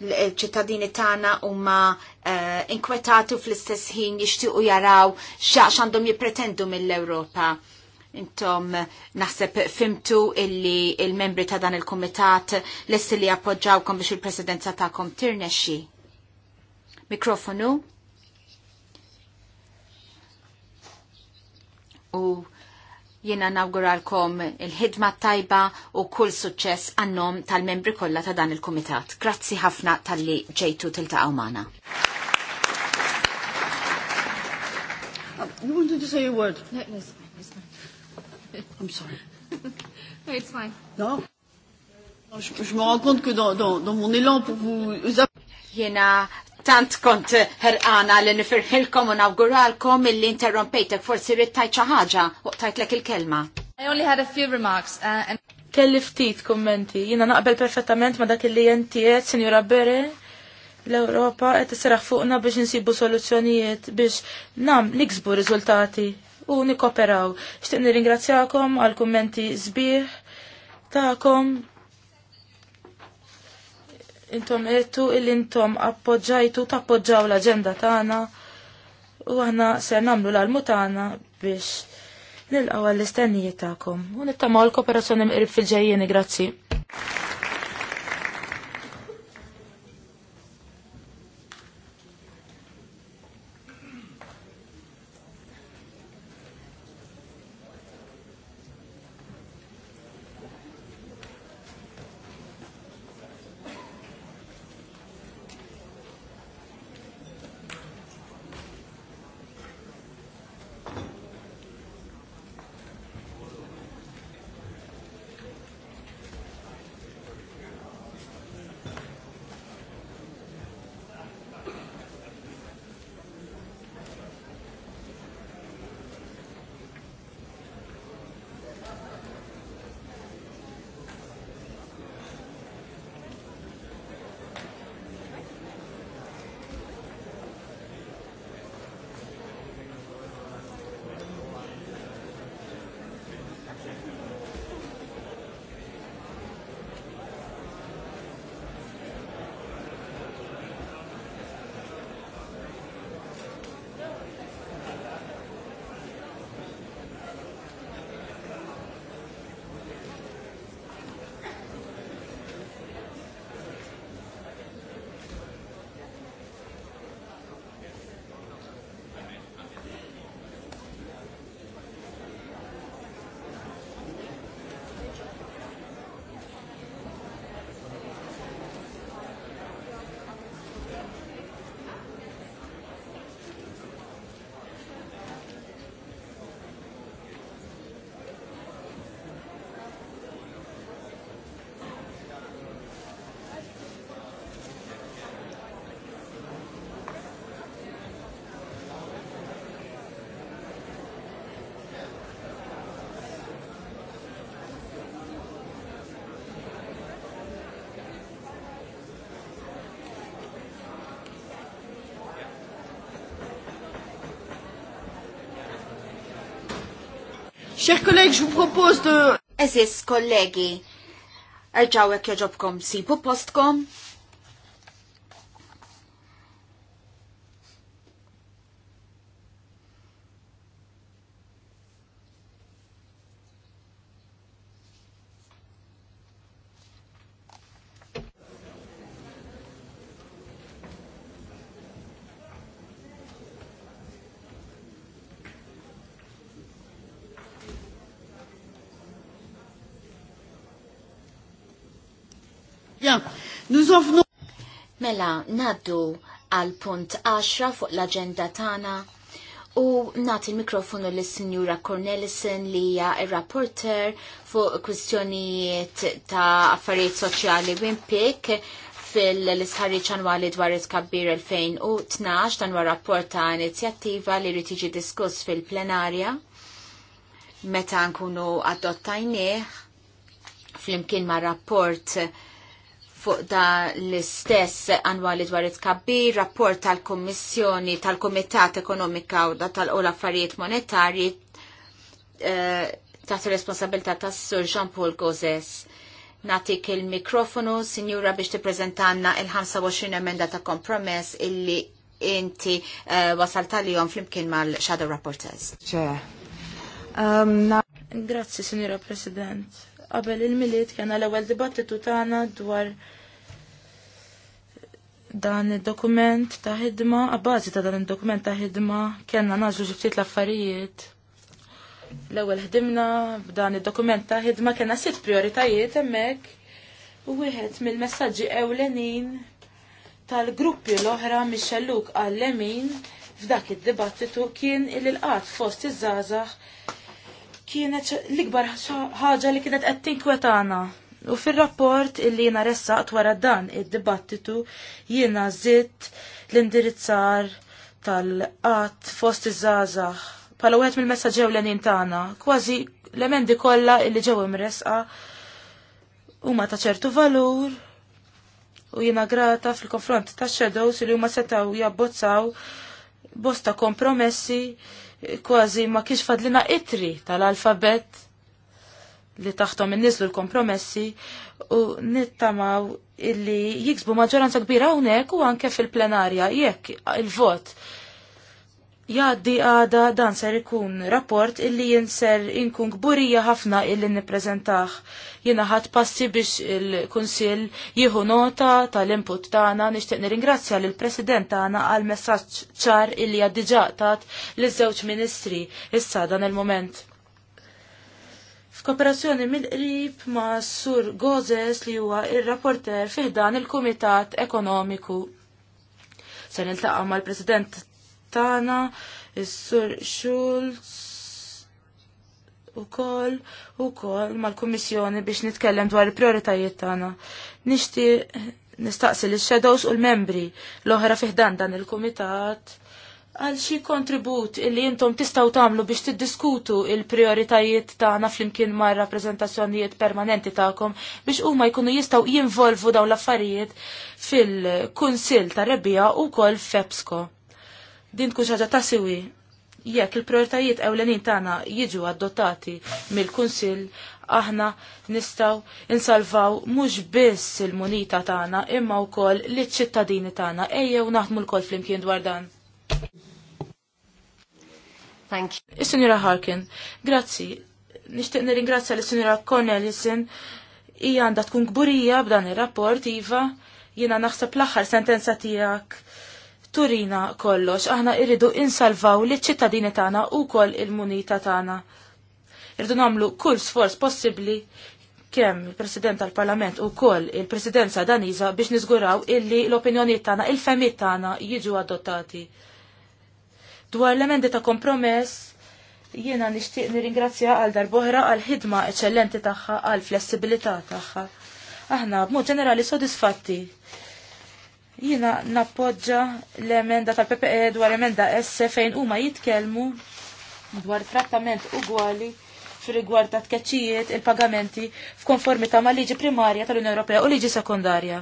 Speaker 3: l-ċittadini tagħna huma uh, inkwetati fl-istess ħin jixtiequ jaraw x'għax għandhom jippretendu mill-Ewropa. Intom eh, naħseb fimtu illi il-membri ta' dan il-komitat lessi li appoġġawkom biex il-presidenza tagħkom tirnexxi. Mikrofonu. U Jiena nawguralkom il-ħidma tajba u kull suċċess għannom tal-membri kollha ta' dan il-Kumitat. Grazzi ħafna tal-li ġejtu tiltaqgħu magħna.
Speaker 2: You wanted to say a word? No, it's fine, it's
Speaker 3: fine.
Speaker 2: I'm sorry. <laughs>
Speaker 3: no, it's fine. No?
Speaker 2: Je, je me rends compte que dans, dans, dans mon
Speaker 3: élan pour vous... Jena tant kont herqana li nifirħilkom u nawguralkom illi interrompejtek forsi
Speaker 1: rittajt xi ħaġa tajtlek il-kelma.
Speaker 2: I only had a few remarks. Uh, and...
Speaker 1: Kelli ftit kummenti, jina naqbel perfettament ma dak li jentiet, Sinjura Bere, l-Europa qed tisraħ fuqna biex insibu soluzzjonijiet biex nam niksbu riżultati u nikoperaw. Xtieq nirringrazzjakom għal kummenti sbieħ tagħkom intom għettu il-intom appoġġajtu tappoġġaw l-agenda tagħna u aħna ser namlu l-almu tagħna biex nilqgħu għall-istennijiet tagħkom u nittamaw l-kooperazzjoni mqrib fil-ġejjeni grazzi.
Speaker 3: Chers collègues, je vous propose de... Eżis, kollegi, erġawek joġobkom sibu postkom. nizovnu. Mela, naddu għal punt 10 fuq l-agenda tana u nati il-mikrofonu l-Sinjura Cornelison li hija il-rapporter fuq kwistjonijiet ta' affarijiet soċjali Wimpik fil-isħarriċ annwali dwar it 2012 dan wara rapport ta' inizjattiva li rrid jiġi diskuss fil-plenarja meta nkunu adottajnieh flimkien ma' rapport fuq da l-istess annwali dwar it kabbir rapport tal-Kommissjoni tal-Komitat Ekonomika u tal-Ola Affarijiet Monetarji eh, ta' responsabilità tas Sur Jean-Paul Gozes. Natik il-mikrofonu, sinjura biex tippreżentanna il-25 emenda ta' kompromess illi inti eh, wasalta li jom flimkien mal-Shadow rapportez.
Speaker 1: Um, Grazie, Sinjura President qabel il-miliet kena l-ewwel dibattitu tagħna dwar dan id-dokument ta' ħidma, għabbażi ta' dan id-dokument ta' ħidma, kena nażlu ġiftit l-affarijiet. L-ewwel ħdimna b'dan id-dokument ta' ħidma kena sitt prioritajiet hemmhekk u wieħed mill-messaġġi ewlenin tal-gruppi l-oħra mix-xelluk għall-lemin f'dak id-dibattitu kien il-qat fost iż-żgħażagħ kienet l-ikbar ħaġa li kienet qed tinkwetana. U fil-rapport illi jina ressaqt wara dan id-dibattitu jina zitt l-indirizzar tal qatt fost iż-żazax. Pala wieħed mill-messaġġew l-għanin tagħna, kważi l-emendi kollha illi ġew imresqa huma ta' ċertu valur u jina grata fil-konfront ta' shadows li huma setaw jabbozzaw bosta kompromessi kważi ma kienx fadlina itri tal-alfabet li taħtom innislu l-kompromessi u nittamaw illi jiksbu maġġoranza kbira hawnhekk u anke fil-plenarja jekk il-vot jaddi għada dan ser ikun rapport illi jinser inkun gburija ħafna illi niprezentaħ. Jina ħat passi biex il-Kunsil jieħu nota tal-input tagħna nixtieq nirringrazzja l president tagħna għal messaġġ ċar illi għaddiġa tat l żewġ ministri issa dan il-moment. F'kooperazzjoni mill-qrib ma' Sur Gozes li huwa il rapporter fiħdan il-Kumitat Ekonomiku. Se niltaqa' mal-President Tana is-Sur Schulz u kol u kol mal-Kummissjoni biex nitkellem dwar il-prioritajiet tagħna. Nishti nistaqsi l shadows u l-membri l-oħra fiħdan dan il-Kumitat għal xi kontribut illi intom tistgħu tagħmlu biex tiddiskutu il-prioritajiet tagħna flimkien ma' rappreżentazzjonijiet permanenti tagħkom biex huma jkunu jistgħu jinvolvu dawn l-affarijiet fil-Kunsill tar-Rebbija u kol FEPSCO din tkun xaġa ta' siwi jekk il-prioritajiet ewlenin tagħna jiġu adottati mill-Kunsill, aħna nistgħu insalvaw mhux biss il-munita tagħna imma wkoll liċ-ċittadini tagħna ejjew naħdmu lkoll flimkien dwar dan. Thank you. Is-Sinjura Harkin, grazzi. Nixtieq nirringrazzja lis-Sinjura Cornelison hija għandha tkun kburija b'dan ir-rapport iva jiena naħseb l-aħħar sentenza tiegħek turina kollox, aħna irridu insalvaw li ċittadini tagħna u koll il-munita tagħna. Irridu nagħmlu kull sforz possibbli kemm il-President tal-Parlament u koll il-Presidenza Daniża biex niżguraw illi l-opinjonijiet tagħna, il-femijiet tagħna jiġu adottati. Dwar l-emendi ta' kompromess, jiena nixtieq nirringrazzja għal darbohra għal ħidma eċċellenti tagħha għal flessibilità tagħha. Aħna b'mod ġenerali sodisfatti Jina nappoġġa l-emenda tal-PPE eh, dwar emenda S fejn huma jitkellmu dwar trattament ugwali fir ta' tkeċċijiet il-pagamenti f'konformità ma' liġi primarja tal-Unjoni Ewropea u liġi sekundarja.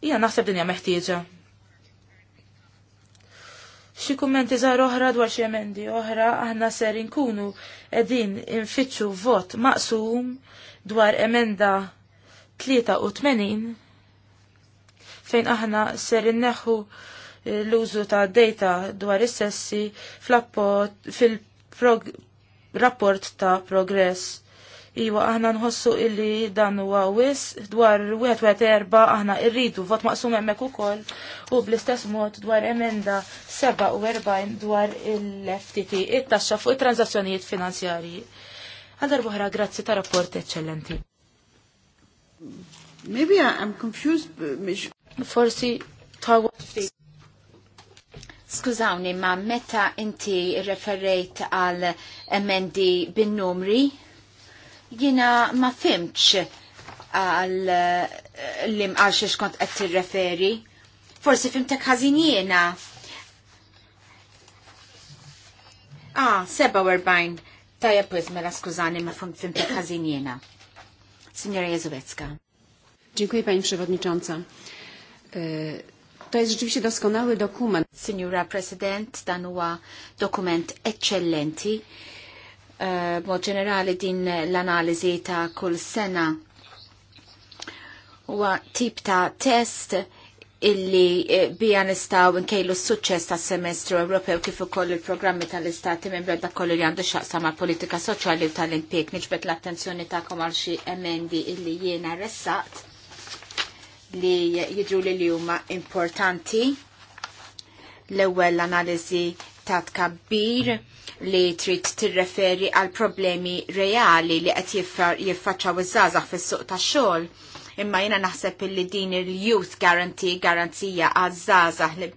Speaker 1: Jina naħseb dinja meħtieġa xi kummenti żgħar oħra dwar xi emendi oħra aħna ser inkunu qegħdin infittxu vot maqsum dwar emenda 83 fejn aħna ser inneħu l-użu ta' data dwar is-sessi fil-rapport ta' progress. Iwa aħna nħossu illi dan huwa wis dwar wieħed wieħed erba' aħna rridu vot maqsum hemmhekk ukoll u bl-istess mod dwar emenda 47 dwar il-FTT, it-taxxa fuq it-transazzjonijiet finanzjarji. Għal darbohra grazzi ta' rapport eċċellenti. Maybe I'm confused, mish.
Speaker 3: Forsi tawa Skużawni, ma meta inti referejt għal emendi bin-numri, jina ma fimċ għal eh, lim għal xiex kont qed tirreferi. Forsi fimtek ħażin jiena. Ah, 47. Tajja pwis mela skużani ma fimtek ħażin jiena. Signora Jezowiecka. Dziękuję Pani Przewodnicząca. E, to jest rzeczywiście doskonały dokument. Signora President, dan dokument eccellenti. bo e, ġenerali din l-analiżi ta' kull sena huwa tip ta' test illi eh, bija nistaw nkejlu s-suċċess tas semestru Ewropew kif ukoll il-programmi tal-istati membri da kollu li għandu xaqsa ma' politika soċjali u tal-impjeg nġbet l-attenzjoni ta' għal xi emendi illi jiena ressaqt li jidru li li huma importanti l-ewwel analiżi ta' tkabbir li trid tirreferi għal problemi reali li qed jiffaċċaw iż-żgħażagħ fis-suq tax-xogħol imma jina naħseb illi din il-Youth Guarantee garanzija għazzazax li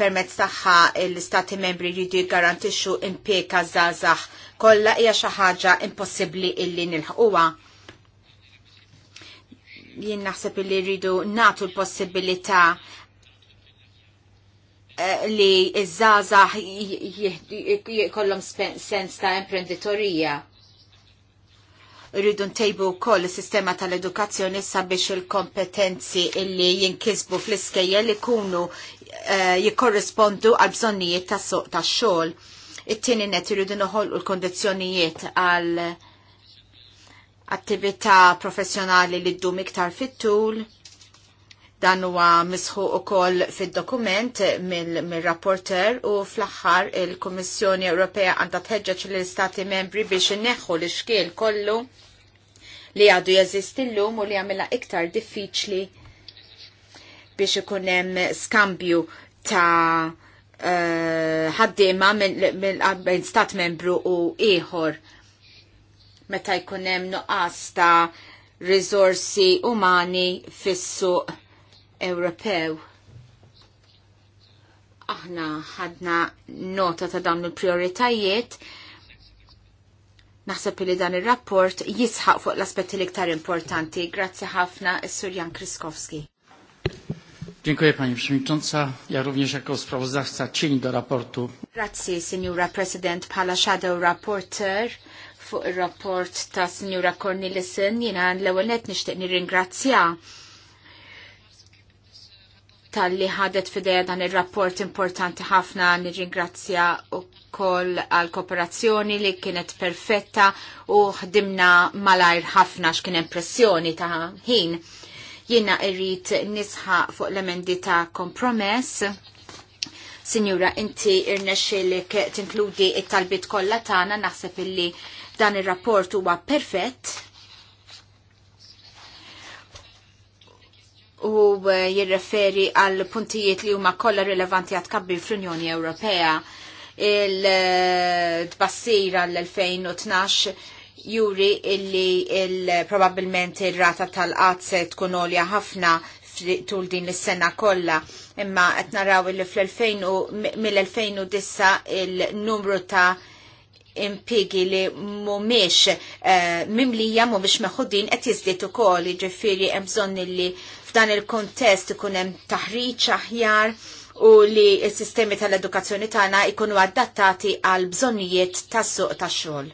Speaker 3: permezz taħħa l-Stati membri jridu jgarantixxu impjeg għazzazax kollha hija xi ħaġa impossibbli illi nilħquha jien naħseb eh, li rridu natu l-possibilità li iż-żaza jkollhom sens ta' imprenditorija rridu ntejbu wkoll is-sistema tal-edukazzjoni sabiex il-kompetenzi illi jinkisbu fl iskejja li kunu eh, jikorrespondu għal bżonnijiet ta' soq tax-xogħol. It-tieni net irridu noħolqu l-kondizzjonijiet għal attività professjonali li ddum iktar fit-tul Dan huwa misħu ukoll fid-dokument mill-rapporter u fl-aħħar il-Kummissjoni Ewropea għandha tħeġġeġ l-Istati membri biex inneħħu l-ixkiel kollu li għadu jeżisti llum u li għamilha iktar diffiċli biex ikun hemm skambju ta' eh, ħaddiema uh, minn stat membru u ieħor meta jkun hemm nuqqas ta' risorsi umani fis-suq Ewropew. Aħna ħadna nota ta' dawn il-prioritajiet. Naħseb li dan il-rapport jisħaq fuq l-aspetti l-iktar importanti. Grazzi ħafna, Sur Jan Kriskowski.
Speaker 2: Dziękuję Pani Przewodnicząca. Ja również jako sprawozdawca cień do raportu.
Speaker 3: Grazie Signora President Pala Shadow Rapporteur fuq il-rapport ta' Signora Cornelissen Jena l-ewel net nishtiq nirringrazzja tal-li ħadet fideja dan il-rapport importanti ħafna nirringrazzja u koll għal kooperazzjoni li kienet perfetta u ħdimna malajr ħafna x'kien impressjoni ta' ħin. Jiena irrit nisħa fuq l-emendi ta' kompromess. Sinjura, inti irnexxielek tinkludi it-talbit kollha tagħna naħseb illi dan ir-rapport huwa perfett u eh, jirreferi għal puntijiet li huma kollha rilevanti għat kabbi fl-Unjoni Ewropea il-tbassira l-2012 juri illi il-probabilment il-rata tal-qat se tkun olja ħafna tul din l-sena kollha. Imma qed il fl-2000 mill-2009 il-numru ta' impigi li mumiex eh, mimlija mumiex meħudin qed jiżdied ukoll jiġifieri hemm bżonn li f'dan il-kontest ikun hemm taħriġ aħjar u li s-sistemi tal-edukazzjoni tagħna jkunu adattati għal bżonnijiet tas-suq tax-xogħol.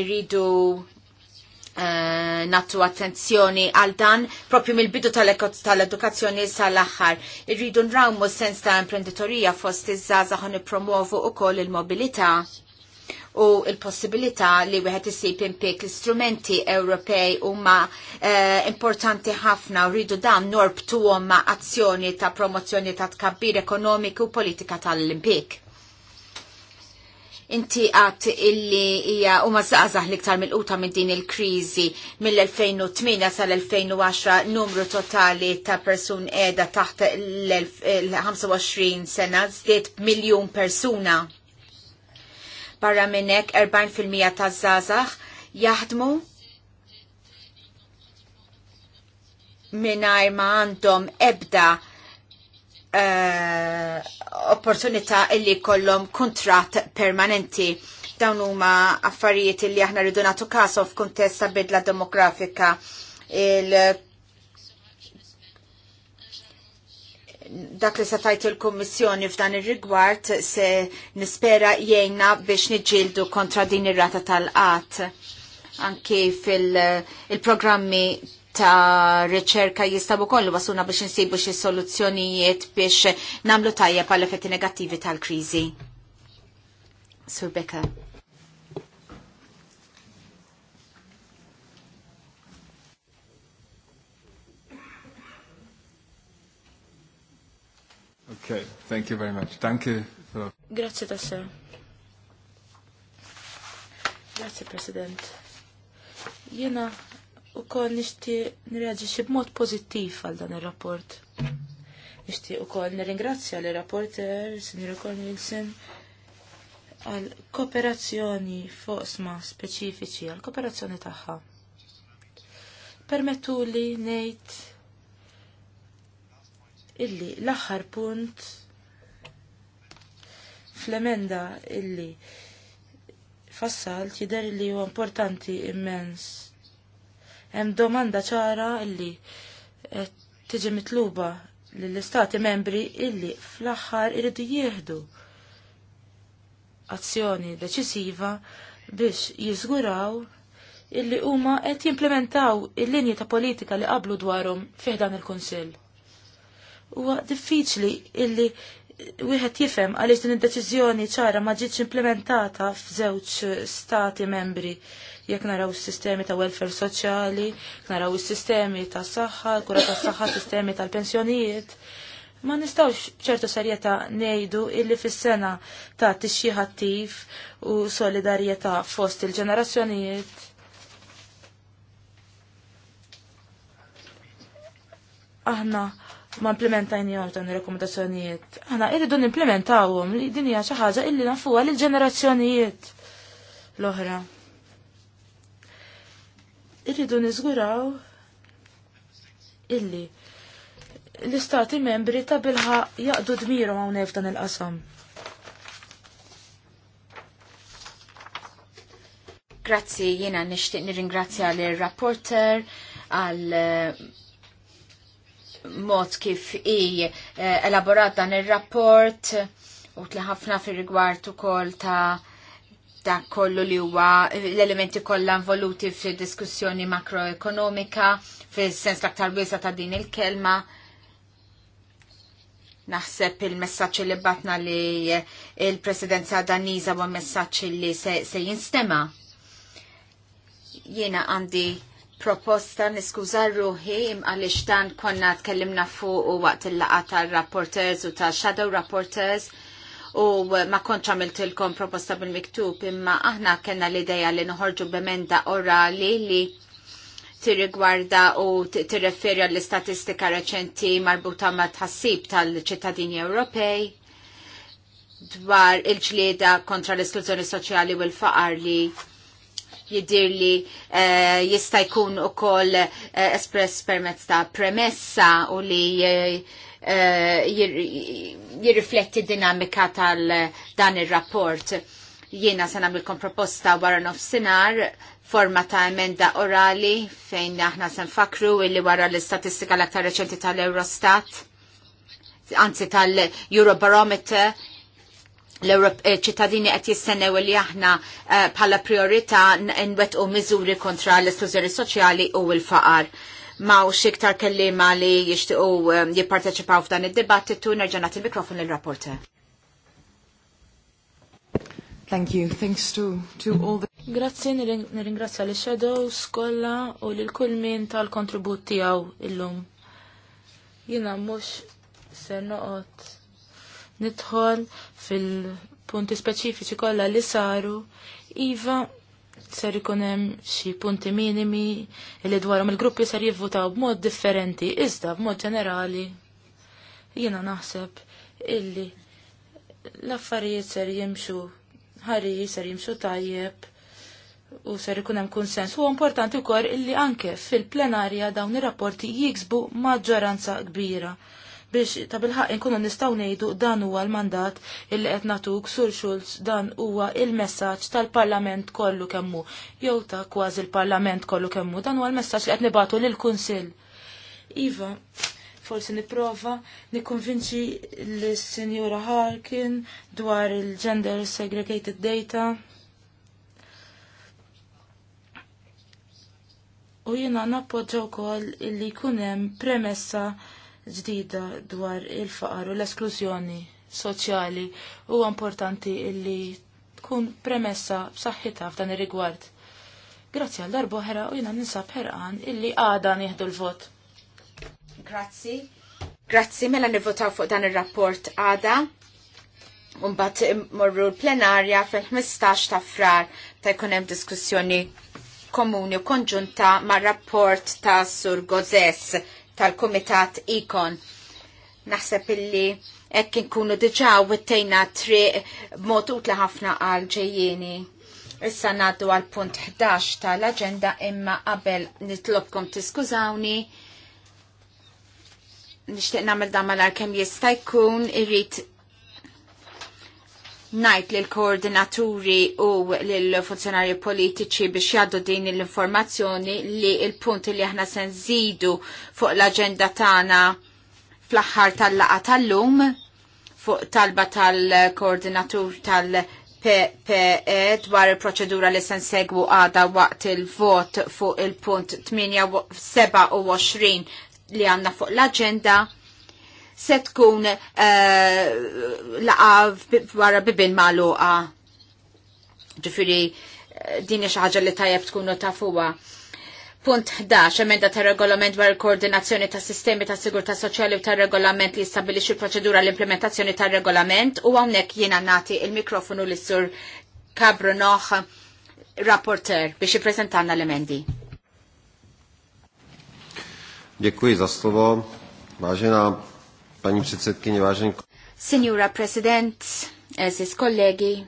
Speaker 3: Irridu Eh, nattu attenzjoni għal dan propju mill-bidu tal-edukazzjoni sal-axħar. Irridu nrawmu sens ta' imprenditorija fost iż-żazax nipromovu koll il-mobilità u il-possibilità li wieħed isib impik l-istrumenti Ewropej huma uh, importanti ħafna u rridu dan norbtuhom ma' azzjoni ta' promozzjoni ta' tkabbir ekonomiku u politika tal-impik. Inti għat illi hija u mażaqżaħ liktar mill-quta minn din il-kriżi mill-2008 sal-2010 numru totali ta' persun edha taħt l-25 sena żdied miljun persuna. Barra minnek 40% ta' żgħażagħ jaħdmu mingħajr ma għandhom ebda Eh, opportunità illi kollom kontrat permanenti dawn huma affarijiet li aħna rridu nagħtu każ f'kuntest ta' bidla demografika il dak li se tajt il-Kummissjoni f'dan ir-rigward se nispera jgħinna biex niġġieldu kontra din ir-rata tal qat anke fil-programmi ta' reċerka jistabu kollu wasuna biex nsibu xie soluzzjonijiet biex namlu tajja pal effetti negattivi tal-kriżi. Sur Becker.
Speaker 1: Okay, thank you very much. Thank you. For... Grazie tassew. Grazie President. Jena you know u kol nishti nirreġiċi b'mod pozittiv għal dan il-rapport. Nishti u kol nirringrazzja l rapporter Sinjur Cornelson, għal kooperazzjoni fosma speċifiċi, għal kooperazzjoni taħħa. Permettu li nejt illi l aħħar punt fl-emenda illi fassalt jider li huwa importanti immens Hemm domanda ċara illi eh, tiġi mitluba lill-istati membri illi fl-aħħar iridu jieħdu azzjoni deċisiva biex jiżguraw illi huma qed jimplementaw il-linji ta' politika li qablu dwarhom fih dan il-Kunsill. Huwa diffiċli illi wieħed jifhem għaliex din id-deċiżjoni ċara ma ġietx implementata f'żewġ stati membri jekk naraw is-sistemi ta' welfare soċjali, naraw is-sistemi ta' saħħa, kura ta' saħħa, <coughs> sistemi tal-pensjonijiet. Ma nistawx ċertu serjeta ngħidu illi fis-sena ta' tixjih u solidarjetà fost il-ġenerazzjonijiet. Aħna ma implementajni għom dan rekomendazzjonijiet Għana irridu implementawum li din hija xi ħaġa illi nafuha lil ġenerazzjonijiet l-oħra. Irridu niżguraw illi l-istati membri ta' bilħa jaqdu dmiru hawnhekk f'dan il-qasam. Grazzi,
Speaker 3: jiena nixtieq nirringrazzja l-rapporter għal mod kif i eh, elaborat dan il-rapport u ħafna fil-rigward ukoll ta' da kollu li huwa l-elementi kollha involuti fid-diskussjoni makroekonomika fis-sens l-aktar wiesa ta' din il-kelma. Naħseb il-messaġġ li batna li eh, il-Presidenza Daniża huwa messaġġ li se, se jinstema' jiena għandi proposta niskuża ruħi għaliex dan konna tkellimna fuq u waqt il-laqa tal-rapporters u tal-shadow rapporters u ma konċ għamiltilkom proposta bil-miktub imma aħna kena l-ideja li nħorġu b'emenda orali li tirrigwarda u tirreferi l-istatistika reċenti marbuta ma' tħassib tal-ċittadini Ewropej dwar il-ġlieda kontra l-esklużjoni soċjali u l-faqar li jidir li eh, jista' jkun ukoll uh, espress permezz ta' premessa u li eh, jirrifletti dinamika tal dan ir-rapport. Jiena se nagħmilkom proposta wara nofsinhar forma ta' emenda orali fejn aħna se nfakru illi wara l-istatistika l-aktar reċenti tal-Eurostat anzi tal-Eurobarometer l-ċittadini eh, qed jistennew li aħna eh, bħala priorità nwettqu miżuri kontra l-esklużjoni soċjali u l-faqar. Ma u xiktar kellima li u eh, jipparteċipaw f'dan id-dibattitu, nerġa' nagħti il-mikrofon l rapporte
Speaker 1: Thank you. Thanks to, to all the... Grazie, nirringrazzja li shadows kolla u li l-kull min tal-kontribut il illum. Jina mux ser noqot nidħol fil-punti speċifiċi kollha li saru, iva ser ikun hemm xi punti minimi li dwarhom il-gruppi ser jivvutaw b'mod differenti, iżda b'mod ġenerali. Jiena naħseb illi l-affarijiet ser jimxu ħarri ser jimxu tajjeb u ser ikun hemm kunsens. Huwa importanti wkoll illi anke fil-plenarja dawn ir-rapporti jiksbu maġġoranza kbira biex ta' bilħaq inkunu nistgħu ngħidu dan huwa l-mandat illi qed nagħtuk Sur Schulz dan huwa il-messaġġ tal-Parlament kollu kemmu jew ta' kważi l-Parlament kollu kemmu dan huwa l-messaġġ li qed nibatu lil kunsill. Iva, forsi nipprova nikkonvinċi l-Sinjura Harkin dwar il-gender segregated data. U jiena nappoġġa wkoll illi jkun hemm premessa ġdida dwar il-faqar u l-esklużjoni soċjali huwa importanti illi tkun premessa b'saħħitha f'dan ir-rigward. Grazzi għal ħera u jina ninsab ħerqan illi għada nieħdu l-vot. Grazzi. Grazzi mela nivvotaw fuq dan ir-rapport għada.
Speaker 3: Umbat morru l-plenarja fil-15 ta' frar ta' hemm diskussjoni komuni u konġunta ma' rapport ta' Sur Gozes tal-Kumitat Ikon. Naħseb illi ekk nkunu diġa wittejna tri mod utla ħafna għal ġejjieni. Issa naddu għal punt 11 tal-agenda imma qabel nitlobkom tiskużawni. Nishtiq namel damal għal kem jista' jkun irrid najt lil koordinaturi u lil funzjonari politiċi biex jaddu din l-informazzjoni li il-punt li aħna se nżidu fuq l-agenda tagħna fl-aħħar tal-laqa tal-lum fuq talba tal-koordinatur tal-PPE dwar il-proċedura li se nsegwu għada waqt il-vot fuq il-punt 27 li għanna fuq l-agenda se tkun eh, laqa wara bibin maluqa. Ġifiri, eh, din xi ħaġa li tajab tkun tafuha. Punt 11, emenda ta' regolament dwar il-koordinazzjoni ta' sistemi ta' sigurta' soċjali u ta' regolament li jistabilixi proċedura l-implementazzjoni ta' regolament u għonek jiena nati il-mikrofonu li sur Kabrunoħ rapporter biex i-prezentanna l-emendi.
Speaker 2: Dziękuję za słowo. Ważna Pani
Speaker 3: Signora President, esis kollegi,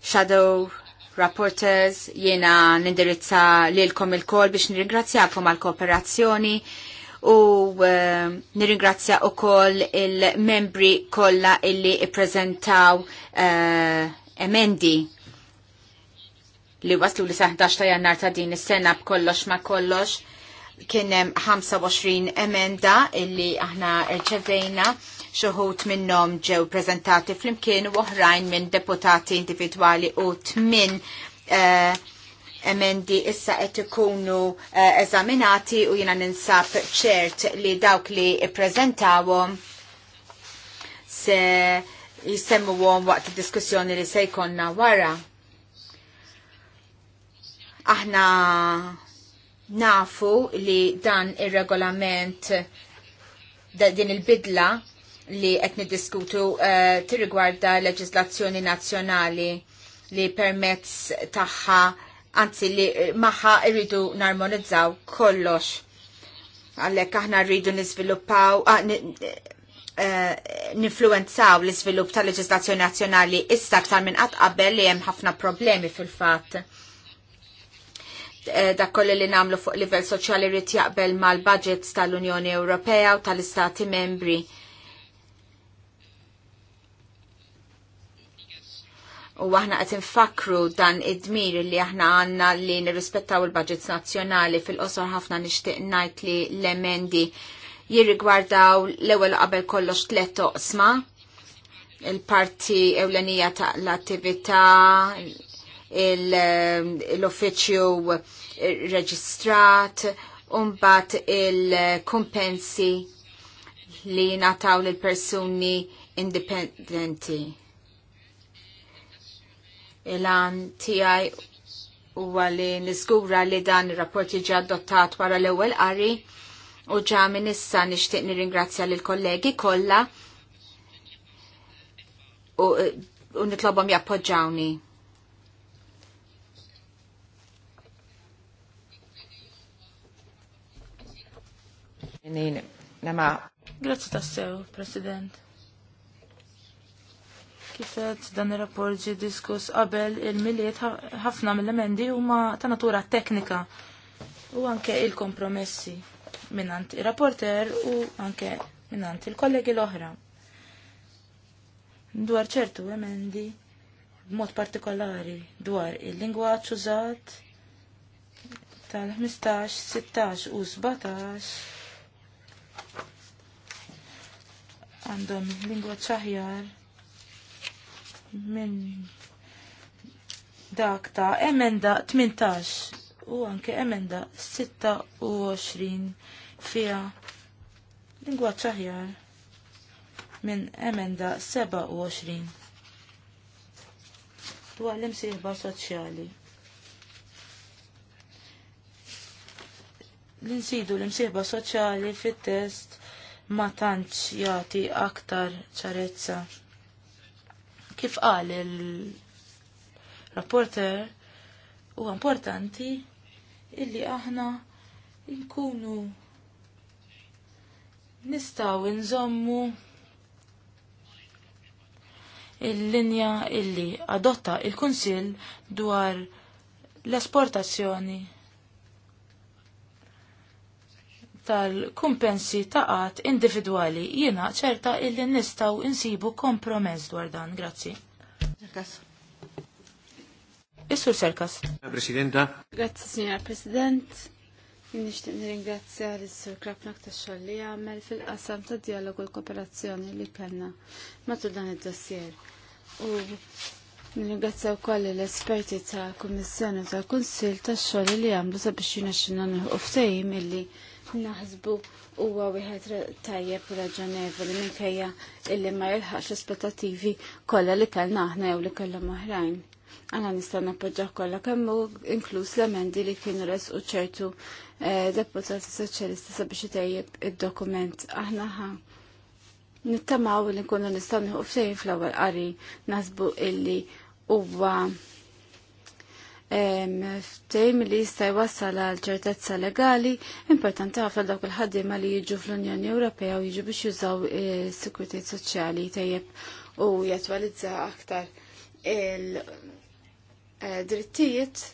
Speaker 3: Shadow Rapporters, jiena nindirizza lilkom il-kol biex nirringrazzjakom għal kooperazzjoni u uh, nirringrazzja u kol il-membri kolla illi i-prezentaw uh, eh, emendi li waslu li saħdax ta' jannar ta' din is-sena b'kollox ma' kollox kienem 25 emenda illi aħna rċevejna xoħut minnom ġew prezentati fl-imkien u oħrajn minn deputati individuali u tmin uh, emendi issa qed ikunu uh, eżaminati u jiena ninsab ċert li dawk li ippreżentawhom se għom waqt id-diskussjoni li se jkollna wara. Aħna nafu li dan il-regolament da din il-bidla li qed niddiskutu uh, tirrigwarda leġislazzjoni nazzjonali li permezz tagħha anzi li eh, magħha rridu narmonizzaw kollox. Għallek aħna rridu niżviluppaw Uh, ninfluenzaw l iżvilupp tal leġislazzjoni nazzjonali issa aktar minn qatt qabel li hemm ħafna problemi fil-fatt. Eh, dak kolli li namlu fuq livell soċjali rrit jaqbel mal-budgets tal-Unjoni Ewropea u tal-Istati membri. U aħna qed infakru dan id-dmir li aħna għandna li nirrispettaw il-budgets nazzjonali fil-qosor ħafna nixtieq ngħid li l-emendi jirrigwardaw l-ewwel qabel kollox tliet toqsma il-parti ewlenija ta' l-attività, l-uffiċju ehm, reġistrat, umbat il-kumpensi li nataw l-persuni indipendenti. Il-għan tijaj u għalli nizgura li dan il-rapport jiġi adottat wara l-ewel qari u ġa minissa nishtiq nirringrazzja l-kollegi kolla u, u nitlobom jappoġġawni.
Speaker 1: Niin, nämä... Grazie tassew, President. Kifet dan il-rapport ġi diskus qabel il-miliet ħafna mill-emendi huma ta' natura teknika u anke il-kompromessi minnant il-rapporter u anke minnant il-kollegi l-oħra. Dwar ċertu emendi b'mod partikolari dwar il-lingwaċ użat tal-15, 16 u 17 għandhom lingwa ċaħjar minn dak ta' emenda 18 u anke emenda 26 fija lingwa ċaħjar minn emenda 27 dwar l-imsieħba soċjali. L-insidu l-imsieħba soċjali fit-test ma tantx jagħti aktar ċarezza. Kif qal il-rapporter huwa importanti illi aħna nkunu nistaw nżommu il-linja illi adotta il-Kunsill dwar l-esportazzjoni tal-kumpensi ta' qatt individwali jiena ċerta illi nistgħu insibu kompromess dwar dan. Grazzi. Serkas.
Speaker 3: Serkas. Presidenta.
Speaker 1: Grazzi, Signor President.
Speaker 2: Nishtiq ringrazzja l-Sur Krapnak ta' li għamel fil-qasam ta' dialogu l-kooperazzjoni li kellna matul dan id-dossier. U nirringrazzja wkoll l-esperti ta' Kummissjoni ta' Kunsil ta' xolli li għamlu sabiex jinaxxinna nħuq ftehim illi naħsbu huwa wieħed tajjeb u raġonevoli minkejja illi ma jilħax l-aspettativi kollha li kellna aħna jew li kellhom oħrajn. Għana nistan nappoġġaw kollha kemm inkluż l-emendi li kienu resqu ċertu eh, deputati soċjalisti sabiex itejjeb id-dokument. Aħna ħa nittamaw li nkunu nistgħu nieħu ftehim fl-ewwel qari naħsbu illi huwa Tejm li jista' jwassal għal ċertezza legali importanti għafna dawk il-ħaddiema li jiġu fl-Unjoni Ewropea u jiġu biex jużaw is eh, sikurti soċjali tajjeb u jatwalizza aktar il-drittijiet eh,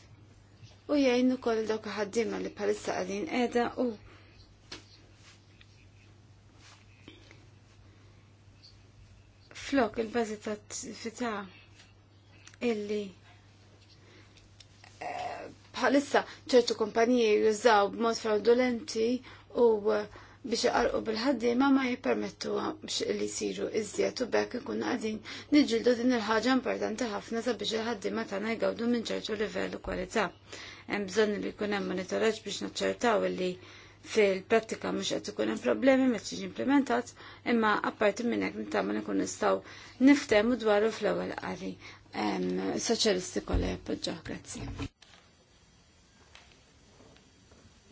Speaker 2: u jgħinu kol dawk ħaddiema li palissa għadin qiegħda u flok il-bazi ta' fita illi bħalissa ċertu kumpaniji jużaw b'mod fraudulenti u uh, biex iqarqu bil-ħaddiema ma biex li jsiru iżjed u bekk ikun għadin nġildu din il-ħaġa importanti ħafna sabiex il-ħaddiema tagħna jgawdu minn ċertu livell u kwalità. Hemm bżonn li jkun hemm monitoraġġ biex naċċertaw li fil-prattika mhux qed ikun hemm problemi meta tiġi implementat, imma apparti minn hekk nittama nkun nistgħu niftehmu dwaru fl-ewwel qari soċjalisti kollha jappoġġa, Grazzi.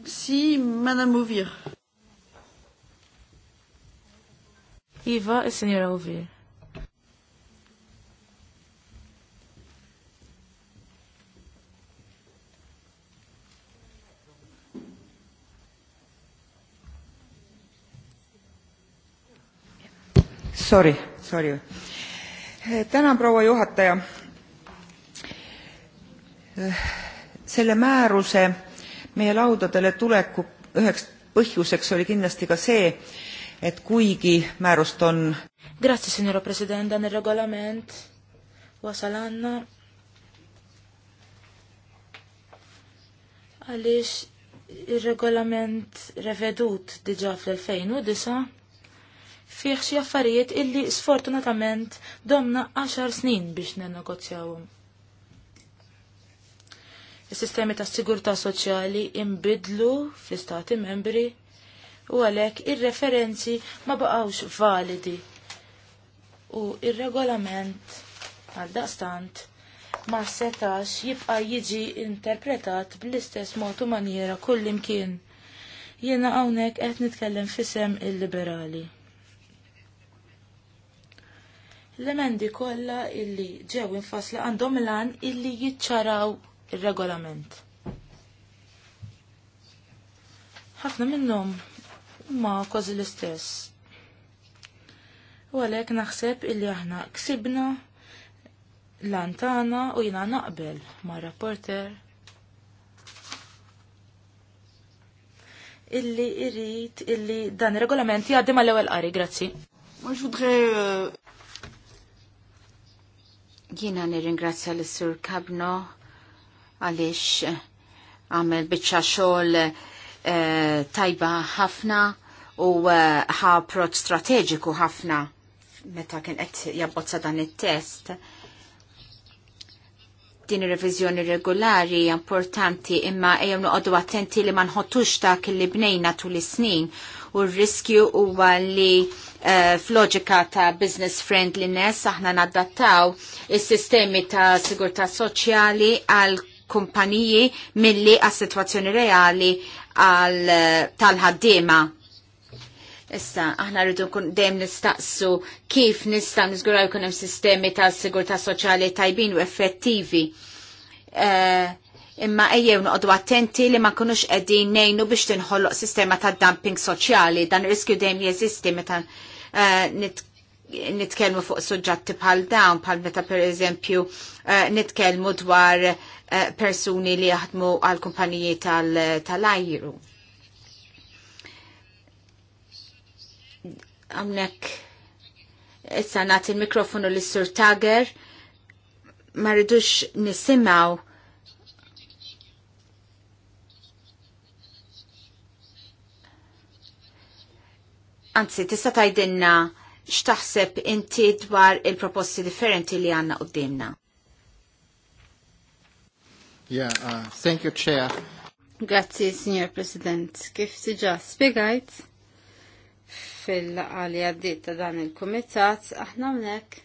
Speaker 1: Si, Madame Ovir. Iva, il-Signora uvir.
Speaker 3: Sorry, sorry. Tänan, proua juhataja. Eh, selle määruse meie laudadele tuleku üheks põhjuseks oli kindlasti ka see, et kuigi määrust on...
Speaker 1: Grazie, signora President, nel regolament Vasalanna. għanna il-regolament revedut diġa fl-2009 fih xi affarijiet illi sfortunatament domna 10 snin biex nenegozjawhom. Is-sistemi ta' sigurtà soċjali imbidlu fl-istati membri u għalhekk ir-referenzi ma baqgħux validi u ir-regolament għal daqstant ma setax jibqa' jiġi interpretat bl-istess mod u maniera kull imkien. Jiena hawnhekk qed nitkellem fisem il-liberali. L-emendi kollha illi ġew infasla għandhom lan illi jiċċaraw ir-regolament. Ħafna minnhom ma kważi l-istess. U għalhekk naħseb illi aħna ksibna lantana u jina naqbel ma' rapporter illi irrit illi dan regolament jgħaddi għal ewel qari, grazzi. Moi, je voudrais euh, Jiena nirringrazzja l sur
Speaker 3: Kabno għaliex għamel biċċa xogħol eh, tajba ħafna u eh, ħa proċ strateġiku ħafna meta kien qed jabbozza dan it-test. Din ir-reviżjoni regolari importanti imma ejjem noqogħdu attenti li ma nħottux dak li bnejna tul is-snin u r-riskju huwa li uh, f'loġika ta' business friendliness aħna nadattaw is-sistemi ta' sigurtà soċjali għal kumpaniji milli għas situazzjoni reali għal eh, tal-ħaddima. Issa, aħna rridu kun dejjem nistaqsu kif nista' niżguraw jkun hemm sistemi ta' sigurtà soċjali tajbin u effettivi. Uh, imma ejjew noqdu attenti li ma kunux qegħdin nejnu biex tinħolloq sistema ta' dumping soċjali dan ir-riskju dejjem jeżisti meta eh, nitkellmu fuq suġġetti bħal dawn bħal meta pereżempju eh, nitkellmu dwar eh, persuni li jaħdmu għal kumpaniji tal-ajru. Għamnek issa nagħti il-mikrofonu lis sur Tager ma rridux nisimgħu Anzi, tista' tgħidilna x'taħseb inti dwar il-proposti differenti li għandna qudiemna.
Speaker 1: Yeah, uh, thank you, Chair.
Speaker 3: Grazzi, Signor President.
Speaker 2: Kif siġa spiegajt fil-għali għaddit ta' dan il-komitat, aħna mnek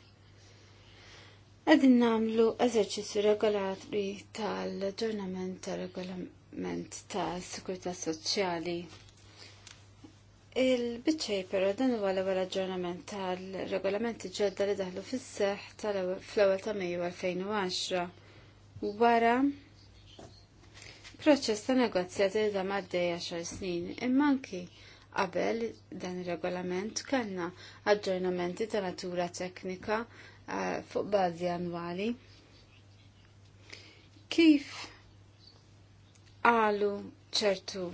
Speaker 2: għedin namlu eżerċizzju regolatri tal ġurnament tal-regolament tal-sikurta soċjali Il-bitċej pero dan huwa l-ewwel aġġornament tal-regolamenti ġodda li daħlu fis-seħħ fl-ewwel ta' Mejju 2010 wara proċess ta' negozjati li da maddej xar snin imma anki qabel dan ir-regolament kellna aġġornamenti ta' natura teknika eh, fuq bażi annwali. Kif għalu ċertu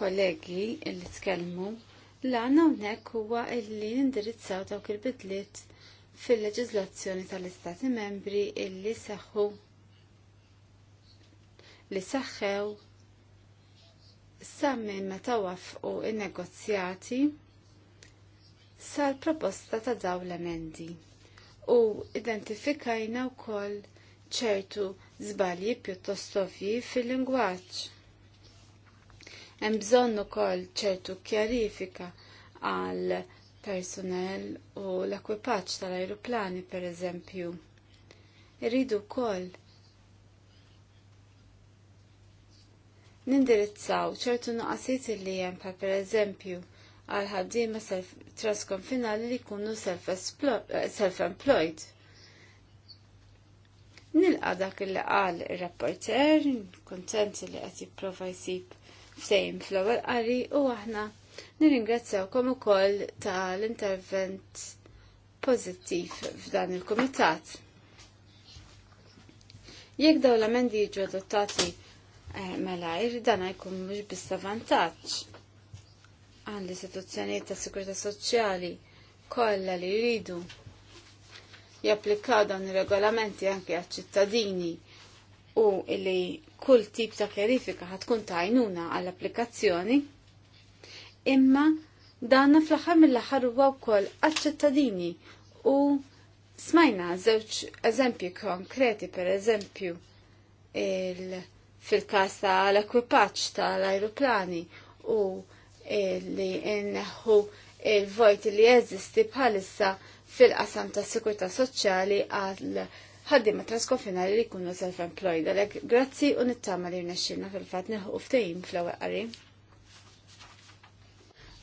Speaker 2: kollegi illi tkellmu l għanna unnek huwa illi indirizzaw dawk il-bidliet fil-leġizlazzjoni tal-Istati membri illi seħħu li saħħew sammin meta wafqu il-negozjati sal-proposta ta' daw l-emendi u identifikajna u koll ċertu zbalji pjuttost fil-lingwaċ Hemm bżonn ukoll ċertu kjarifika għal personel u l-ekwipaġġ tal-ajruplani pereżempju. Irridu wkoll nindirizzaw ċertu nuqqasiet li hemm pa pereżempju għal ħaddiema trasconfinali li jkunu eh, self-employed. Nilqa dak li qal ir-rapporter, kontent li qed jipprova jsib ftejn fl-ewwel qari u aħna nirringrazzjawkom ukoll tal-intervent pożittiv f'dan il-kumitat. Jekk dawn l-amendi jiġu adottati eh, malajr, dan jkun mhux biss għan għall istituzzjonijiet tas sikurità soċjali kollha li jridu japplikaw dawn ir-regolamenti anke għaċ-ċittadini u li kull tip ta' kjerifika ħatkun tajnuna għall-applikazzjoni, imma danna fl-axar mill-axar u wkoll għaċ-ċittadini u smajna żewġ eżempji konkreti per eżempju fil-kas tal-ekwipaġġ tal-ajruplani u li nneħħu il-vojt li jeżisti bħalissa fil-qasam ta' sikurta soċjali għal ma transkonfinali li jkunu self-employed għalek grazzi u nittama li rnexxilna fil-fatt neħu uftajim fl għarri qari.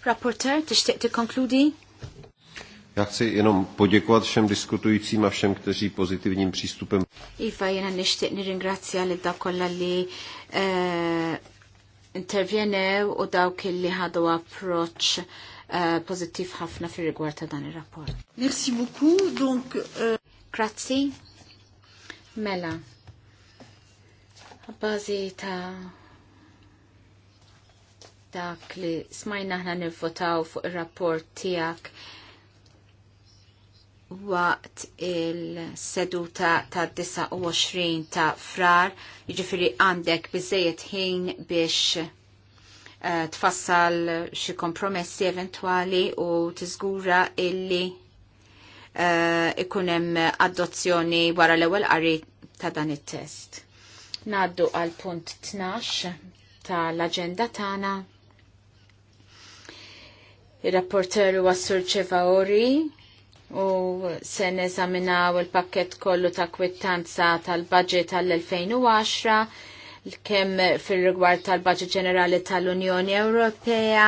Speaker 3: Rapporter, tixtieq tikkonkludi? konkludi?
Speaker 2: chci jenom podjekwad xem diskutujícím a xem ktaxi pozitivnim pristupem.
Speaker 3: Iva, jena nishtiq nirringrazzja li da kolla li intervjenew u dawk li ħadu approċ uh, eh, ħafna fir rigward ta' dan ir-rapport. Merci beaucoup, donc... Uh... Grazzi. Mela, bazi ta' dak li smajna ħna nivvotaw fuq il-rapport tijak waqt il-seduta ta' 29 ta' frar, jġifiri għandek bizzejet ħin biex uh, tfassal xi kompromessi eventuali u tiżgura illi Eh, ikun hemm adozzjoni wara l-ewwel qari ta' dan it-test. Naddu għal punt 12 tal-aġenda tagħna. ir rapporteru huwa Sur Ċevaori u se neżaminaw il-pakket kollu ta' kwittanza tal-budget tal-2010 kemm fil-rigward tal-Baġit Ġenerali tal-Unjoni Ewropea,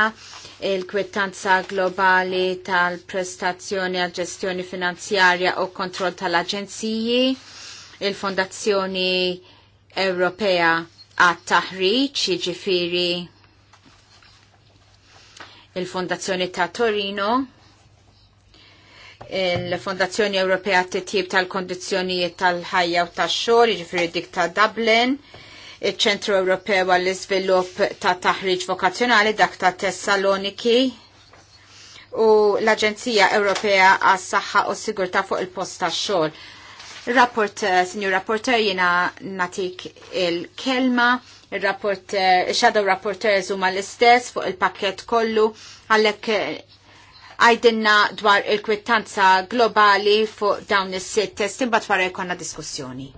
Speaker 3: il-kwittanza globali tal-prestazzjoni għal ġestjoni finanzjarja u kontroll tal-aġenziji, il-Fondazzjoni Ewropea għat taħriċ jiġifieri il-Fondazzjoni ta' Torino, il-Fondazzjoni Ewropea t-tib tal kondizjoni tal-ħajja u tax-xogħol, jiġifieri dik ta' Dublin, il-ċentru Ewropew għall-iżvilupp ta' taħriġ vokazzjonali dak ta' Tessaloniki u l-Aġenzija Ewropea għas saħħa u Sigurtà fuq il-post tax-xogħol. Rapport, eh, signor rapporter, jina natik il-kelma, il-rapporter, shadow rapporter zuma l-istess fuq il-pakket kollu, għallek eh, għajdinna dwar il-kwittanza globali fuq dawn is-sitt test, imbat wara jkollna diskussjoni.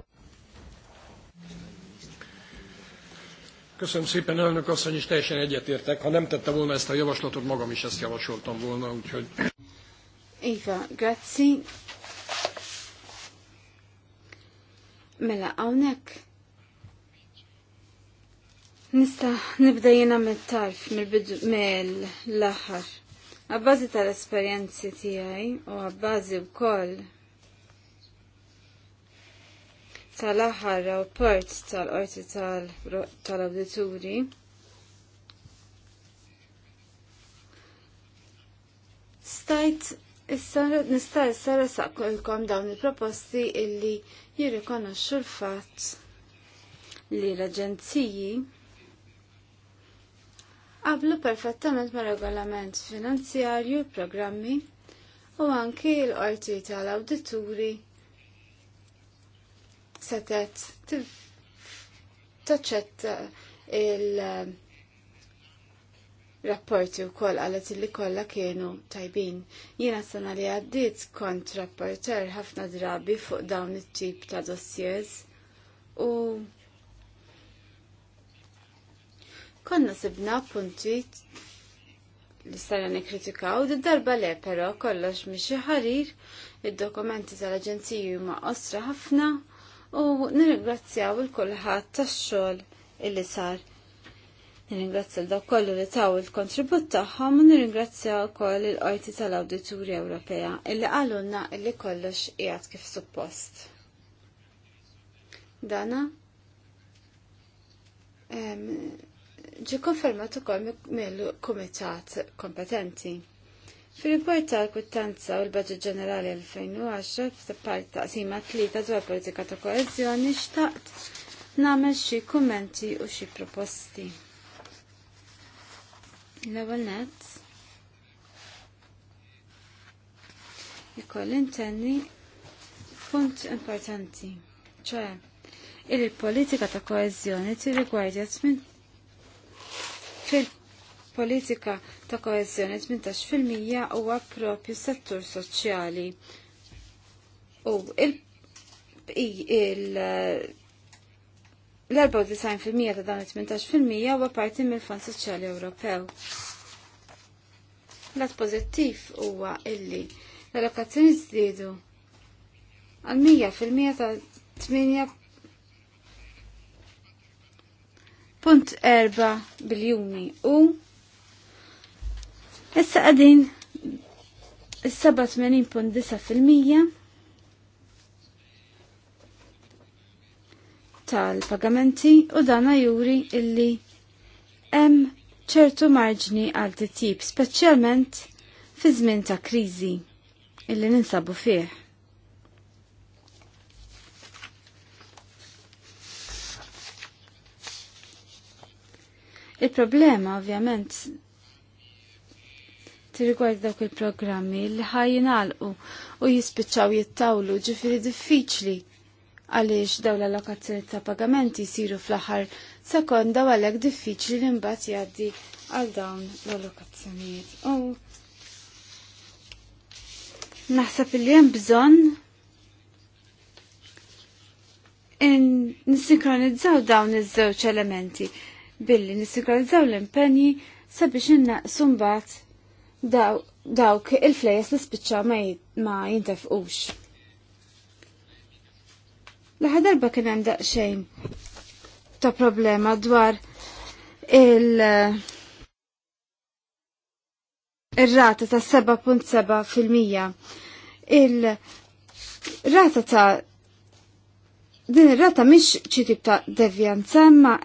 Speaker 2: Köszönöm szépen, elnök asszony, és teljesen egyetértek. Ha nem tette volna ezt a javaslatot, magam is ezt javasoltam volna, úgyhogy... Iva, grazzi. Mela, għawnek. Nista nibda jena mit-tarf mill-laħar. Għabbażi tal-esperienzi tijaj u għabbażi u koll tal-aħħar rapport tal-qorti tal-awdituri stajt issa nista' issa resaqilkom dawn il-proposti illi jirrikonoxxu l-fatt li l-aġenziji qablu perfettament ma' regolament finanzjarju, programmi u anki l-qorti tal-awdituri setet taċċetta il-rapporti u koll għalet li kolla kienu tajbin. Jina s-sena li għaddit kont rapporter ħafna drabi fuq dawn it-tip ta' dossiers u konna sibna punti li stajna nikritikaw, d-darba le, pero kollox miexi ħarir, id-dokumenti tal-aġenziju ma' osra ħafna u nirringrazzjaw il-kulħadd tax-xogħol illi sar. Nirringrazzja l kollu li taw il-kontribut tagħhom u nirringrazzja wkoll il-qorti tal-Awdituri Ewropea illi qalulna illi kollox qiegħed kif suppost. Dana ġi konfermat ukoll mill-kumitat kompetenti. Fil-rigward tal kuttanza u l-Budget Ġenerali 2010 f'parti taqsima tlieta dwar politika ta' koeżjoni xtaqt nagħmel xi kummenti u xi proposti. L-ewwel nett ikoll intenni punt importanti, ċoe il-politika ta' koeżjoni tirrigwardja fil politika ta' koezjoni 18% huwa propju settur soċjali. U il l-94% ta' dan 18 huwa parti mill-Fond Soċjali Ewropew. L-att pożittiv huwa illi l-allokazzjoni żdiedu għal 100% ta' 8 punt erba biljuni u Issa għadin 87.9% tal-pagamenti u dana juri illi hemm ċertu marġni għal tip speċjalment fi żmien ta' kriżi illi ninsabu fih. Il-problema ovvjament tirgward dawk il-programmi li ħajjinalqu u jispiċċaw jittawlu ġifiri diffiċli għaliex daw l lokazzjoni ta' pagamenti jisiru fl-aħħar sekonda u għalhekk diffiċli li mbagħad jgħaddi għal dawn l-allokazzjonijiet. U naħseb li hemm bżonn nissinkronizzaw dawn iż-żewġ elementi billi nissinkronizzaw l-impenji sabiex innaqsu mbagħad Daw dawk il-flejes li ma, ma jintefqux. Laħa darba kien hemm daqsxejn ta' problema dwar il- ir-rata ta' 7.7 fil-mija. Il-rata ta' din ir-rata mhix ċi tip ta' devjanza imma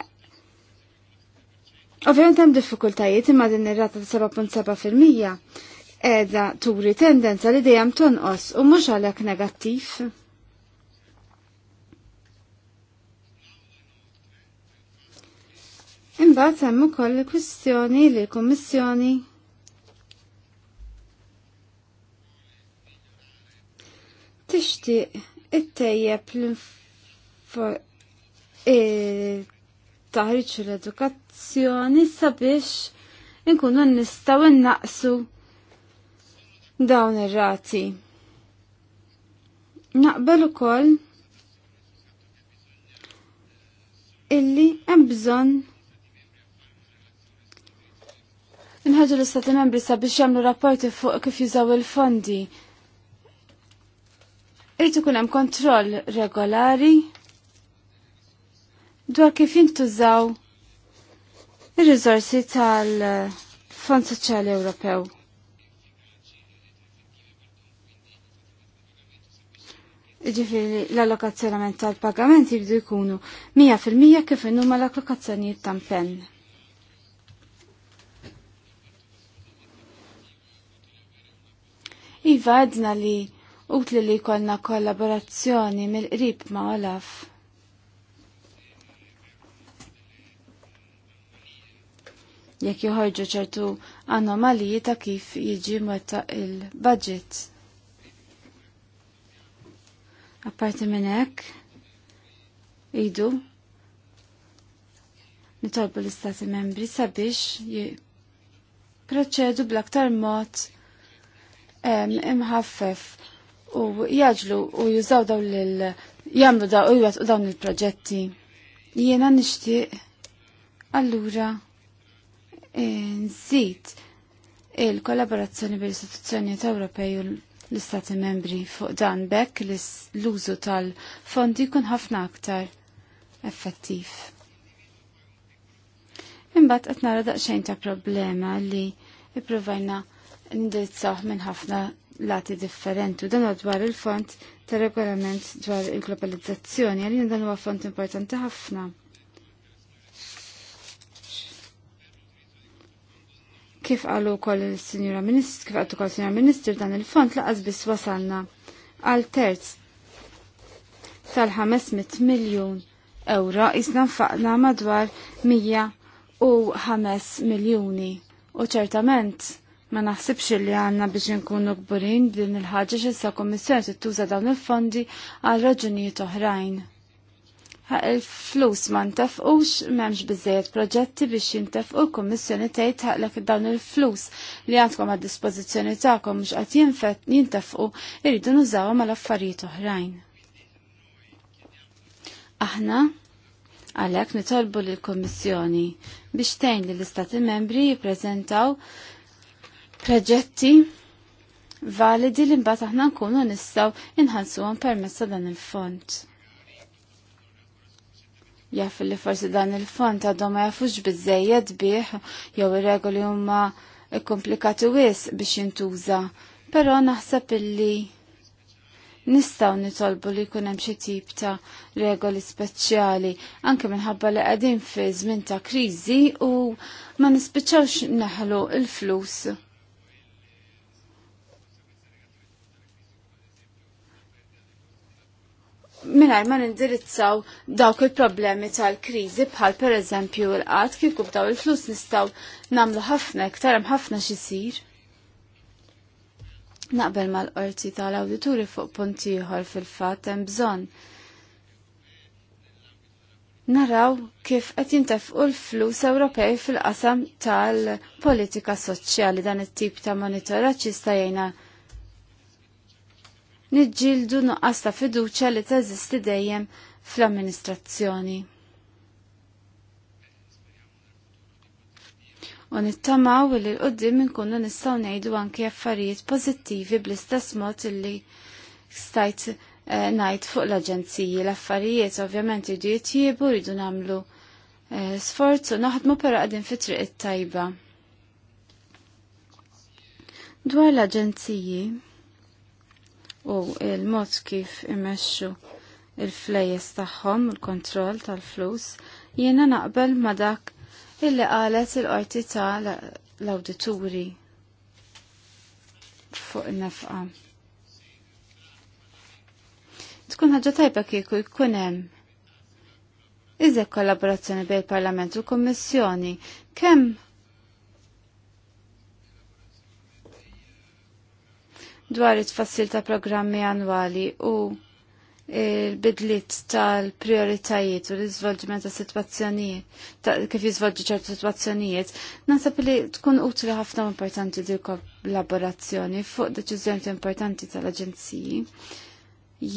Speaker 2: Ovvijament hemm diffikultajiet imma din ir-rata ta' 7.7% qiegħda turi tendenza li dejjem tonqos u mhux għalhekk negattiv. Imbagħad hemm ukoll kwistjoni li l-Kummissjoni tixtieq ittejjeb l taħriċ l-edukazzjoni sabiex inkunu nistaw innaqsu dawn ir-rati. Naqbel ukoll illi hemm bżonn Inħagġu l-istati membri sabiex jagħmlu rapporti fuq kif jużaw il-fondi. Irtu kunem hemm kontroll regolari dwar kif jintużaw ir-riżorsi tal-Fond Soċjali Ewropew. Ġifiri, l-allokazzjonament tal-pagament jibdu jkunu 100% kif innuma l-allokazzjonijiet tampen. Iva għadna li utli li kollna kollaborazzjoni mill-qrib ma' Olaf. jekk joħorġu ċertu anomaliji ta' kif jiġi meta il-budget. Apparti minn hekk, idu nitolbu l-Istati membri sabiex proċedu bl-aktar mod imħaffef u jaġlu u jużaw daw l jamlu daw u dawn il-proġetti. Jiena nixtieq allura E, nżid il-kollaborazzjoni bil istituzzjonijiet Ewropej u l-Istati membri fuq dan bekk l-użu tal-fondi kun ħafna aktar effettiv. Imbagħad qed nara daqsxejn ta' problema li ipprovajna indirizzaw minn ħafna lati differenti u dan dwar il-font ta' regolament dwar il-globalizzazzjoni għalina dan huwa font importanti ħafna. Kif għalu kol il-Sinjura Ministru, kif għattu kol il-Sinjura Ministru, dan il-fond laqas bis wasalna għal terz tal-500 miljon euro jisna nfaqna madwar 105 miljoni. U ċertament ma naħsibx li għanna biex nkunu gburin din il-ħagġa xissa kommissjoni tittuża dawn il-fondi għal raġunijiet oħrajn il-flus ma ntafqux, memx bizzejet proġetti biex jintafqu l-Kommissjoni tgħid ħaqlek dawn il-flus li għandkom għad dispożizzjoni tagħkom mhux qed jintafqu irridu nużawhom mal affarijiet oħrajn. Aħna għalhekk nitolbu lill-Kommissjoni biex tgħin li l-Istati membri jippreżentaw proġetti validi li mbagħad aħna nkunu nistgħu inħallsuhom permessa dan il-fond jaff li forsi dan il-fond għadhom ma jafux bizzejed bih jew ir-regoli huma komplikati wis biex jintuża. Però naħseb illi nistaw nitolbu li jkun hemm xi tip ta' regoli speċjali anke minħabba li qegħdin fi żmien ta' kriżi u ma nispiċċawx neħlu il flus minnaj ma nindirizzaw dawk il-problemi tal-krizi bħal per eżempju l-qat kif daw il-flus nistaw namlu ħafna iktarem ħafna xisir. Naqbel mal-qorti tal-awdituri fuq puntiħor fil-fat hemm bżonn. Naraw kif qed jintefqu l-flus Ewropej fil-qasam tal-politika soċjali dan it-tip ta' monitoraġġ jista' jgħinna niġġieldu nuqqas ta' fiduċja li teżisti dejjem fl-amministrazzjoni. u nittamaw li l-qoddim nkunu nistaw ngħidu anke affarijiet pożittivi bl-istess mod illi stajt eh, ngħid fuq l-aġenziji l-affarijiet ovvjament jridu jitjiebu jridu nagħmlu eh, sforz u naħdmu però għadin fi triq it-tajba. Dwar l-aġenziji u il-mod kif imexxu il-flejes tagħhom il-kontroll tal-flus jiena naqbel ma dak illi qalet il-qorti ta' l-awdituri fuq in-nefqa. Tkun ħaġa tajba kieku jkun hemm Iżek kollaborazzjoni bejn parlament u kommissjoni, kemm dwar it-tfassil ta' programmi annwali u il-bidliet tal-prioritajiet u l-izvolġiment ta' situazzjonijiet, ta' kif jizvolġi ċertu situazzjonijiet, nasab li tkun utli ħafna importanti di kollaborazzjoni fuq deċizjoni importanti tal-aġenziji.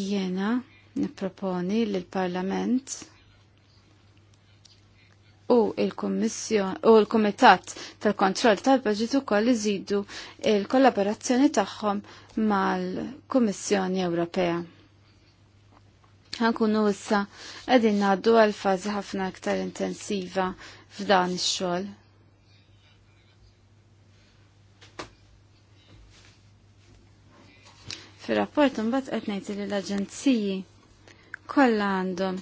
Speaker 2: Jena niproponi l-Parlament u il-Kummissjon u l-Kumitat tal-Kontroll tal-Budget ukoll iżidu il-kollaborazzjoni tagħhom mal-Kummissjoni Ewropea. Ħankunu issa qegħdin ngħaddu għal fażi ħafna aktar intensiva f'dan ix-xogħol. Fir-rapport imbagħad qed ngħid li l-aġenziji kollha għandhom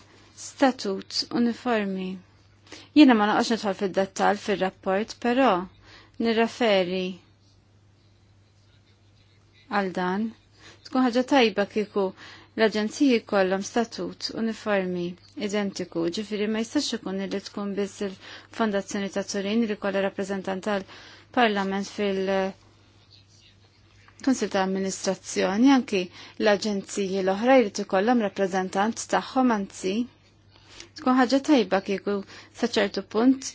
Speaker 2: statut uniformi. Jiena ma naqax nidħol fid dettall fir-rapport, però nirreferi għal dan. Tkun ħaġa tajba kieku l-aġenziji kollhom statut uniformi identiku, ġifiri ma jistax ikun li tkun biss il-Fondazzjoni ta' Turin li kollha rappreżentant tal-Parlament fil- Kunsil ta' amministrazzjoni anki l-aġenziji l-oħra jrid ikollhom rappreżentant tagħhom anzi Tkun ħaġa tajba kieku saċertu punt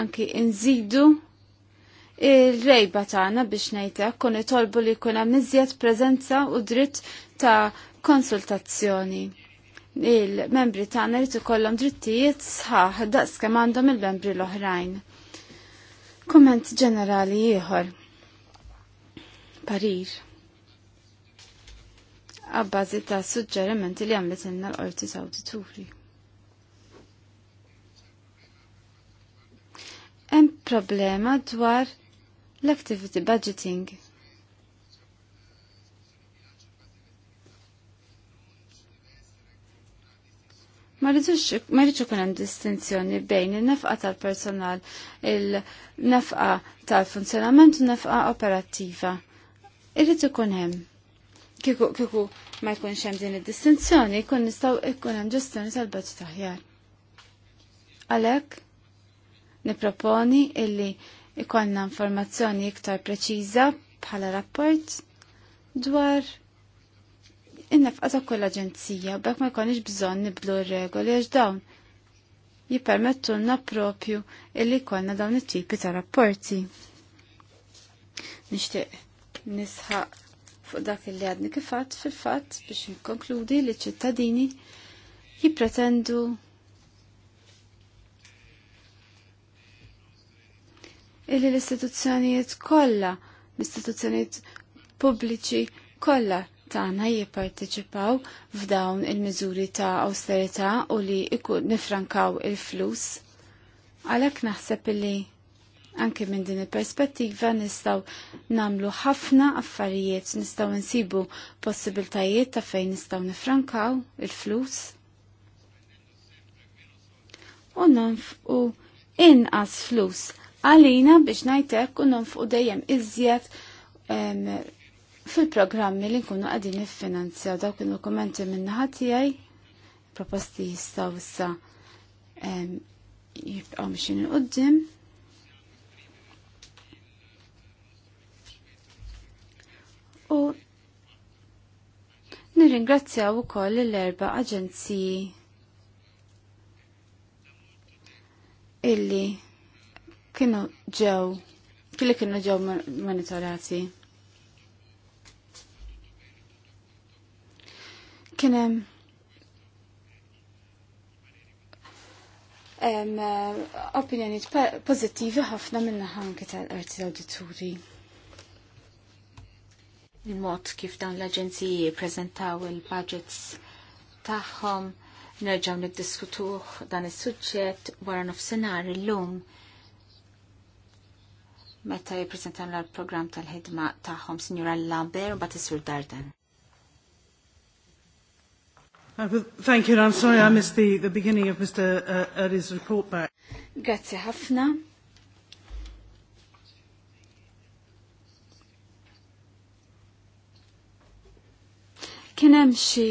Speaker 2: anki nżidu il-rejba tagħna biex ngħidlek kun itolbu li jkun hemm iżjed preżenza u dritt ta' konsultazzjoni. Il-membri tagħna li ikollhom drittijiet sħaħ daqs kemm għandhom il-membri l-oħrajn. Kumment ġenerali ieħor. Parir. abbażi ta' suġġerimenti li għamlet l-qorti ta' awdituri. hemm problema dwar l-activity budgeting. Ma rridux ikun hemm distinzjoni bejn in-nefqa tal-personal, il-nefqa tal-funzjonament u nefqa operattiva. Irrid ikun hemm. Kieku kiku ma jkunx hemm din id-distinzjoni, jkun nistgħu jkun hemm ġestjoni tal-budget aħjar. Għalhekk, Niproponi illi ikonna informazzjoni iktar preċiża bħala rapport dwar innefqa ta' kull aġenzija bekk ma jkonix bżonn niblu r-regoli għax dawn jippermettulna propju illi jkollna dawn it-tipi ta' rapporti. Nixtieq nisħaq fuq dak illi għadni kifat fil-fatt biex nikkonkludi li ċittadini jippretendu illi l-istituzzjonijiet kollha, l-istituzzjonijiet pubbliċi kollha tagħna jipparteċipaw f'dawn il-miżuri ta' austerità u li ikun nifrankaw il-flus. Għalhekk naħseb illi anke minn din il-perspettiva nistaw namlu ħafna affarijiet, nistaw nsibu possibiltajiet ta' fejn nistaw nifrankaw il-flus. U u inqas flus għalina biex najtek u fuq dejjem iżjed fil-programmi li nkunu għadin il-finanzja daw il kommenti minna ħatijaj proposti jistaw issa jibqaw mxin il-qoddim. U nirringrazzjaw ukoll l-erba aġenziji illi kienu ġew, kelli kienu ġew monitorati. Kienem um, opinjoni pozittivi ħafna minna
Speaker 3: ħanki tal-arti auditori. Il-mod kif dawn l-aġenziji prezentaw il-budgets tagħhom nerġaw niddiskutuh dan is-suġġett wara nofsinhar illum. lum meta jippreżentaw l-programm tal-ħidma tagħhom Sinjura Lambert u Batisur Darden.
Speaker 1: Uh, thank you, I'm sorry I missed the, the beginning of Mr. Uh, Erdy's report back.
Speaker 2: Grazie ħafna. Kien hemm xi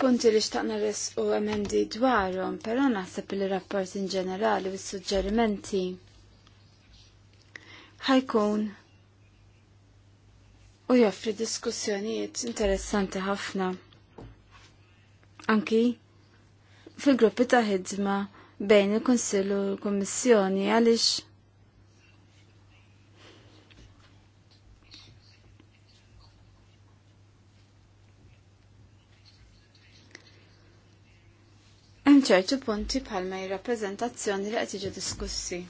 Speaker 2: punti li xtaqna res u emendi dwarhom, però naħseb li rapport in ġenerali u s-suġġerimenti ħajkun u joffri diskussjonijiet interessanti ħafna. Anki fil-gruppi ta' ħidma bejn il konsillu u l-Kommissjoni għaliex Hemm ċertu punti bħalma jirrappreżentazzjoni li qed jiġu diskussi.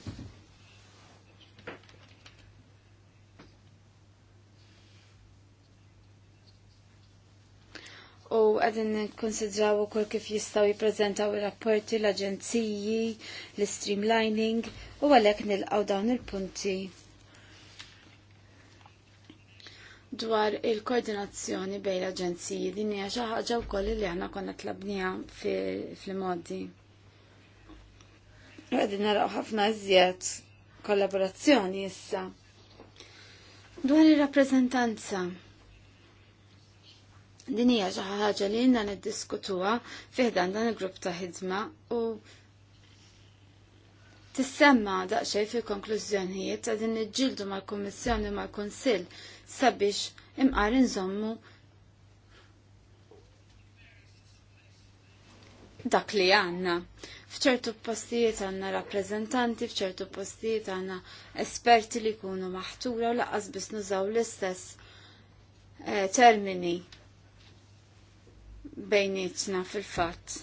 Speaker 2: għadin konsidraw u kol kif jistaw jiprezentaw il-rapporti, l-aġenziji, l-streamlining u għalek nil-għaw dawn il-punti. Dwar il-koordinazzjoni bej l-aġenziji, din hija xi ħaġa wkoll li aħna konna tlabnija fil-modi. Għadin naraw ħafna iżjed kollaborazzjoni issa. Dwar il-rappreżentanza. Din hija xi ħaġa li għandna niddiskutuha fiħdan dan il-grupp ta' ħidma u tissemma daqsxejn fil-konklużjonijiet ta' din niġġieldu mal-Kummissjoni mal-Kunsill sabiex imqar inżommu dak li għanna. Fċertu postijiet għanna rappresentanti, fċertu postijiet għanna esperti li kunu maħtura u laqqas biss nużaw l-istess eh, termini bejnietna fil-fatt.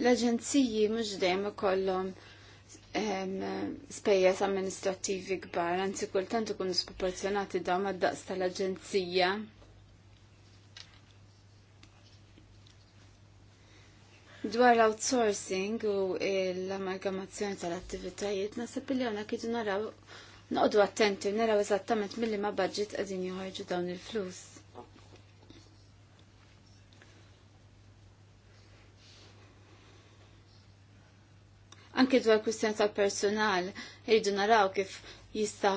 Speaker 2: L-aġenziji mhux dejjem ikollhom spejjeż amministrativi kbar, anzi kultant ikunu sproporzjonati dawn mad-daqs tal-aġenzija. Dwar l-outsourcing u l-amalgamazzjoni tal-attivitajiet, nasib li għana kidu naraw, noqdu attenti, naraw eżattament mill ma budget għadin juħarġu dawn il-flus. Anke dwar kustjoni tal-personal, jridu naraw kif jista'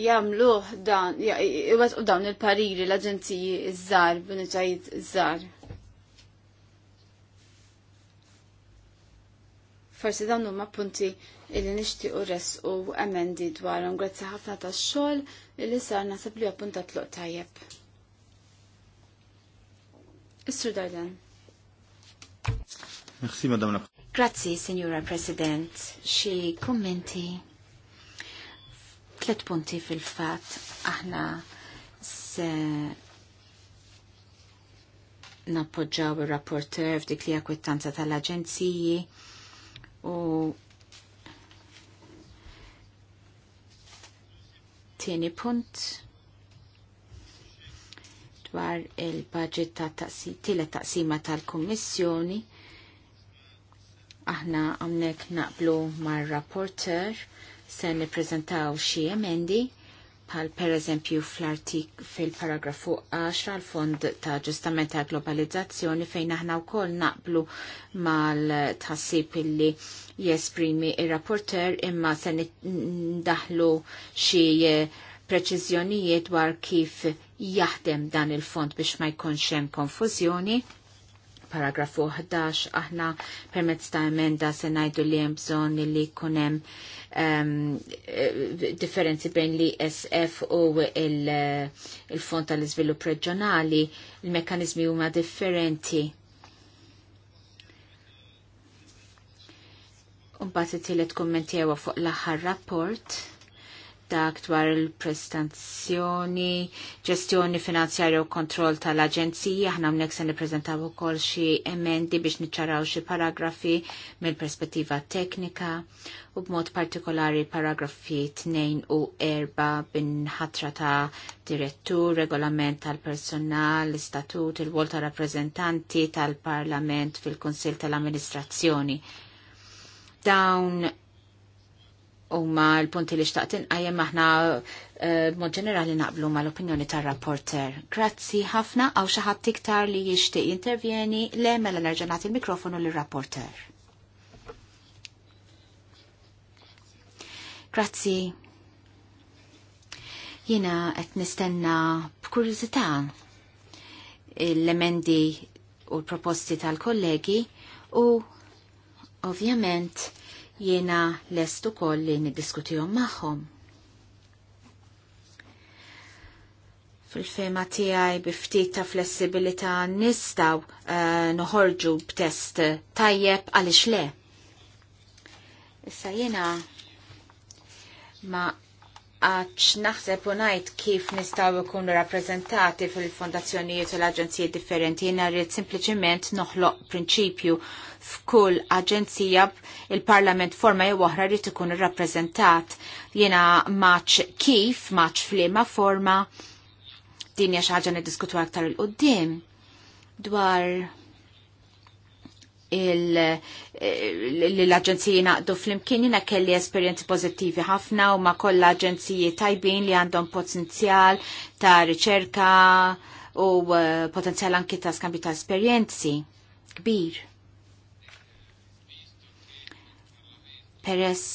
Speaker 2: jagħmluh dawn il-pariri l-aġenziji iż-żar, b'unitajiet iż-żar. Forsi dawn huma punti illi nixtiequ res u emendi dwarhom grazzi ħafna tax-xogħol illi sar nasab li appuntat loq tajjeb.
Speaker 3: Istru Dardan.
Speaker 1: Merci, Madame la
Speaker 3: Grazzi, Signora President. Xi kummenti? Tlet punti fil-fat aħna se nappoġġaw ir rapporteur f'dik li akwittanza tal-aġenziji u tieni punt dwar il-budget ta' taqsi, tile taqsima tal-Kommissjoni. Aħna għamnek naqblu mar rapporter se nippreżentaw xi emendi pal per eżempju fl-artik fil-paragrafu 10 għal-fond ta' ġustament ta' globalizzazzjoni fejn aħna wkoll naqblu mal-tħassib illi jesprimi il rapporter imma se daħlu xi preċiżjonijiet dwar kif jaħdem dan il-fond biex ma jkunx hemm konfużjoni paragrafu 11 aħna permezz ta' emenda se ngħidu li hemm bżonn li jkun hemm um, differenzi bejn li SF u il-Fond il eh, tal-Iżvilupp Reġjonali, il-mekkaniżmi huma differenti. Unbat it-tielet kummenti fuq l-aħħar rapport dak dwar il-prestazzjoni, ġestjoni finanzjarja u kontroll tal-Aġenzija, aħna mnek se nippreżentaw ukoll xi emendi biex niċċaraw xi paragrafi mill-perspettiva teknika u b'mod partikolari paragrafi 2 u 4 bin-ħatra ta' direttur, regolament tal-personal, l-istatut, il-wol ta' rappreżentanti tal-Parlament fil konsil tal-Amministrazzjoni. Dawn umma l-punti li xtaqt inqajjem aħna eh, b'mod ġenerali naqblu mal-opinjoni tar-rapporter. Grazzi ħafna għaw xi ħadd li jixtieq intervjeni le mela nerġa' nagħti il-mikrofonu l rapporter Grazzi. Jiena qed nistenna b'kurjużità l-emendi u l-proposti tal-kollegi u ovvjament jiena lest ukoll li niddiskutihom magħhom. Fil-fema tiegħi biftit ta' flessibilità nistgħu uh, noħorġu b'test tajjeb għaliex le. Issa jiena ma għax naħseb u najt kif nistaw ikunu rappresentati fil-fondazzjonijiet u l-aġenziji differenti, jina rrit sempliciment noħloq prinċipju f'kull aġenzija il-parlament forma jew oħra rrit ikun rappresentat jina maċ kif, maċ flima forma, dinja xaġa diskutu aktar il-qoddim dwar Eh, l-aġenziji naqdu fl-imkien jina kelli esperienzi pozittivi ħafna u ma l aġenziji tajbin li għandhom potenzjal ta' riċerka u eh, potenzjal anki ta' skambju ta' esperienzi kbir. Peress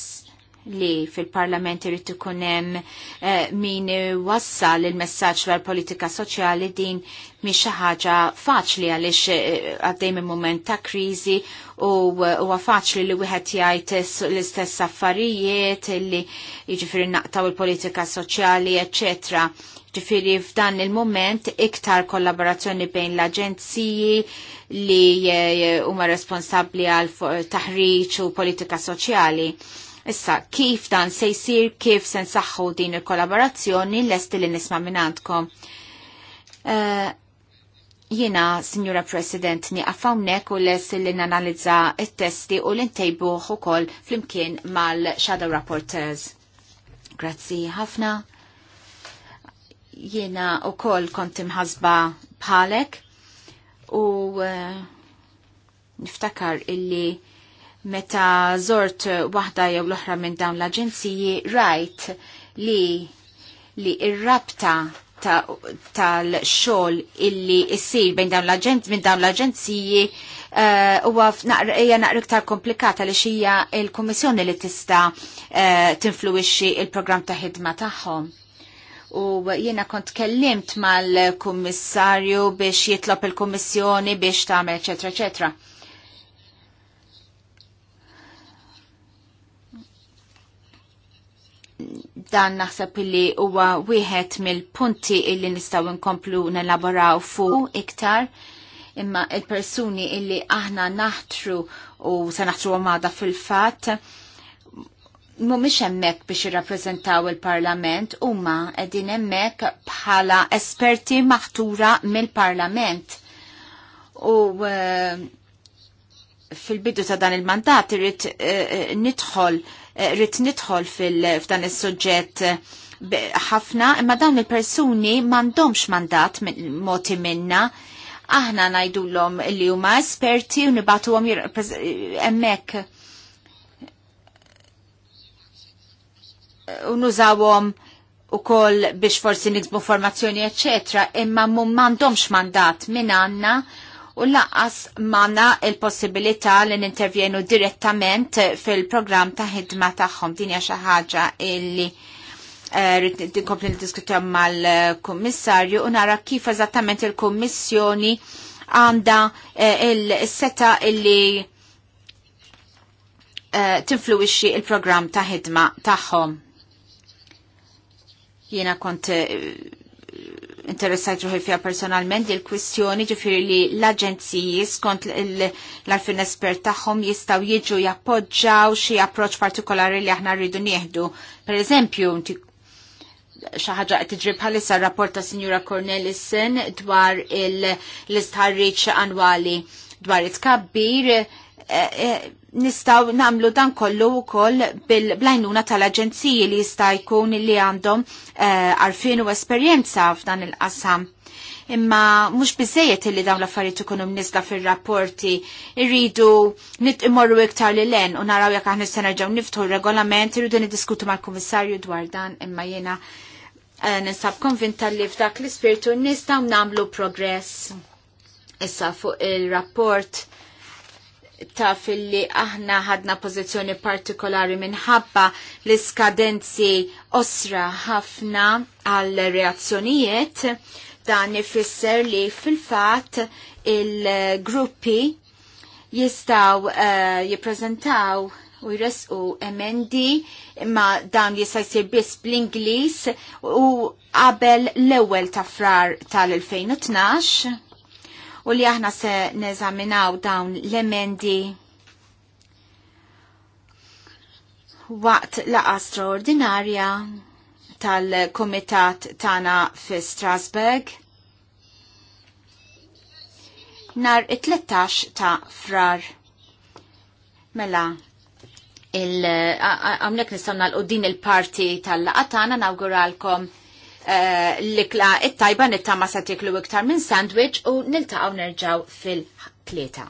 Speaker 3: li fil-parlament irrid ikun hemm eh, min wassal il-messaġġ l politika soċjali din mhix xi ħaġa faċli għaliex eh, għaddejjem il mument ta' kriżi u eh, huwa faċli li wieħed jgħid l-istess affarijiet li jiġifieri naqtaw il-politika soċjali, eċċetera. Ġifiri f'dan il-mument iktar kollaborazzjoni bejn l-aġenziji li huma responsabbli għal taħriġ u politika soċjali Issa, kif dan se jsir, kif se nsaħħu din il-kollaborazzjoni lesti li nisma' minnantkom. Uh, eh, Jena, Signora President, għaffawnek u les li nanalizza il-testi u l-intejbuħ u koll fl-imkien mal-Shadow Rapporteurs. Grazzi ħafna. Jina u kol kontim ħazba bħalek u uh, niftakar illi Meta zort waħda jew l-oħra minn dawn l-aġenziji rajt li li ir-rabta tal xogħol illi issir bejn dawn l-aġent minn dawn l-aġenziji eh, huwa hija naqra iktar komplikata li xija l-Kummissjoni li tista' eh, tinfluwixxi il-programm ta' ħidma tagħhom. U jiena kont kellimt mal-Kummissarju biex jitlob il-Kummissjoni biex tagħmel eċetera eċetera. dan naħseb li huwa wieħed mill-punti illi nistgħu nkomplu nelaboraw fuq iktar imma il-persuni illi aħna naħtru u se naħtru għamada fil-fat mumiex hemmhekk biex jirrappreżentaw il-Parlament huma qegħdin hemmhekk bħala esperti maħtura mill-Parlament. U eh, fil-bidu ta' dan il-mandat irrid eh, eh, nidħol uh, Eh, rrit nidħol f'dan is-suġġett eh, ħafna, imma dawn il-persuni m'għandhomx mandat moti minna aħna l-om li huma esperti u nibatuhom hemmhekk u nużawhom ukoll biex forsi nizbu formazzjoni eccetera, imma m'għandhomx mandat minn għandna u laqas manna il-possibilità li nintervjenu direttament fil-programm ta' ħidma tagħhom. Dinja hija xi ħaġa illi eh, dinkompli diskutja mal-kommissarju u nara kif eżattament il-kommissjoni għanda eh, il-seta illi eh, tinfluwixxi il-programm ta' ħidma tagħhom. Jena kont interessajt ruħi fija personalment il-kwistjoni ġifiri li l-aġenziji skont l-alfin espert tagħhom jistaw jiġu jappoġġaw xi approċ partikolari li aħna rridu nieħdu. Per eżempju, xi ħaġa qed bħalissa rapport ta' Sinjura Cornelissen dwar l-istħarriċ annwali dwar it-kabbir eh, eh, nistaw namlu dan kollu u koll bil-blajnuna tal-aġenziji li jista' jkun li għandhom eh, għarfin uh, u esperjenza f'dan il-qasam. Imma mhux biżejjed li dawn l-affarijiet ikunu mnisla fir-rapporti irridu nit imorru iktar li len u naraw jekk aħna se nerġgħu niftu regolament irridu niddiskutu mal-Kummissarju dwar dan imma jiena eh, nisab konvinta li f'dak l-ispirtu nistgħu nagħmlu progress issa fuq il-rapport ta' li aħna ħadna pozizjoni partikolari minħabba l-iskadenzi osra ħafna għal reazzjonijiet dan ifisser li fil-fat il-gruppi jistaw uh, eh, jiprezentaw u jresqu emendi ma dan jista' jsir biss bl-Ingliż u qabel l-ewwel ta' frar tal-2012 u li aħna se neżaminaw dawn l-emendi waqt laqa straordinarja tal-komitat tana fi Strasbourg nar 13 ta' frar. Mela, il-għamnek nistaw l din il-parti tal tana nawguralkom Eh, l-ikla it-tajba nittama se tiklu iktar minn sandwich u niltaqgħu nerġaw fil-tlieta.